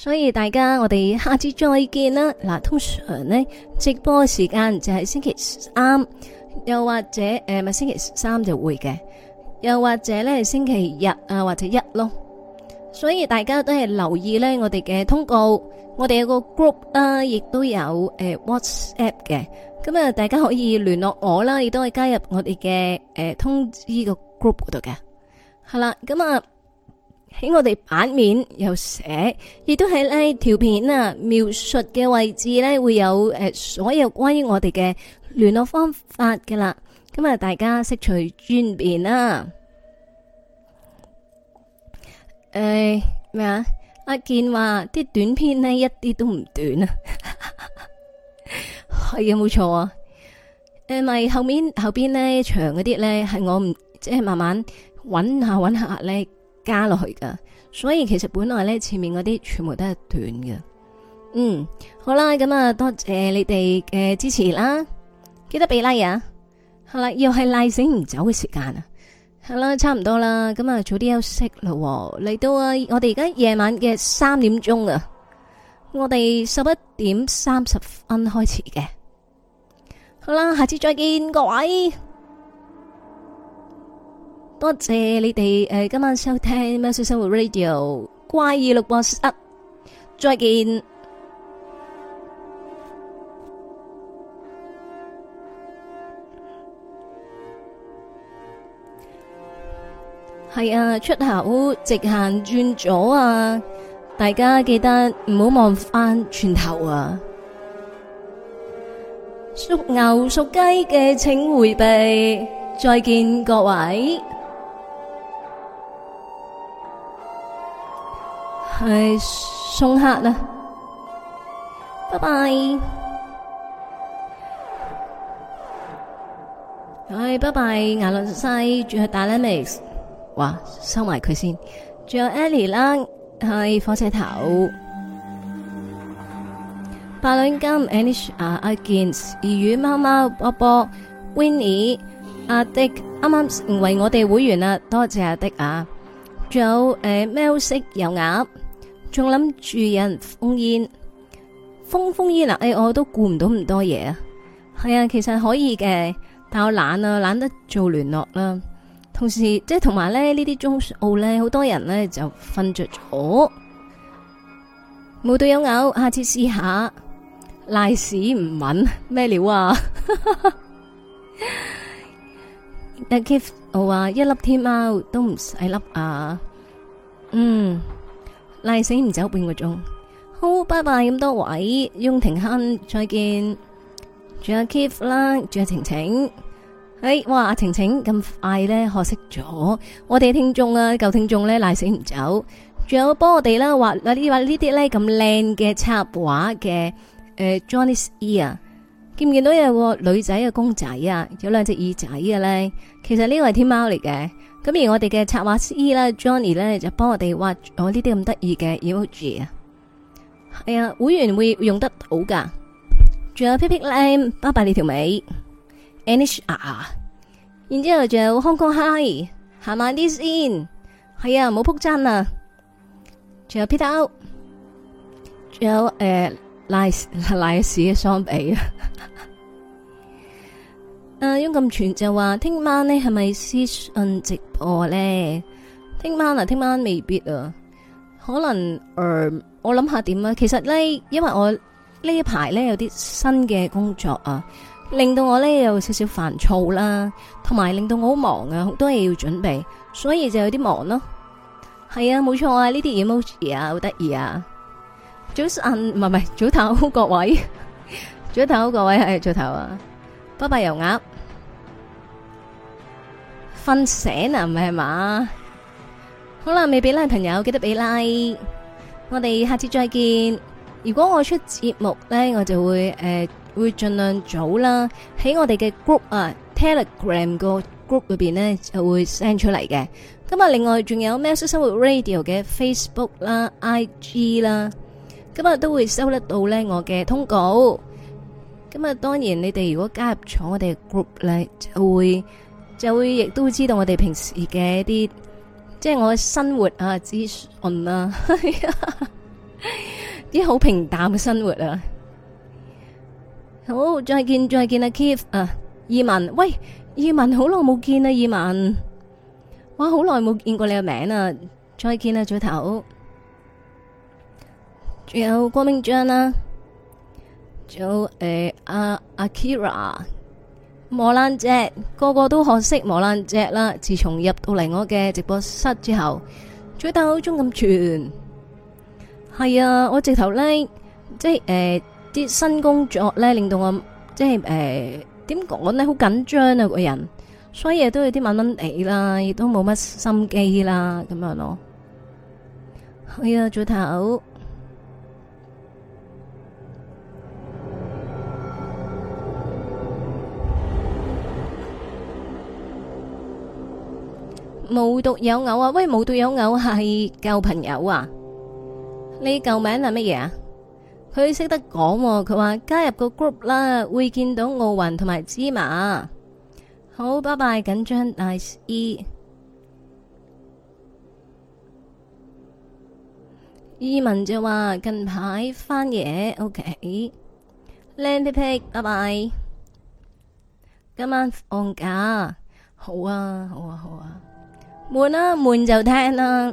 所以大家我哋下次再見啦。嗱、啊，通常咧直播時間就係星期三，又或者誒咪、呃、星期三就會嘅，又或者咧係星期日啊或者一咯。所以大家都係留意咧我哋嘅通告，我哋有個 group 啦、啊，亦都有誒、呃、WhatsApp 嘅。咁啊，大家可以聯絡我啦，亦、啊、都可以加入我哋嘅誒通知個 group 嗰度嘅。係啦，咁啊。啊喺我哋版面又寫，亦都係咧條片啊描述嘅位置咧會有誒所有關於我哋嘅聯絡方法嘅啦。咁啊，大家識隨尊便啦。誒咩啊？阿健話啲短片咧一啲都唔短啊，係啊，冇錯啊。誒咪後面後邊咧長嗰啲咧係我唔即係慢慢揾下揾下咧。加落去噶，所以其實本來咧前面嗰啲全部都係短嘅。嗯，好啦，咁、嗯、啊多謝你哋嘅支持啦，記得俾 like 呀。好啦，又係賴醒唔走嘅時間啊，係啦，差唔多啦，咁、嗯、啊早啲休息喎。嚟到啊，我哋而家夜晚嘅三點鐘啊，我哋十一點三十分開始嘅。好啦，下次再見，各位。多謝你哋誒、呃，今晚收聽《喵式生活 Radio》怪異錄播室，再見。係 啊，出口直行轉左啊，大家記得唔好望翻轉頭啊！屬牛屬雞嘅請回避，再見各位。係送客啦，拜拜。係拜拜，亞倫西，仲有大 lemix，哇，收埋佢先。仲有 Ellie 啦，係火車頭，白兩金，Anish、啊、阿健，二魚貓貓波波，Winnie 阿 Dick，啱啱成為我哋會員啦，多謝阿、啊、Dick 啊。仲有誒，貓色油鴨。仲諗住有人封煙，封封煙啦、啊！哎，我都顧唔到咁多嘢啊。係啊，其實可以嘅，但我懶啊，懶得做聯絡啦。同時，即係同埋咧，呢啲中奧咧，好多人咧就瞓着咗，冇對有咬，下次試下。賴屎唔穩咩料啊 Eclipse 我話一粒天貓都唔使粒啊。 gift, 哦、啊一一啊嗯。賴死唔走半個鐘，好，拜拜咁多位，雍廷亨，再見，仲有 Keith 啦，仲有晴晴，哎，哇，阿晴晴咁快咧學識咗，我哋聽眾啊，舊聽眾咧賴死唔走，仲有幫我哋啦畫，這些呢畫呢啲咧咁靚嘅插畫嘅，誒、呃、Johnny Ear，見唔見到有個女仔嘅公仔啊？有兩隻耳仔嘅咧，其實呢個係天貓嚟嘅。咁而我哋嘅策劃師啦 Johnny 咧就幫我哋畫咗呢啲咁得意嘅 emoji 啊，係、哦、啊、哎，會員會用得到噶。仲有 p i p i Lam，拜拜你條尾，Anish R，然之後有 Hong Kong High，行慢啲先，係、哎、啊，唔好撲親啊。仲有 p i t o u O，仲有誒 Nice Nice 嘅雙臂。 啊，用咁全就話聽晚呢係咪私信直播呢？聽晚啊，聽晚未必啊，可能，嗯、呃，我諗下點啊。其實呢，因為我呢一排呢有啲新嘅工作啊，令到我呢有少少煩躁啦，同埋令到我好忙啊，好多嘢要準備，所以就有啲忙咯。係啊，冇錯啊，呢啲 emoji 啊，好得意啊。早晨唔係唔係，早唞各， 各位，早唞各位係早唞啊。拜拜油鴨，瞓醒啊，唔係係嘛？好啦，未俾 like 嘅朋友記得俾 like。我哋下次再見。如果我出節目咧，我就會誒會盡量早啦，喺我哋嘅 group 啊 Telegram 個 group 裏邊咧就會 send 出嚟嘅。今日另外仲有喵式生活 Radio 嘅 Facebook 啦、IG 啦，今日都會收得到咧我嘅通告。咁啊，當然你哋如果加入咗我哋嘅 group 咧，就會就會亦都知道我哋平時嘅一啲，即係我嘅生活啊，資訊啊，啲 好平淡嘅生活啊。好，再見，再見啊，Keith 啊，意文，喂，意文，好耐冇見啊，意文，哇，好耐冇見過你嘅名啊，再見啊，早頭，仲有郭明章啦、啊。做誒阿、欸、阿、啊啊、Kira 磨爛只，個個都學識磨爛只啦。自從入到嚟我嘅直播室之後，做頭鐘咁轉，係啊！我直頭咧，即係誒啲新工作咧，令到我即係誒點講咧，好緊張啊個人，所以都有啲掹掹地啦，亦都冇乜心機啦，咁樣咯。係啊，做頭。無獨有偶啊，喂，無獨有偶係舊朋友啊，你舊名係乜嘢啊？佢識得講，佢話加入個 group 啦，會見到奧運同埋芝麻。好，拜拜，緊張 Nice E。E、nice。E 文就話近排翻嘢，OK，靚皮皮，拜拜。今晚放假，好啊，好啊，好啊。悶啦，悶就聽啦。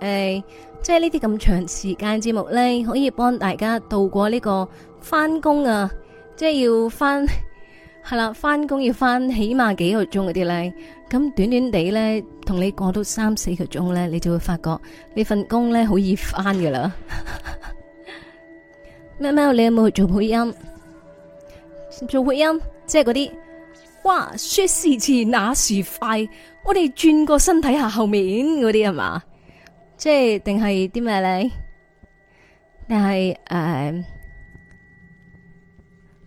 誒，即係呢啲咁長時間節目咧，可以幫大家度過呢個翻工啊！即係要翻，係啦，翻工要翻起碼幾個鐘嗰啲咧。咁短短地咧，同你過到三四個鐘咧，你就會發覺呢份工咧好易翻噶啦。喵喵，你有冇去做配音？做配音，即係嗰啲，哇，說時遲，那時快。我哋轉個身體下後面嗰啲係嘛，即係定係啲咩咧？定係誒，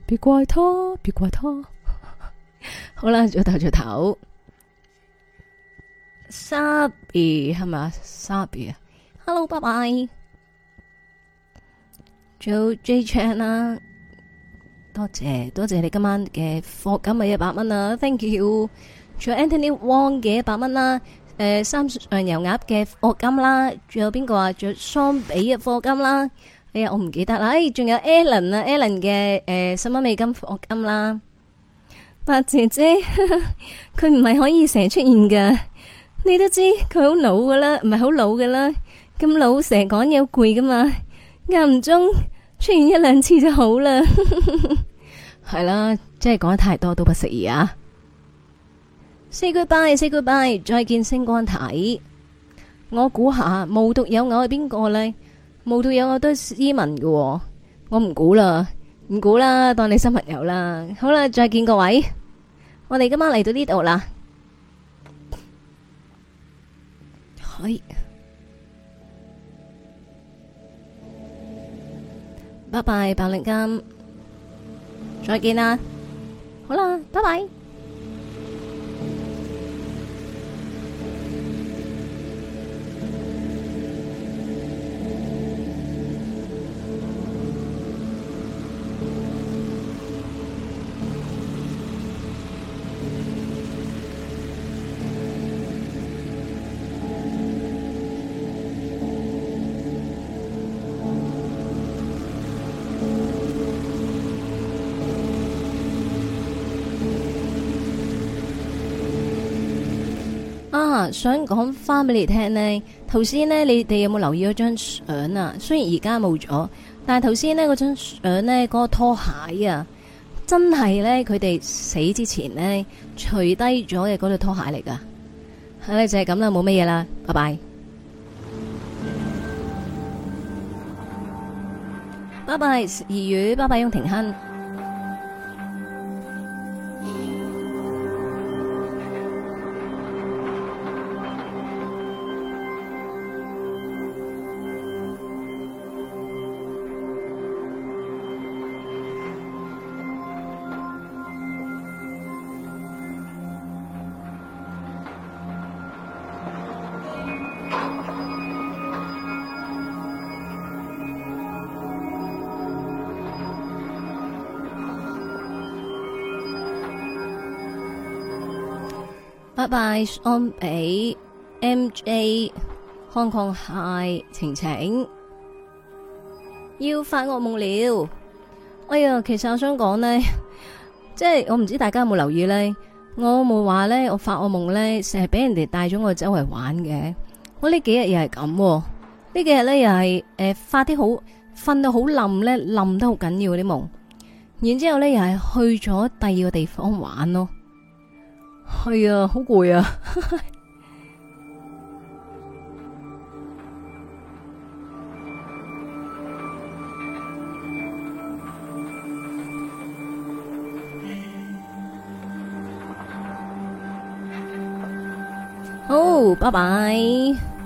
別、呃、怪他，別怪他。 好啦，做頭做頭。Sabi 係嘛？Sabi，Hello，拜拜。Jo Chan 啦，、啊、多謝多謝你今晚嘅課，咁咪一百蚊啊！Thank you。除咗 Anthony Wong 嘅一百蚊啦，誒三十油鴨嘅課金啦，仲有邊個啊？仲有桑比嘅課金啦，哎呀我唔記得啦，哎仲有 Alan 啊，Alan 嘅誒十、呃、蚊美金課金啦。八姐姐，佢唔係可以成日出現噶，你都知佢好老噶啦，唔係好老噶啦，咁老成日講嘢好攰噶嘛，間唔中出現一兩次就好啦。係 啦、啊，真係講得太多都不適宜啊。Say goodbye, say goodbye，再見星光體。我估下無獨有偶係邊個呢？無獨有偶都斯文嘅，我唔估啦，唔估啦，當你新朋友啦。好啦，再見各位，我哋今晚嚟到呢度啦。可以，拜拜，白靈金，再見啦！好啦，拜拜。想講翻俾你聽呢，頭先呢，你哋有冇留意嗰張相啊？雖然而家冇咗，但係頭先呢，嗰張相呢，嗰個拖鞋啊，真係呢，佢哋死之前呢，除低咗嘅嗰對拖鞋嚟噶。係、啊、咧就係咁啦，冇乜嘢啦，拜拜，拜拜，二月，拜拜，翁庭亨。拜安比 M J 康康蟹晴晴要發惡夢了，哎呀！其實我想講呢，即係我唔知大家有冇留意呢？我冇話呢，我發惡夢呢，成日俾人哋帶咗我周圍玩嘅。我呢幾日又係咁，呢幾日呢，又係誒發啲好瞓到好冧呢，冧得好緊要啲夢。然之後呢又係去咗第二個地方玩咯。哎呀，好攰啊！好，拜拜。